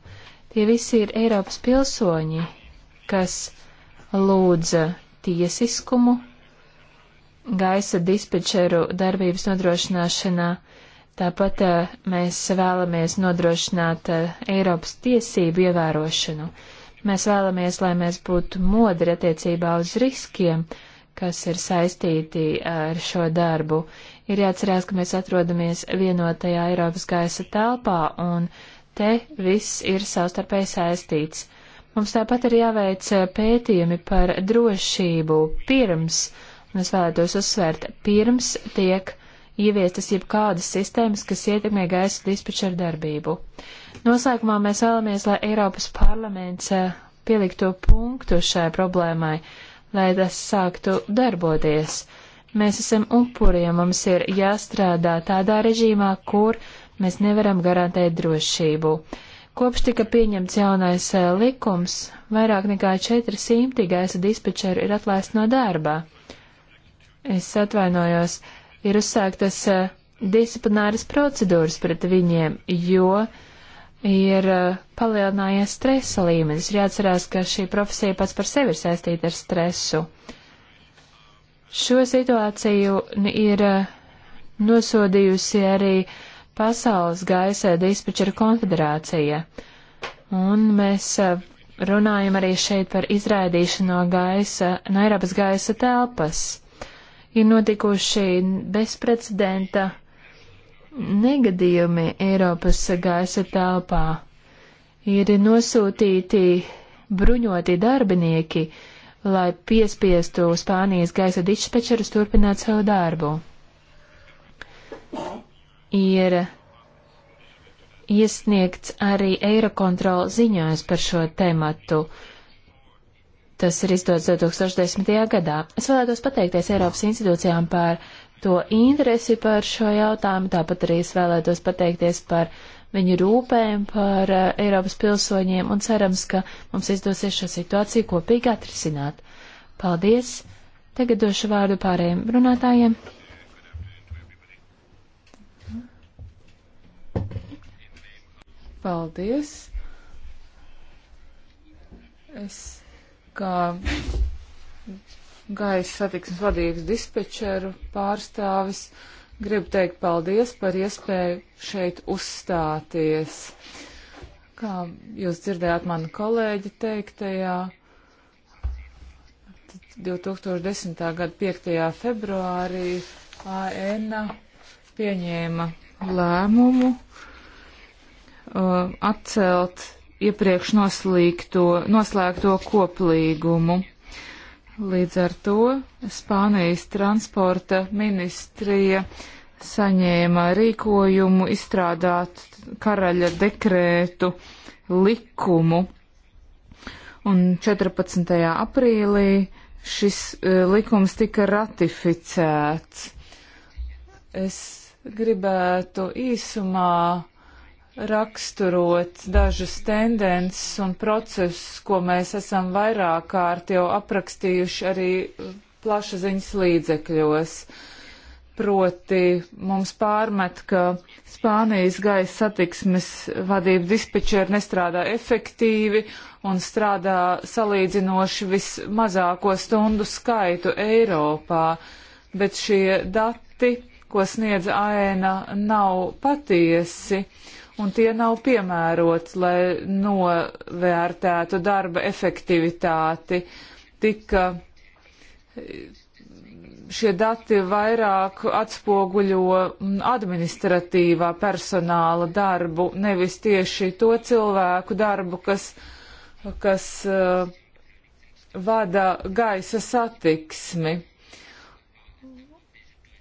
Tie visi ir Eiropas pilsoņi, kas lūdza tiesiskumu, gaisa dispečeru darbības nodrošināšanā, uh, Tāpat mēs vēlamies nodrošināt Eiropas tiesību ievērošanu. Mēs vēlamies, lai mēs būtu modri attiecībā uz riskiem, kas ir saistīti ar šo darbu. Ir jāatcerās, ka mēs atrodamies vienotajā Eiropas gaisa telpā, un te viss ir savstarpēji saistīts. Mums tāpat ir jāveic pētījumi par drošību pirms, un es vēlētos uzsvērt, pirms tiek ieviestas jebkādas sistēmas, kas ietekmē gaisa dispečeru darbību. Noslēgumā mēs vēlamies, lai Eiropas parlaments eh, pielikto punktu šai problēmai, lai tas sāktu darboties. Mēs esam upuri, ja mums ir jāstrādā tādā režīmā, kur mēs nevaram garantēt drošību. Kopš tika pieņemts jaunais eh, likums, vairāk nekā 400 gaisa dispečeri ir atlaist no darba. Es atvainojos, ir uzsāktas eh, disciplināras procedūras pret viņiem, jo ir eh, palielinājies stresa līmenis. Ir jāatcerās, ka šī profesija pats par sevi ir saistīta ar stresu. Šo situāciju ir eh, nosodījusi arī Pasaules gaisa dispečera konfederācija. Un mēs runājam arī šeit par izraidīšanu no gaisa, no Eiropas gaisa telpas ir notikuši bezprecedenta negadījumi Eiropas gaisa telpā. Ir nosūtīti bruņoti darbinieki, lai piespiestu Spānijas gaisa dispečerus turpināt savu darbu. Ir iesniegts arī Eirokontrola ziņojums par šo tematu. Tas ir izdots 2010. gadā. Es vēlētos pateikties Eiropas institūcijām par to interesi par šo jautājumu, tāpat arī es vēlētos pateikties par viņu rūpēm par uh, Eiropas pilsoņiem un cerams, ka mums izdosies šo situāciju kopīgi atrisināt. Paldies! Tagad došu vārdu pārējiem runātājiem. Paldies! Es kā gaisa satiksmes vadības dispečeru pārstāvis gribu teikt paldies par iespēju šeit uzstāties. Kā jūs dzirdējāt manu kolēģi teiktajā, 2010. gada 5. februārī ANA pieņēma lēmumu uh, atcelt iepriekš noslīgto, noslēgto koplīgumu. Līdz ar to Spānijas transporta ministrija saņēma rīkojumu izstrādāt karaļa dekrētu likumu. Un 14. aprīlī šis uh, likums tika ratificēts. Es gribētu īsumā raksturot dažas tendences un procesus, ko mēs esam vairāk kārt jau aprakstījuši arī plašsaziņas līdzekļos. Proti mums pārmet, ka Spānijas gaisa satiksmes vadība dispečeri nestrādā efektīvi un strādā salīdzinoši vismazāko stundu skaitu Eiropā, bet šie dati, ko sniedz AENA, nav patiesi un tie nav piemēroti, lai novērtētu darba efektivitāti. Tika šie dati vairāk atspoguļo administratīvā personāla darbu, nevis tieši to cilvēku darbu, kas, kas uh, vada gaisa satiksmi.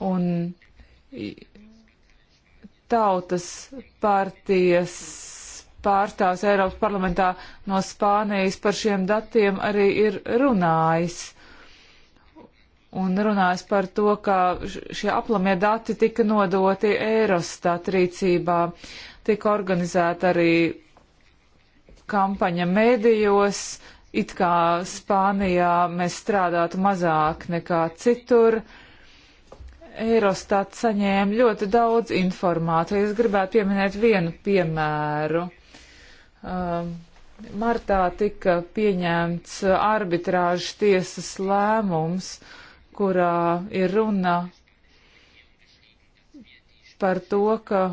Un tautas partijas pārstāvs Eiropas parlamentā no Spānijas par šiem datiem arī ir runājis. Un runājis par to, ka šie aplamie dati tika nodoti Eirostat rīcībā. Tika organizēta arī kampaņa mēdījos, it kā Spānijā mēs strādātu mazāk nekā citur. Uh, Eurostats saņēma ļoti daudz informācijas. Gribētu pieminēt vienu piemēru. Um, martā tika pieņemts arbitrāžas tiesas lēmums, kurā ir runa par to, ka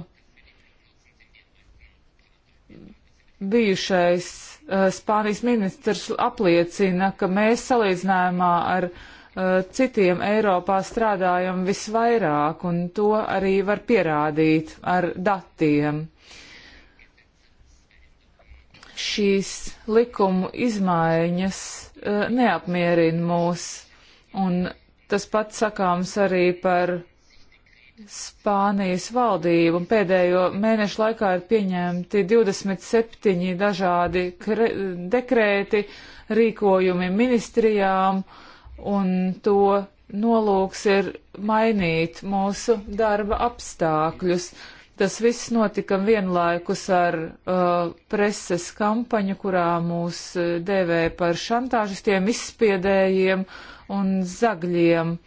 bijušais uh, Spānijas ministrs apliecina, ka mēs salīdzinājumā ar uh, Eh, citiem Eiropā strādājam visvairāk, un to arī var pierādīt ar datiem. Šīs likumu izmaiņas eh, neapmierina mūs, un tas pats sakāms arī par Spānijas valdību. Pēdējo mēnešu laikā ir pieņemti 27 dažādi dekrēti, rīkojumi ministrijām, uh, un to nolūks ir mainīt mūsu darba apstākļus. Tas viss notika vienlaikus ar uh, preses kampaņu, kurā mūs uh, dēvē par šantāžistiem, izspiedējiem un zagļiem.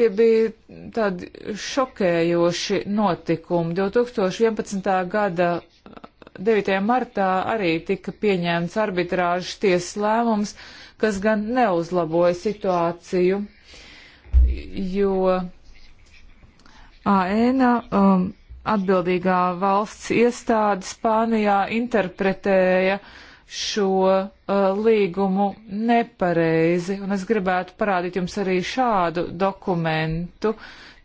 Tie bija tādi šokējoši notikumi. 2011. gada 9. martā arī tika pieņēmts arbitrāžas tiesas lēmums, kas gan neuzlaboja situāciju, jo ANA um, atbildīgā valsts iestāde Spānijā interpretēja šo uh, līgumu nepareizi, un es gribētu parādīt jums arī šādu dokumentu.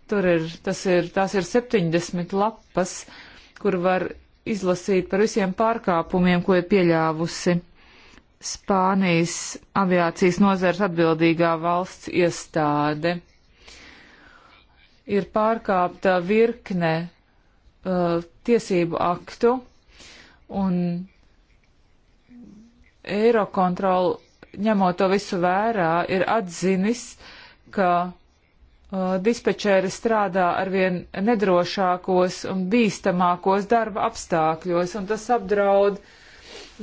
Tur ir, tas ir, tās ir 70 lapas, kur var izlasīt par visiem pārkāpumiem, ko ir pieļāvusi Spānijas aviācijas nozars atbildīgā valsts iestāde. Ir pārkāpta virkne uh, tiesību aktu un Eirokontrola, ņemot to visu vērā, ir atzinis, ka Uh, dispečēri strādā arvien nedrošākos un bīstamākos darba apstākļos, un tas apdraud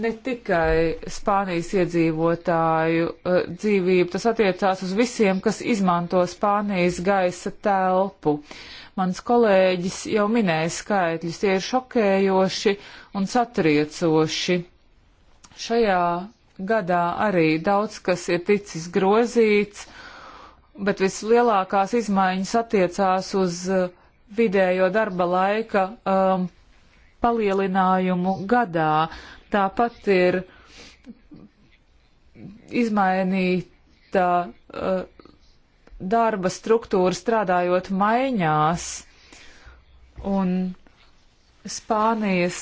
ne tikai Spānijas iedzīvotāju uh, dzīvību, tas attiecās uz visiem, kas izmanto Spānijas gaisa telpu. Mans kolēģis jau minēja skaitļus, tie ir šokējoši un satriecoši. Šajā gadā arī daudz kas ir ticis grozīts bet vislielākās izmaiņas attiecās uz uh, vidējo darba laika um, palielinājumu gadā. Tāpat ir izmainīta uh, darba struktūra strādājot maiņās, un Spānijas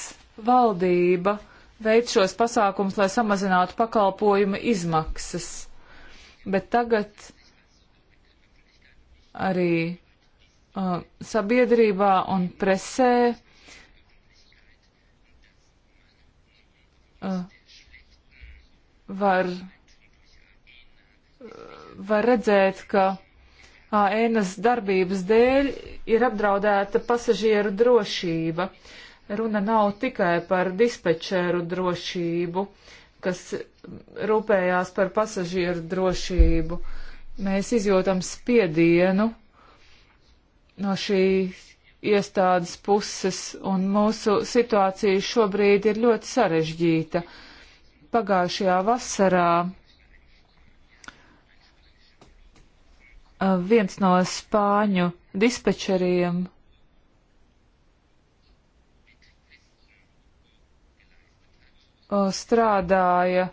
valdība veic šos pasākums, lai samazinātu pakalpojuma izmaksas. Bet tagad arī uh, sabiedrībā un presē. Uh, var, uh, var redzēt, ka uh, ēnas darbības dēļ ir apdraudēta pasažieru drošība. Runa nav tikai par dispečēru drošību, kas rūpējās par pasažieru drošību. Uh, Mēs izjūtam spiedienu no šīs iestādes puses, un mūsu situācija šobrīd ir ļoti sarežģīta. Pagājušajā vasarā eh, viens no spāņu dispečeriem strādāja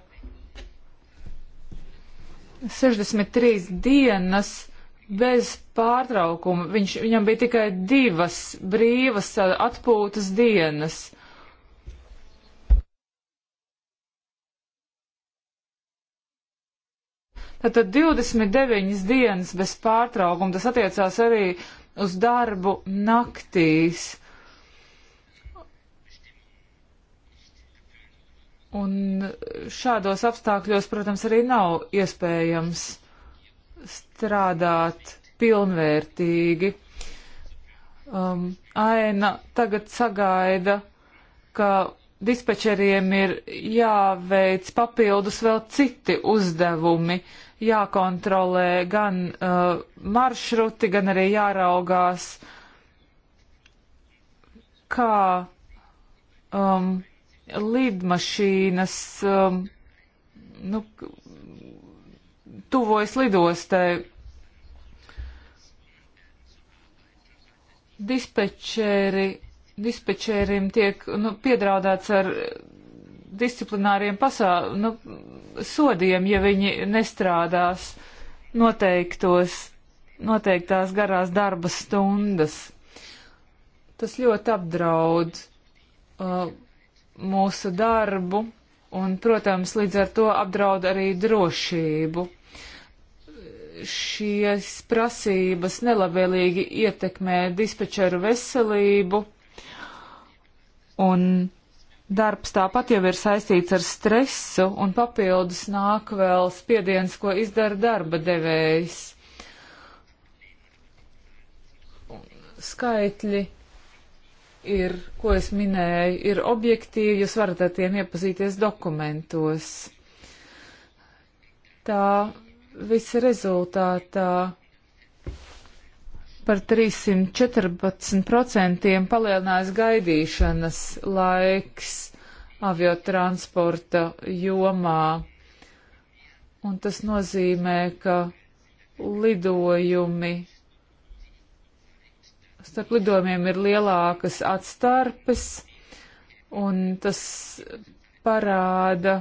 63 dienas bez pārtraukuma. Viņš, viņam bija tikai divas brīvas atpūtas dienas. Tātad 29 dienas bez pārtraukuma, tas attiecās arī uz darbu naktīs. Un šādos apstākļos, protams, arī nav iespējams strādāt pilnvērtīgi. Um, aina tagad sagaida, ka dispečeriem ir jāveic papildus vēl citi uzdevumi, jākontrolē gan uh, maršruti, gan arī jāraugās, kā um, lidmašīnas um, nu, tuvojas lidostai. Dispečeri, dispečerim tiek nu, piedraudāts ar disciplināriem pasā, nu, sodiem, ja viņi nestrādās noteiktos, noteiktās garās darba stundas. Tas ļoti apdraud uh, mūsu darbu un, protams, līdz ar to apdraud arī drošību. Šīs prasības nelabvēlīgi ietekmē dispečeru veselību un darbs tāpat jau ir saistīts ar stresu un papildus nāk vēl spiediens, ko izdara darba devējs. Skaitļi ir, ko es minēju, ir objektīvi, jūs varat ar tiem iepazīties dokumentos. Tā visa rezultātā par 314% palielinājās gaidīšanas laiks aviotransporta jomā. Un tas nozīmē, ka lidojumi starp lidojumiem ir lielākas atstarpes, un tas parāda,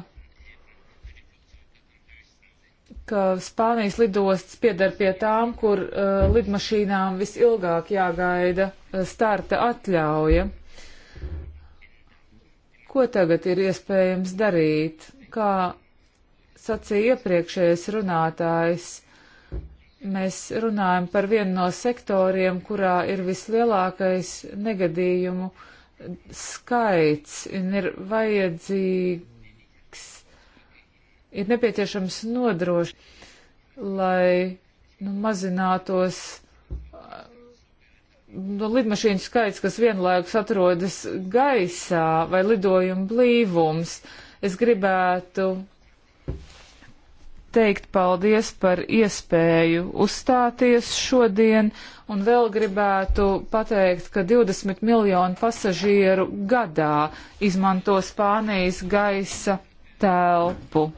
ka Spānijas lidosts piedar pie tām, kur uh, lidmašīnām visilgāk jāgaida uh, starta atļauja. Ko tagad ir iespējams darīt? Kā sacīja iepriekšējais runātājs, mēs runājam par vienu no sektoriem, kurā ir vislielākais negadījumu skaits un ir vajadzīgs, ir nepieciešams nodrošināt, lai nu, mazinātos no nu, lidmašīnu skaits, kas vienlaikus atrodas gaisā vai lidojuma blīvums. Es gribētu teikt paldies par iespēju uzstāties šodien, un vēl gribētu pateikt, ka 20 miljonu pasažieru gadā izmanto Spānijas gaisa telpu.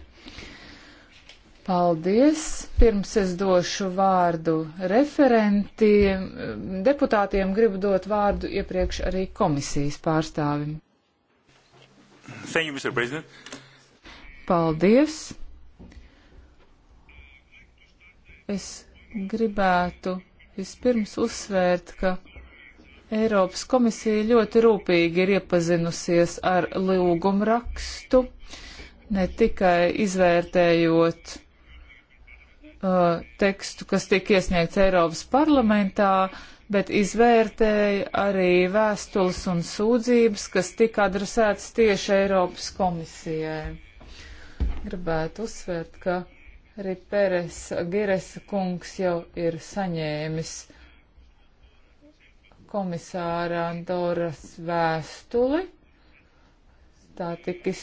Paldies! Pirms es došu vārdu referentiem, deputātiem gribu dot vārdu iepriekš arī komisijas pārstāvim. Thank you, Mr. President. Paldies! Es gribētu vispirms uzsvērt, ka Eiropas komisija ļoti rūpīgi ir iepazinusies ar lūgumu rakstu, ne tikai izvērtējot uh, tekstu, kas tiek iesniegts Eiropas parlamentā, bet izvērtēja arī vēstules un sūdzības, kas tika adresētas tieši Eiropas komisijai. Gribētu uzsvērt, ka Arī Pēres Gires kungs jau ir saņēmis komisāra Andoras vēstuli. Tā tika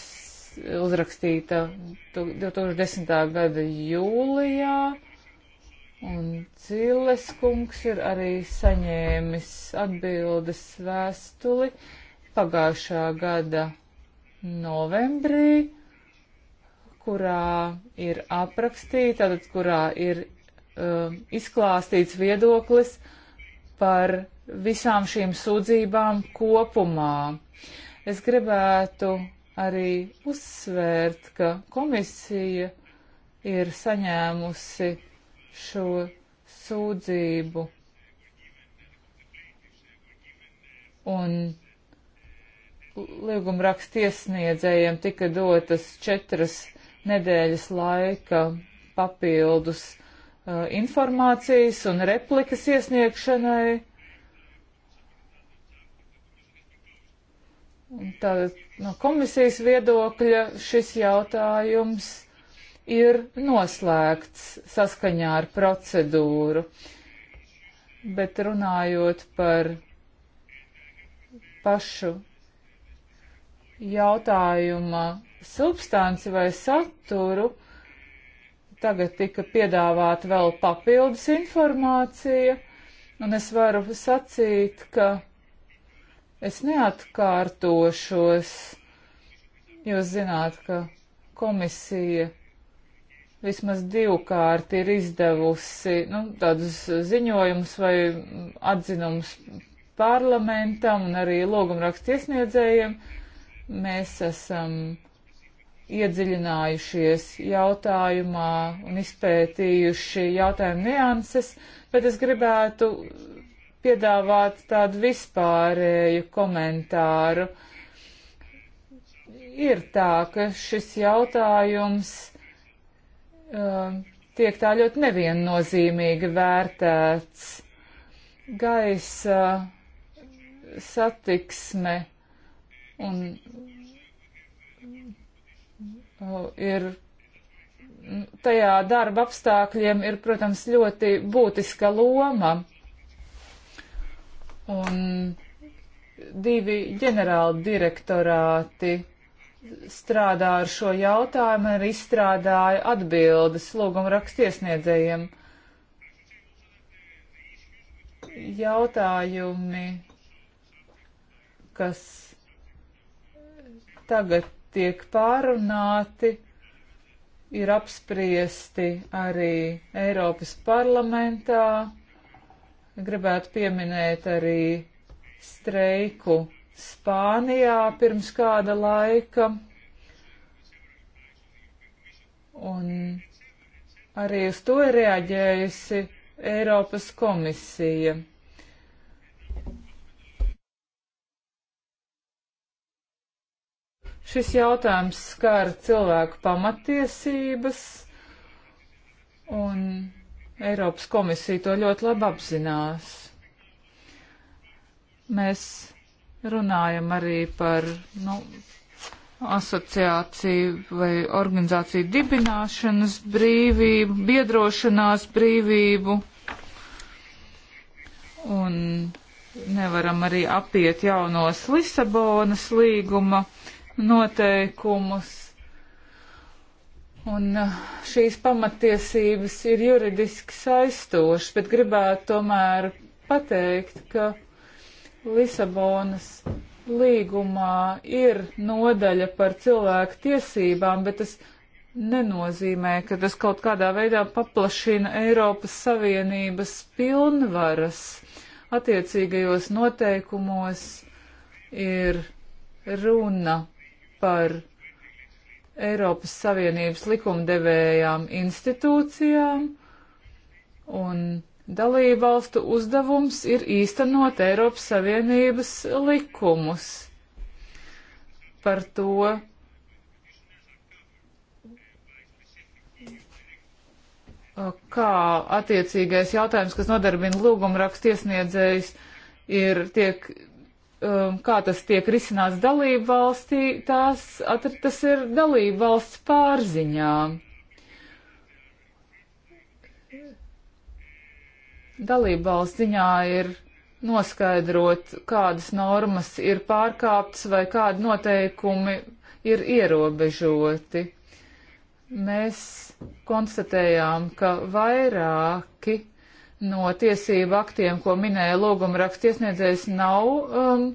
uzrakstīta 2010. gada jūlijā, un Ciles kungs ir arī saņēmis atbildes vēstuli pagājušā gada novembrī kurā ir aprakstīta, tātad kurā ir uh, izklāstīts viedoklis par visām šīm sūdzībām kopumā. Es gribētu arī uzsvērt, ka komisija ir saņēmusi šo sūdzību un līgumrakstiesniedzējiem tika dotas četras nedēļas laika papildus uh, informācijas un replikas iesniegšanai. Tātad no komisijas viedokļa šis jautājums ir noslēgts saskaņā ar procedūru, bet runājot par pašu jautājuma substanci vai saturu, tagad tika piedāvāta vēl papildus informācija, un es varu sacīt, ka es neatkārtošos. Jūs zināt, ka komisija vismaz divkārt ir izdevusi nu, tādus ziņojumus vai atzinumus parlamentam un arī logumrakstu iesniedzējiem. Mēs esam um, iedziļinājušies jautājumā un izpētījuši jautājumu nianses, bet es gribētu piedāvāt tādu vispārēju komentāru. Ir tā, ka šis jautājums uh, tiek tā ļoti neviennozīmīgi vērtēts. Gaisa satiksme un ir tajā darba apstākļiem ir, protams, ļoti būtiska loma. Un divi ģenerāli direktorāti strādā ar šo jautājumu un izstrādāja atbildes lūguma rakstiesniedzējiem. Jautājumi, kas tagad tiek pārunāti, ir apspriesti arī Eiropas parlamentā. Gribētu pieminēt arī streiku Spānijā pirms kāda laika. Un arī uz to ir reaģējusi Eiropas komisija. Šis jautājums skar cilvēku pamatiesības, un Eiropas komisija to ļoti labi apzinās. Mēs runājam arī par nu, asociāciju vai organizāciju dibināšanas brīvību, biedrošanās brīvību. Un nevaram arī apiet jaunos Lisabonas līguma noteikumus. Un uh, šīs pamatiesības ir juridiski saistošas, bet gribētu tomēr pateikt, ka Lisabonas līgumā ir nodaļa par cilvēku tiesībām, bet tas nenozīmē, ka tas kaut kādā veidā paplašina Eiropas Savienības pilnvaras. Attiecīgajos noteikumos ir runa par Eiropas Savienības likumdevējām institūcijām, un dalību valstu uzdevums ir īstenot Eiropas Savienības likumus. Par to kā attiecīgais jautājums, kas nodarbina lūgumrakstu iesniedzējus, ir tiek um, kā tas tiek risināts dalību valstī, tās, at, tas ir dalību valsts pārziņā. Dalību valsts ziņā ir noskaidrot, kādas normas ir pārkāptas vai kādi noteikumi ir ierobežoti. Mēs konstatējām, ka vairāki no tiesību aktiem, ko minēja lūguma rakstiesniedzējs, nav, um,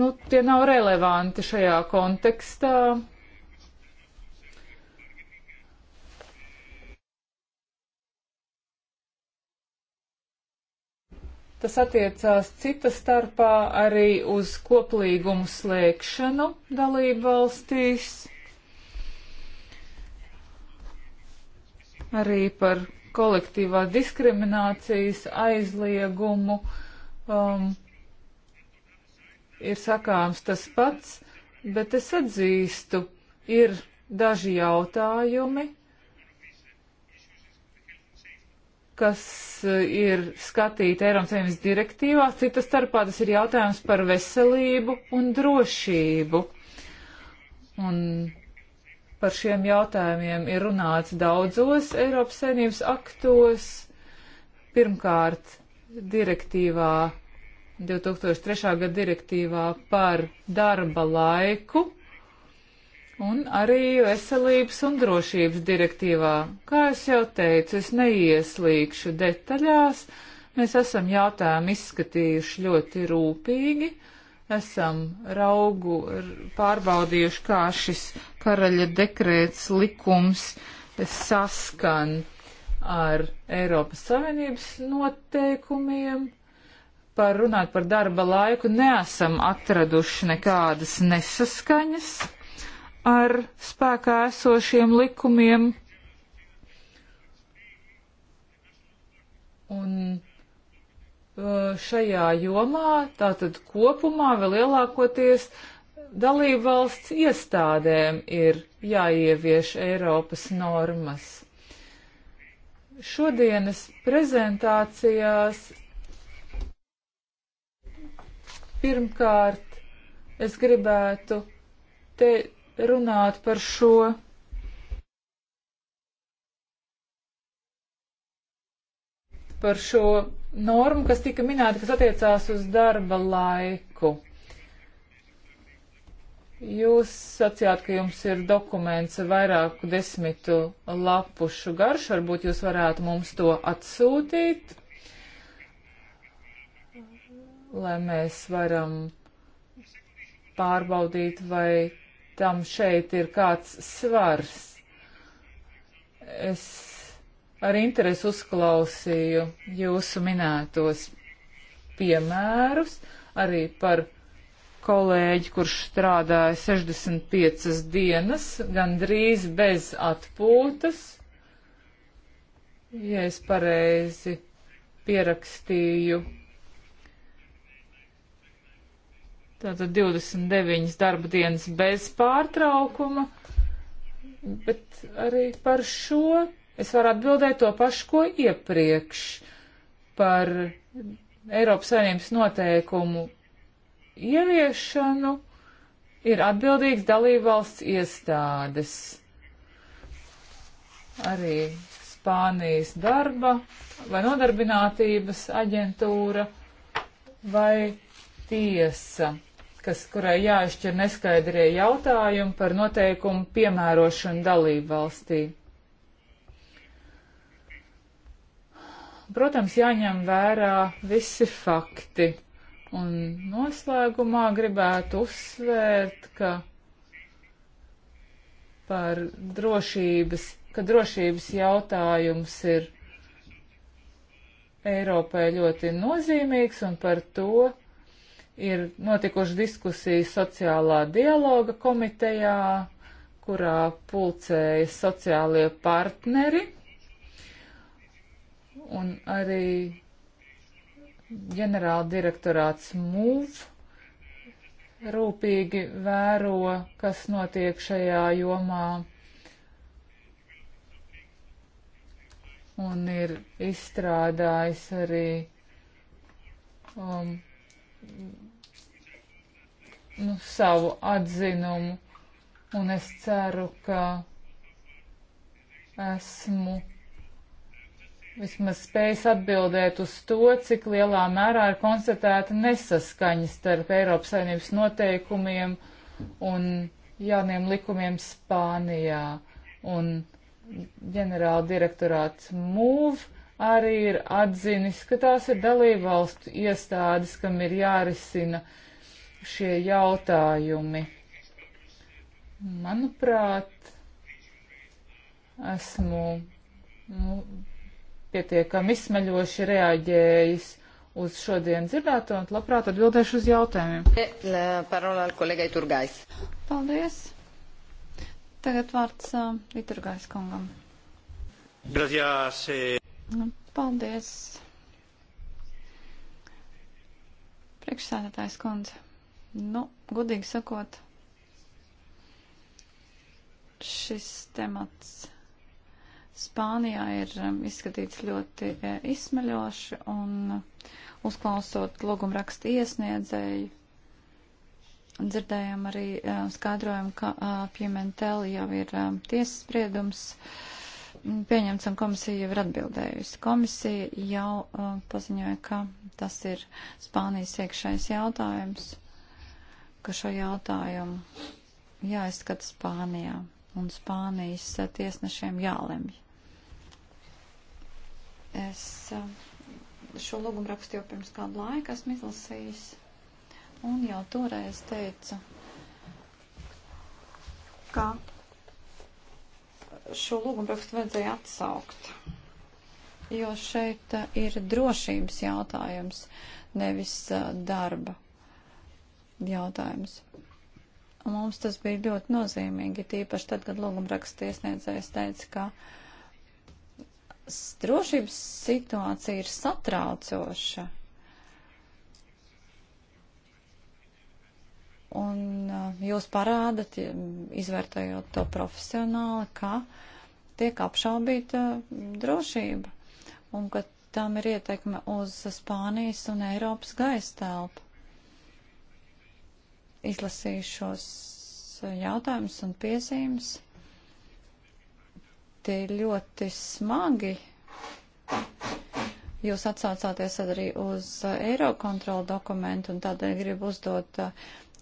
nu, tie nav relevanti šajā kontekstā. Tas attiecās cita starpā arī uz koplīgumu slēgšanu dalību valstīs, arī par kolektīvā diskriminācijas aizliegumu. Um, ir sakāms tas pats, bet es atzīstu, ir daži jautājumi, kas uh, ir skatīti Eiropas Savienības direktīvā, citas starpā tas ir jautājums par veselību un drošību. Un par šiem jautājumiem ir runāts daudzos Eiropas saimnības aktos. Pirmkārt, direktīvā, 2003. gada direktīvā par darba laiku un arī veselības un drošības direktīvā. Kā es jau teicu, es neieslīgšu detaļās. Mēs esam jautājumu izskatījuši ļoti rūpīgi esam raugu pārbaudījuši, kā šis karaļa dekrēts likums saskan ar Eiropas Savienības noteikumiem. Par runāt par darba laiku neesam atraduši nekādas nesaskaņas ar spēkā esošiem likumiem. Un Eh, šajā jomā, tātad kopumā vēl lielākoties dalību valsts iestādēm ir jāievieš Eiropas normas. Šodienas prezentācijās pirmkārt es gribētu te runāt par šo par šo normu, kas tika minēta, kas attiecās uz darba laiku. Jūs sacījāt, ka jums ir dokuments vairāku desmitu lapušu garš, varbūt jūs varētu mums to atsūtīt, lai mēs varam pārbaudīt, vai tam šeit ir kāds svars. Es ar interesi uzklausīju jūsu minētos piemērus arī par kolēģi, kurš strādāja 65 dienas, gandrīz bez atpūtas, ja es pareizi pierakstīju. Tātad 29 darba dienas bez pārtraukuma, bet arī par šo Es varu atbildēt to pašu, ko iepriekš par Eiropas Savienības noteikumu ieviešanu ir atbildīgs dalībvalsts iestādes. Arī Spānijas darba vai nodarbinātības aģentūra vai tiesa, kas, kurai jāizšķir neskaidrie jautājumi par noteikumu piemērošanu dalībvalstī. valstī. Protams, jāņem vērā visi fakti. Un noslēgumā gribētu uzsvērt, ka par drošības, ka drošības jautājums ir Eiropai ļoti nozīmīgs un par to ir notikuši diskusijas sociālā dialoga komitejā, kurā pulcējas sociālie partneri un arī ģenerāla direktorāts MUV rūpīgi vēro, kas notiek šajā jomā. Un ir izstrādājis arī um, nu, savu atzinumu, un es ceru, ka esmu vismaz spējas atbildēt uz to, cik lielā mērā ir konstatēta nesaskaņa starp Eiropas saimnības noteikumiem un jauniem likumiem Spānijā. Un ģenerāla direktorāts MUV arī ir atzinis, ka tās ir dalībvalstu iestādes, kam ir jārisina šie jautājumi. Manuprāt, esmu nu, pietiekami izsmeļoši reaģējis uz šodien dzirdēto un labprāt atbildēšu uz jautājumiem. E, paldies. Tagad vārds uh, Iturgais kungam. Gracias. Eh. Nu, paldies. Priekšsēdētājs kundze. Nu, godīgi sakot, šis temats Spānijā ir um, izskatīts ļoti e, izsmeļoši un uh, uzklausot logumrakstu iesniedzēju, dzirdējām arī e, skaidrojumu, ka e, Pimentelli jau ir tiesas spriedums pieņemts un komisija jau ir atbildējusi. Komisija jau uh, paziņoja, ka tas ir Spānijas iekšējais jautājums, ka šo jautājumu jāizskata Spānijā un Spānijas uh, tiesnešiem jālemj. Es eh, šo lūgumu rakstu jau pirms kādu laiku esmu izlasījis, un jau toreiz teicu, ka šo lūgumu rakstu vajadzēja atsaukt, jo šeit eh, ir drošības jautājums, nevis eh, darba jautājums. Un mums tas bija ļoti nozīmīgi, tīpaši tad, kad lūgumraksta iesniedzējs teica, ka drošības situācija ir satraucoša. Un uh, jūs parādat, izvērtējot to profesionāli, ka tiek apšaubīta uh, drošība un ka tam ir ietekme uz Spānijas un Eiropas gaistelpu. Izlasīšos jautājumus un piezīmes ļoti, ļoti smagi. Jūs atsaucāties arī uz uh, Eirokontrola dokumentu un tādēļ gribu uzdot uh,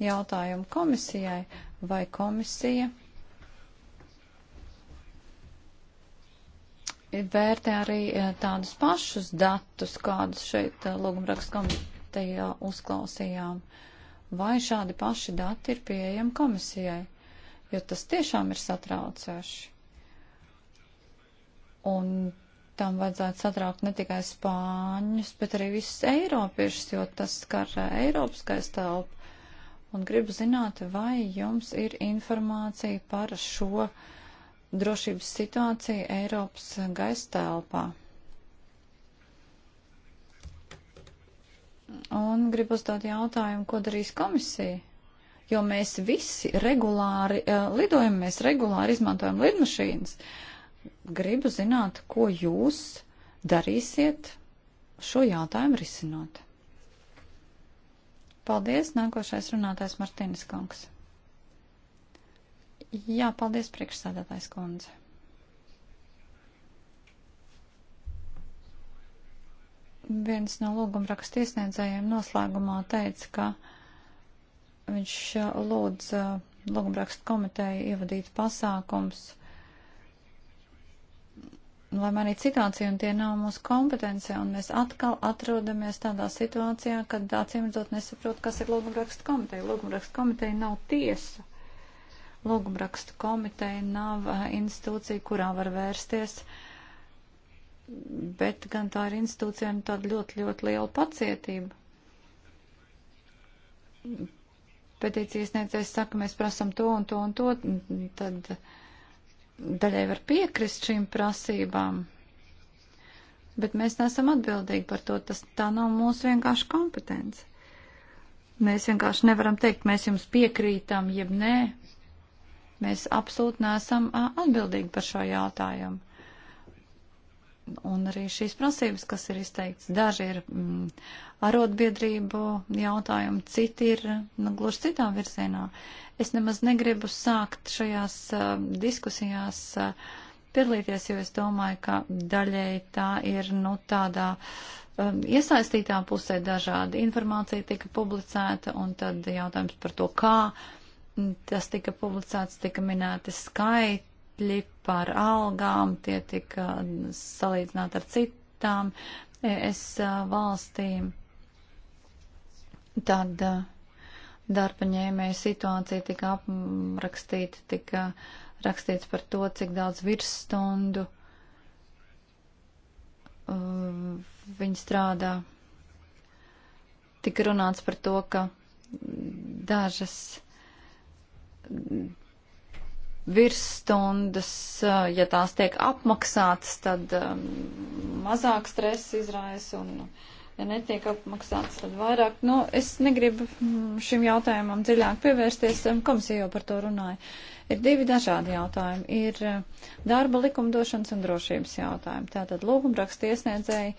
jautājumu komisijai, vai komisija vērtē arī uh, tādus pašus datus, kādus šeit lūgumrakstu komitejā uzklausījām, vai šādi paši dati ir pieejami komisijai, jo tas tiešām ir satraucoši. Un tam vajadzētu satraukt ne tikai spāņus, bet arī visus eiropiešus, jo tas skar eh, Eiropas gaistelpu. Un gribu zināt, vai jums ir informācija par šo drošības situāciju Eiropas gaistelpā. Un gribu uzdot jautājumu, ko darīs komisija? Jo mēs visi regulāri uh, lidojam, mēs regulāri izmantojam lidmašīnas. Uh, gribu zināt, ko jūs darīsiet šo jautājumu risinot. Paldies, nākošais runātājs Martīnis Kungs. Jā, paldies, priekšsēdētājs kundze. Viens no lūguma rakstu iesniedzējiem noslēgumā teica, ka viņš uh, lūdz uh, lūguma rakstu komiteju ievadīt pasākums lai mainītu situāciju, un tie nav mūsu kompetence, un mēs atkal atrodamies tādā situācijā, kad acīm redzot nesaprot, kas ir lūgumrakstu komiteja. Lūgumrakstu komiteja nav tiesa. Lūgumrakstu komiteja nav eh, institūcija, kurā var vērsties, bet gan tā ir institūcija ar tādu ļoti, ļoti lielu pacietību. Petīcijas niedzēs saka, mēs prasam to un to un to, tad. Uh, daļai var piekrist šīm prasībām, bet mēs neesam atbildīgi par to. Tas, tā nav mūsu vienkārši kompetence. Mēs vienkārši nevaram teikt, mēs jums piekrītam, jeb nē. Mēs absolūti neesam atbildīgi par šo jautājumu. Un arī šīs prasības, kas ir izteikts, daži ir mm, arotbiedrību jautājumi, citi ir nu, gluži citā virzienā. Es nemaz negribu sākt šajās uh, diskusijās uh, piedalīties, jo es domāju, ka daļēji tā ir nu, tādā um, iesaistītā pusē dažāda informācija tika publicēta, un tad jautājums par to, kā tas tika publicēts, tika minēti skaiti skaitļi par algām, tie tika uh, salīdzināti ar citām ES uh, valstīm. Tad uh, darba ņēmēja situācija tika aprakstīta, tika rakstīts par to, cik daudz virsstundu viņi strādā. Tika runāts par to, ka dažas virsstundas, ja tās tiek apmaksātas, tad um, mazāk stresa izraisa un, ja netiek apmaksātas, tad vairāk. Nu, es negribu mm, šim jautājumam dziļāk pievērsties, komisija jau par to runāja. Ir divi dažādi jautājumi. Ir darba likumdošanas un drošības jautājumi. Tātad lūgumraksta iesniedzēji,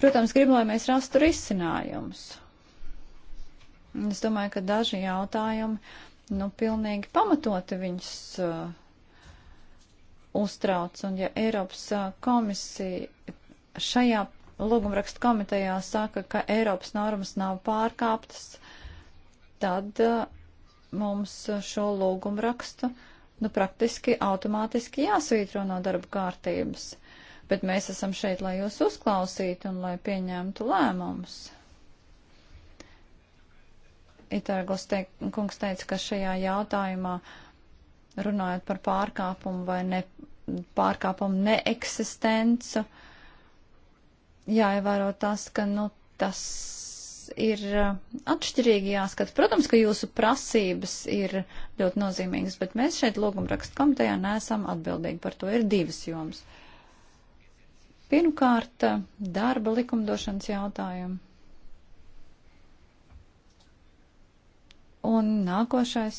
protams, grib, lai mēs rastu risinājumus. Es domāju, ka daži jautājumi nu, pilnīgi pamatoti viņus uh, uztrauc. Un ja Eiropas uh, komisija šajā lūgumrakstu komitejā saka, ka Eiropas normas nav pārkāptas, tad uh, mums uh, šo lūgumrakstu nu, praktiski automātiski jāsvītro no darba kārtības. Bet mēs esam šeit, lai jūs uzklausītu un lai pieņemtu lēmumus. Itērgos te, kungs teica, ka šajā jautājumā runājot par pārkāpumu vai ne, pārkāpumu neeksistencu, jāievēro tas, ka, nu, tas ir uh, atšķirīgi jāskat. Protams, ka jūsu prasības ir ļoti nozīmīgas, bet mēs šeit lūgumrakstu komitejā neesam atbildīgi. Par to ir divas jomas. Pirmkārt, uh, darba likumdošanas jautājumi. Un nākošais.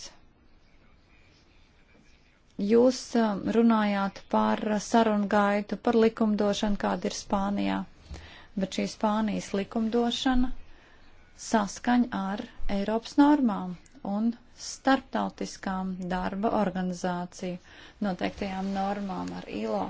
Jūs runājāt par sarunu gaitu, par likumdošanu, kāda ir Spānijā. Bet šī Spānijas likumdošana saskaņa ar Eiropas normām un starptautiskām darba organizāciju noteiktajām normām ar ILO.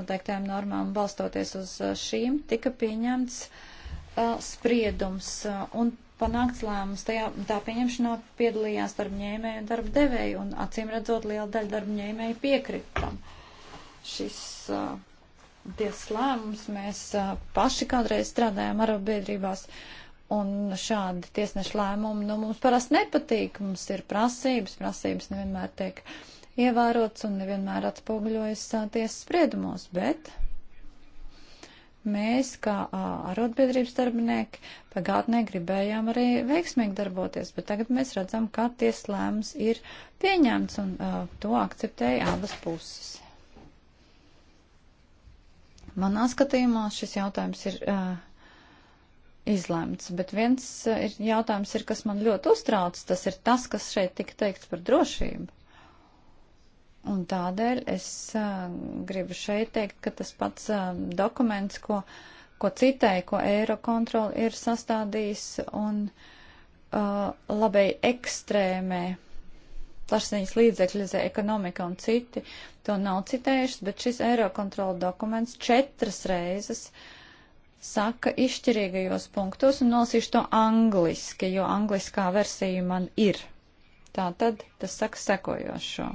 Noteiktajām normām balstoties uz šīm tika pieņemts uh, spriedums, uh, un panākts lēmums. Tajā, tā pieņemšanā piedalījās darba ņēmēji un darba devēji, un acīm redzot, liela daļa darba ņēmēji piekritam. Šis uh, tiesas lēmums mēs uh, paši kādreiz strādājām arotbiedrībās, un šādi tiesneša lēmumi nu, mums parasti nepatīk. Mums ir prasības, prasības nevienmēr tiek ievērots un nevienmēr atspoguļojas uh, tiesas spriedumos, bet Mēs, kā arotbiedrības darbinieki, pagātnē gribējām arī veiksmīgi darboties, bet tagad mēs redzam, ka tiesas lēmums ir pieņemts un a, to akceptēja abas puses. Manā skatījumā šis jautājums ir. A, izlemts. Bet viens ir, jautājums, ir, kas man ļoti uztrauc, tas ir tas, kas šeit tika teikts par drošību. Un tādēļ es uh, gribu šeit teikt, ka tas pats uh, dokuments, ko, ko citēju, ko Eirokontroli ir sastādījis un uh, labai ekstrēmē plašsaziņas līdzekļi, ekonomika un citi to nav citējuši, bet šis Eirokontrola dokuments četras reizes saka izšķirīgajos punktos un nolasīšu to angliski, jo angliskā versija man ir. Tā tad tas saka sekojošo.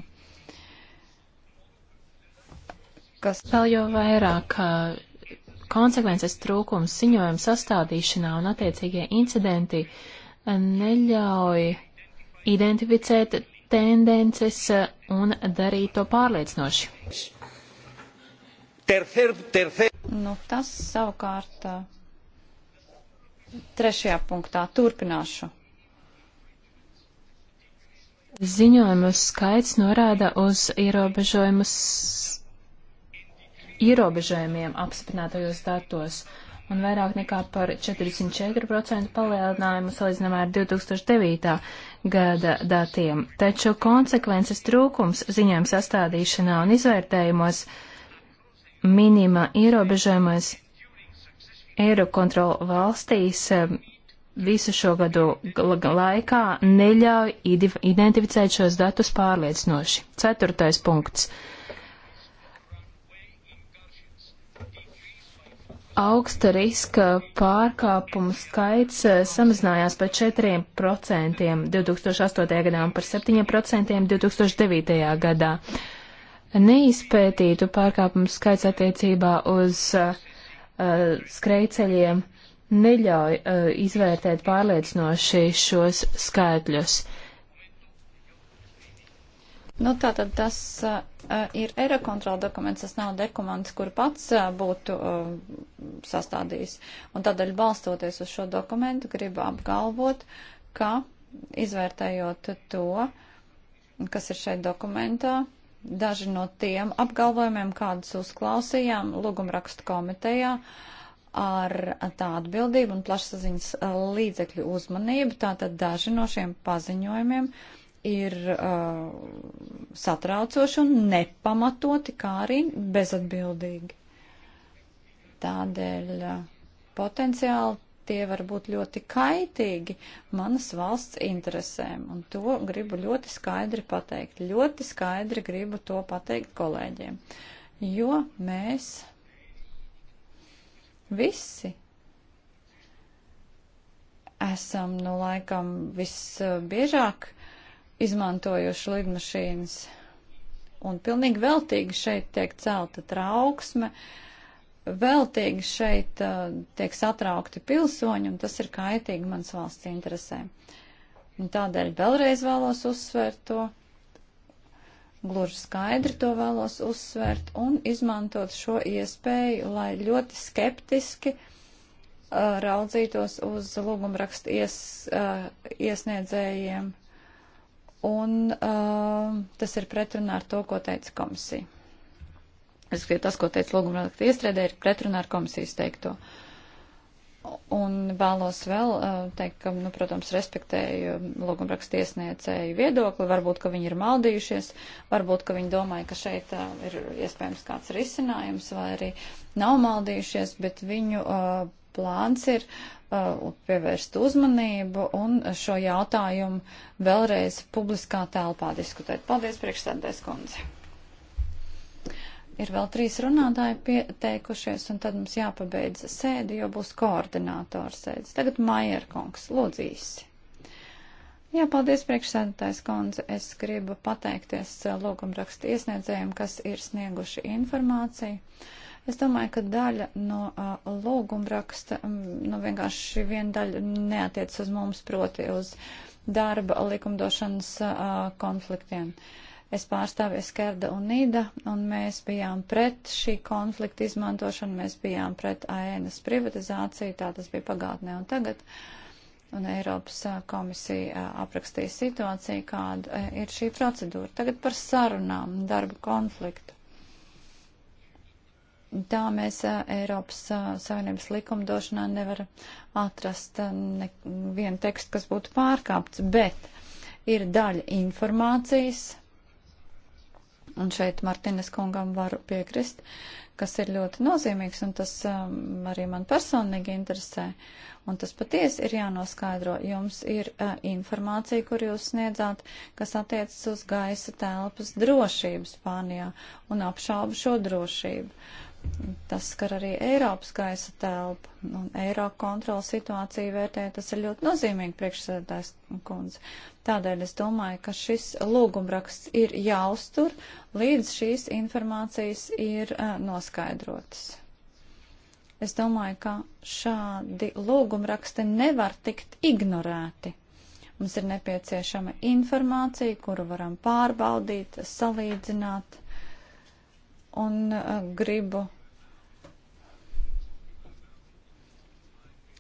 kas vēl jau vairāk uh, konsekvences trūkums ziņojuma sastādīšanā un attiecīgie incidenti uh, neļauj identificēt tendences uh, un darīt to pārliecinoši. Tercer, tercer. Nu, tas savukārt trešajā punktā turpināšu. Ziņojumu skaits norāda uz ierobežojumus ierobežojumiem apstiprinātajos datos un vairāk nekā par 404% palielinājumu salīdzinājumā ar 2009. gada datiem. Taču konsekvences trūkums ziņojuma sastādīšanā un izvērtējumos minima ierobežojumos Eirokontrola valstīs eh, visu šo gadu laikā neļauj identificēt šos datus pārliecinoši. Ceturtais punkts. augsta riska pārkāpumu skaits eh, samazinājās par 4% 2008. gadā un par 7% 2009. gadā. Neizpētītu pārkāpumu skaits attiecībā uz uh, skrejceļiem neļauj uh, izvērtēt pārliecinoši šos skaitļus. Uh, Nu, tātad tas uh, uh ir erakontrola dokuments, tas nav dokuments, kur pats uh, būtu uh, sastādījis. Un tādēļ balstoties uz šo dokumentu, gribu apgalvot, ka izvērtējot to, kas ir šeit dokumentā, daži no tiem apgalvojumiem, kādus uzklausījām lūgumrakstu komitejā, ar tā atbildību un plašsaziņas uh, līdzekļu uzmanību, tātad daži no šiem paziņojumiem. Uh, ir uh, satraucoši un nepamatoti, kā arī bezatbildīgi. Tādēļ uh, potenciāli tie var būt ļoti kaitīgi manas valsts interesēm, un to gribu ļoti skaidri pateikt. Ļoti skaidri gribu to pateikt kolēģiem, jo mēs visi esam, nu, laikam visbiežāk uh, izmantojuši lidmašīnas. Un pilnīgi veltīgi šeit tiek celta trauksme, veltīgi šeit uh, tiek satraukti pilsoņi, un tas ir kaitīgi mans valsts interesēm. Un tādēļ vēlreiz vēlos uzsvērt to, gluži skaidri to vēlos uzsvērt un izmantot šo iespēju, lai ļoti skeptiski uh, raudzītos uz lūgumrakstu ies, uh, iesniedzējiem Un uh, tas ir pretrunā ar to, ko teica komisija. Es skatīju, tas, ko teica lūguma redakta iestrēdē, ir pretrunā ar komisijas teikto. Un vēlos vēl uh, teikt, ka, nu, protams, respektēju lūguma raksta iesniedzēju viedokli, varbūt, ka viņi ir maldījušies, varbūt, ka viņi domāja, ka šeit uh, ir iespējams kāds risinājums, vai arī nav maldījušies, bet viņu uh, plāns ir Uh, pievērst uzmanību un šo jautājumu vēlreiz publiskā telpā diskutēt. Paldies, priekšsēdēs kundze. Ir vēl trīs runātāji pieteikušies, un tad mums jāpabeidz sēdi, jo būs koordinātors sēdes. Tagad Maierkungs, lūdzīs. Jā, paldies, priekšsēdētājs kundze. Es gribu pateikties uh, lūgumrakstu iesniedzējiem, kas ir snieguši informāciju. Es domāju, ka daļa no uh, lūgumraksta, nu vienkārši viena daļa neatiec uz mums, proti uz darba likumdošanas uh, konfliktiem. Es pārstāvu Eskerda un Nīda, un mēs bijām pret šī konflikta izmantošanu, mēs bijām pret AENas privatizāciju, tā tas bija pagātnē un tagad. Un Eiropas komisija aprakstīja situāciju, kāda e, ir šī procedūra. Tagad par sarunām, darba konfliktu. Tā mēs Eiropas Savienības likumdošanā nevar atrast nevienu tekstu, kas būtu pārkāpts, bet ir daļa informācijas, un šeit Martīnes kungam varu piekrist, kas ir ļoti nozīmīgs, un tas um, arī man personīgi interesē. Un tas patiesi ir jānoskaidro. Jums ir uh, informācija, kur jūs sniedzāt, kas attiecas uz gaisa telpas drošību Spānijā un apšaubu šo drošību. Tas skar arī Eiropas gaisa telpu un eiro kontrola situāciju vērtē. Tas ir ļoti nozīmīgi priekšsēdētājs kundze. Tādēļ es domāju, ka šis lūgumraksts ir jāuztur, līdz šīs informācijas ir uh, noskaidrotas. Es domāju, ka šādi lūgumraksti nevar tikt ignorēti. Mums ir nepieciešama informācija, kuru varam pārbaudīt, salīdzināt un uh, gribu.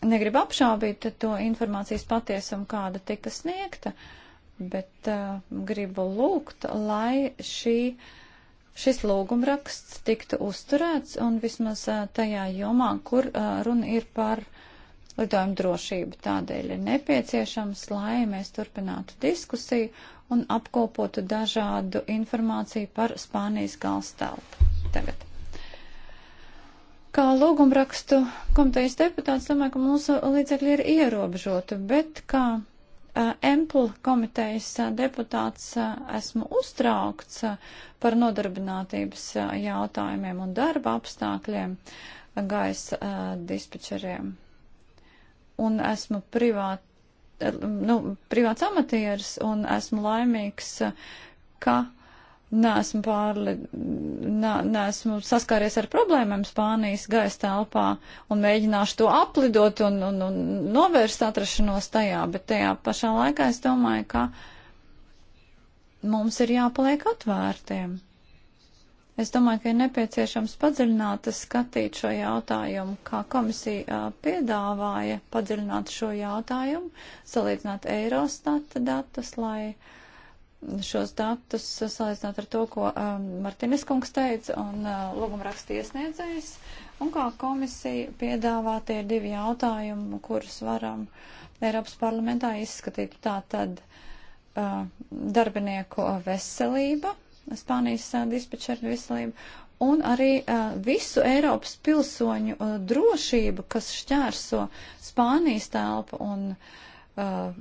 Negribu apšaubīt to informācijas patiesumu, kāda tika sniegta, bet uh, gribu lūgt, lai šī, šis lūgumraksts tiktu uzturēts un vismaz uh, tajā jomā, kur uh, runa ir par lidojumu drošību. Tādēļ ir nepieciešams, lai mēs turpinātu diskusiju un apkopotu dažādu informāciju par Spānijas galstelpu. Tagad. Kā lūgumrakstu komitejas deputāts, domāju, ka mūsu līdzekļi ir ierobežoti, bet kā Empl komitejas deputāts esmu uztraukts par nodarbinātības jautājumiem un darba apstākļiem gaisa dispečeriem. Un esmu privāti nu, privāts amatieris un esmu laimīgs, ka neesmu, pārli, ne, neesmu saskāries ar problēmām Spānijas gaisa telpā un mēģināšu to aplidot un, un, un novērst atrašanos tajā, bet tajā pašā laikā es domāju, ka mums ir jāpaliek atvērtiem. Es domāju, ka ir nepieciešams padziļināt, skatīt šo jautājumu, kā komisija piedāvāja padziļināt šo jautājumu, salīdzināt Eirostata datus, lai šos datus salīdzināt ar to, ko um, Martinis kungs teica un uh, lūgumraksta iesniedzējs. Un kā komisija piedāvā tie divi jautājumi, kurus varam Eiropas parlamentā izskatīt. Tā tad uh, darbinieku veselība Spānijas dispečeru veselību, un arī uh, visu Eiropas pilsoņu uh, drošību, kas šķērso Spānijas telpu un uh,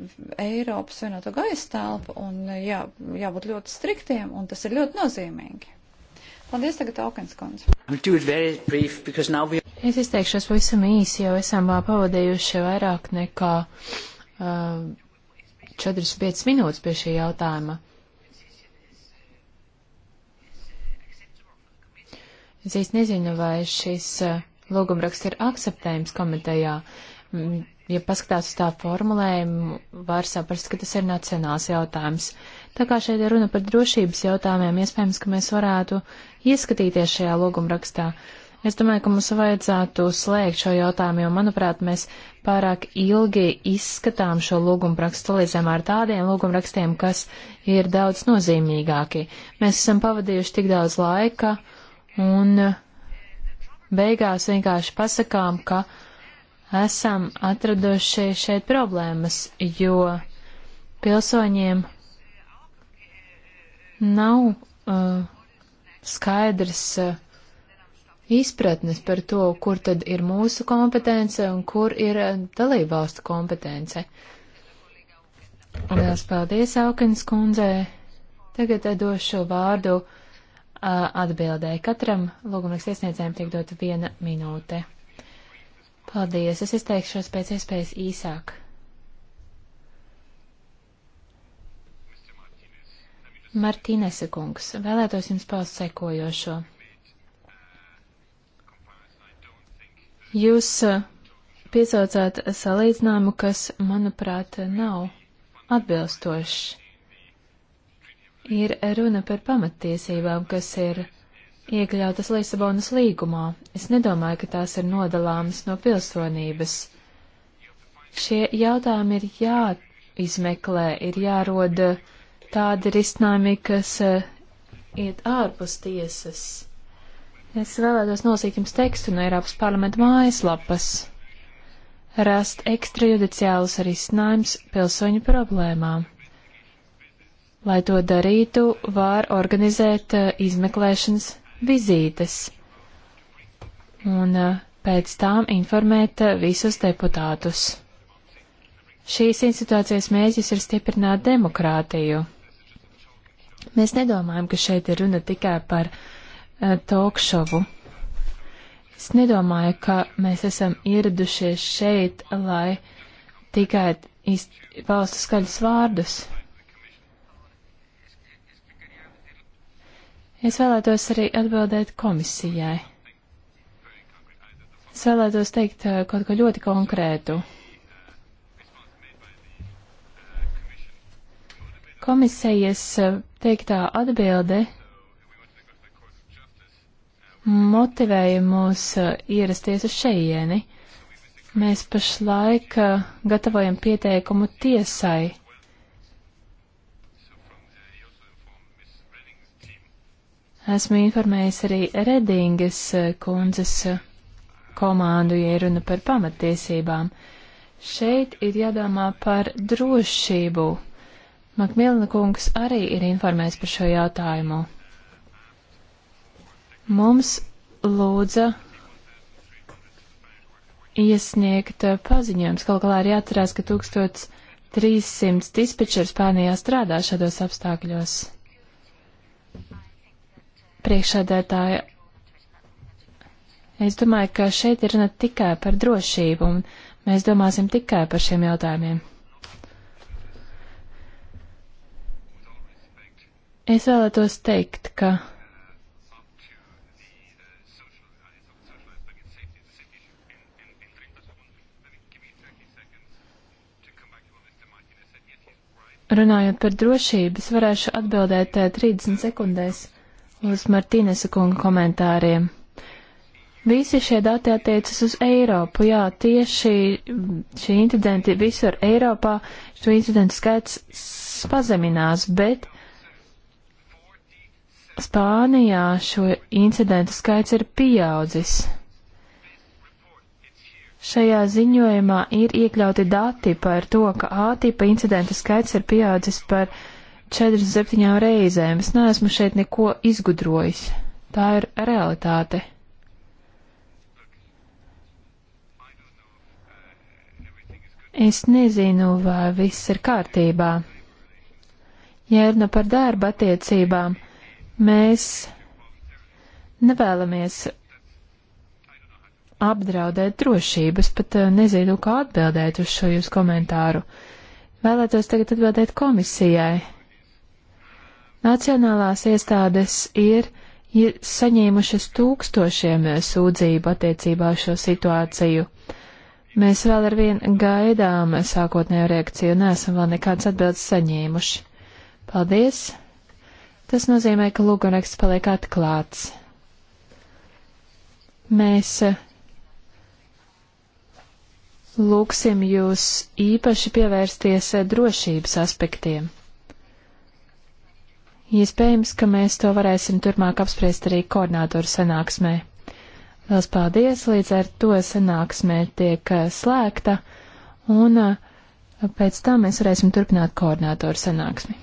Eiropas vienoto gaisa telpu, un uh, jā, jābūt ļoti striktiem, un tas ir ļoti nozīmīgi. Paldies tagad, Aukens kundze. We... Es izteikšos pavisam īsi, jo esam pavadījuši vairāk nekā uh, 45 minūtes pie šī jautājuma. Es īsti nezinu, vai šis eh, lūgumraksts ir akceptējams komitejā. Mm, ja paskatās uz tā formulējumu, var saprast, ka tas ir nacionāls jautājums. Tā kā šeit ir runa par drošības jautājumiem, iespējams, ka mēs varētu ieskatīties šajā lūgumrakstā. Es domāju, ka mums vajadzētu slēgt šo jautājumu, jo, manuprāt, mēs pārāk ilgi izskatām šo lūgumrakstu līdzēm ar tādiem lūgumrakstiem, kas ir daudz nozīmīgāki. Mēs esam pavadījuši tik daudz laika un eh, beigās vienkārši pasakām, ka esam atraduši šeit problēmas, jo pilsoņiem nav uh, eh, skaidrs uh, eh, izpratnes par to, kur tad ir mūsu kompetence un kur ir uh, dalībvalstu kompetence. Lielas paldies, Aukins kundzei. Tagad došu vārdu uh, atbildēji. Katram lūgumnieks iesniedzējiem tiek dota viena minūte. Paldies, es izteikšos pēc iespējas īsāk. Martīnese kungs, vēlētos jums paust sekojošo. Jūs uh, piesaucāt salīdzinājumu, kas, manuprāt, nav atbilstošs ir runa par pamattiesībām, kas ir iekļautas Lisabonas līgumā. Es nedomāju, ka tās ir nodalāmas no pilsonības. Šie jautājumi ir jāizmeklē, ir jārod tādi risinājumi, kas eh, iet ārpus tiesas. Es vēlētos nosīt jums tekstu no Eiropas parlamenta mājaslapas. Rast ekstrajudiciālus risinājums pilsoņu problēmām. Lai to darītu, var organizēt eh, izmeklēšanas vizītes un eh, pēc tām informēt eh, visus deputātus. Šīs institūcijas mēģis ir stiprināt demokrātiju. Mēs nedomājam, ka šeit ir runa tikai par uh, tokšovu. Es nedomāju, ka mēs esam ieradušies šeit, lai tikai paustu skaļus vārdus. Es vēlētos arī atbildēt komisijai. Es vēlētos teikt uh, kaut ko ļoti konkrētu. Komisijas uh, teiktā atbilde motivēja mūs uh, ierasties uz šeieni. Mēs pašlaik gatavojam pieteikumu tiesai Esmu informējis arī Redingas eh, kundzes eh, komandu, ja runa par pamatiesībām. Šeit ir jādomā par drošību. Makmilna kungs arī ir informējis par šo jautājumu. Mums lūdza iesniegt eh, paziņojums. Kaut galā ir jāatcerās, ka 1300 dispečeri Spānijā strādā šādos apstākļos. Priekšsēdētāja, es domāju, ka šeit ir runa tikai par drošību, un mēs domāsim tikai par šiem jautājumiem. Es vēlētos teikt, ka Runājot par drošību, es varēšu atbildēt 30 eh, sekundēs uz Martīnesa kunga komentāriem. Visi šie dati attiecas uz Eiropu, jā, tieši šī incidenti visur Eiropā, šo incidentu skaits pazeminās, bet Spānijā šo incidentu skaits ir pieaudzis. Šajā ziņojumā ir iekļauti dati par to, ka A tipa incidentu skaits ir pieaudzis par 0,5%. 47 reizēm. Es neesmu šeit neko izgudrojis. Tā ir realitāte. Es nezinu, vai viss ir kārtībā. Ja runa par darba attiecībām, mēs nevēlamies apdraudēt drošību. Es pat eh, nezinu, kā atbildēt uz šo jūsu komentāru. Vēlētos tagad atbildēt komisijai. Nacionālās iestādes ir, ir saņēmušas tūkstošiem eh, sūdzību attiecībā uz šo situāciju. Mēs vēl ar vienu gaidām sākotnējo reakciju un neesam vēl nekādas atbildes saņēmuši. Paldies! Tas nozīmē, ka lūgunraksts paliek atklāts. Mēs eh, lūksim jūs īpaši pievērsties eh, drošības aspektiem. Iespējams, ka mēs to varēsim turpmāk apspriest arī koordinātoru sanāksmē. Liels paldies, līdz ar to sanāksmē tiek eh, slēgta, un eh, pēc tam mēs varēsim turpināt koordinātoru sanāksmi.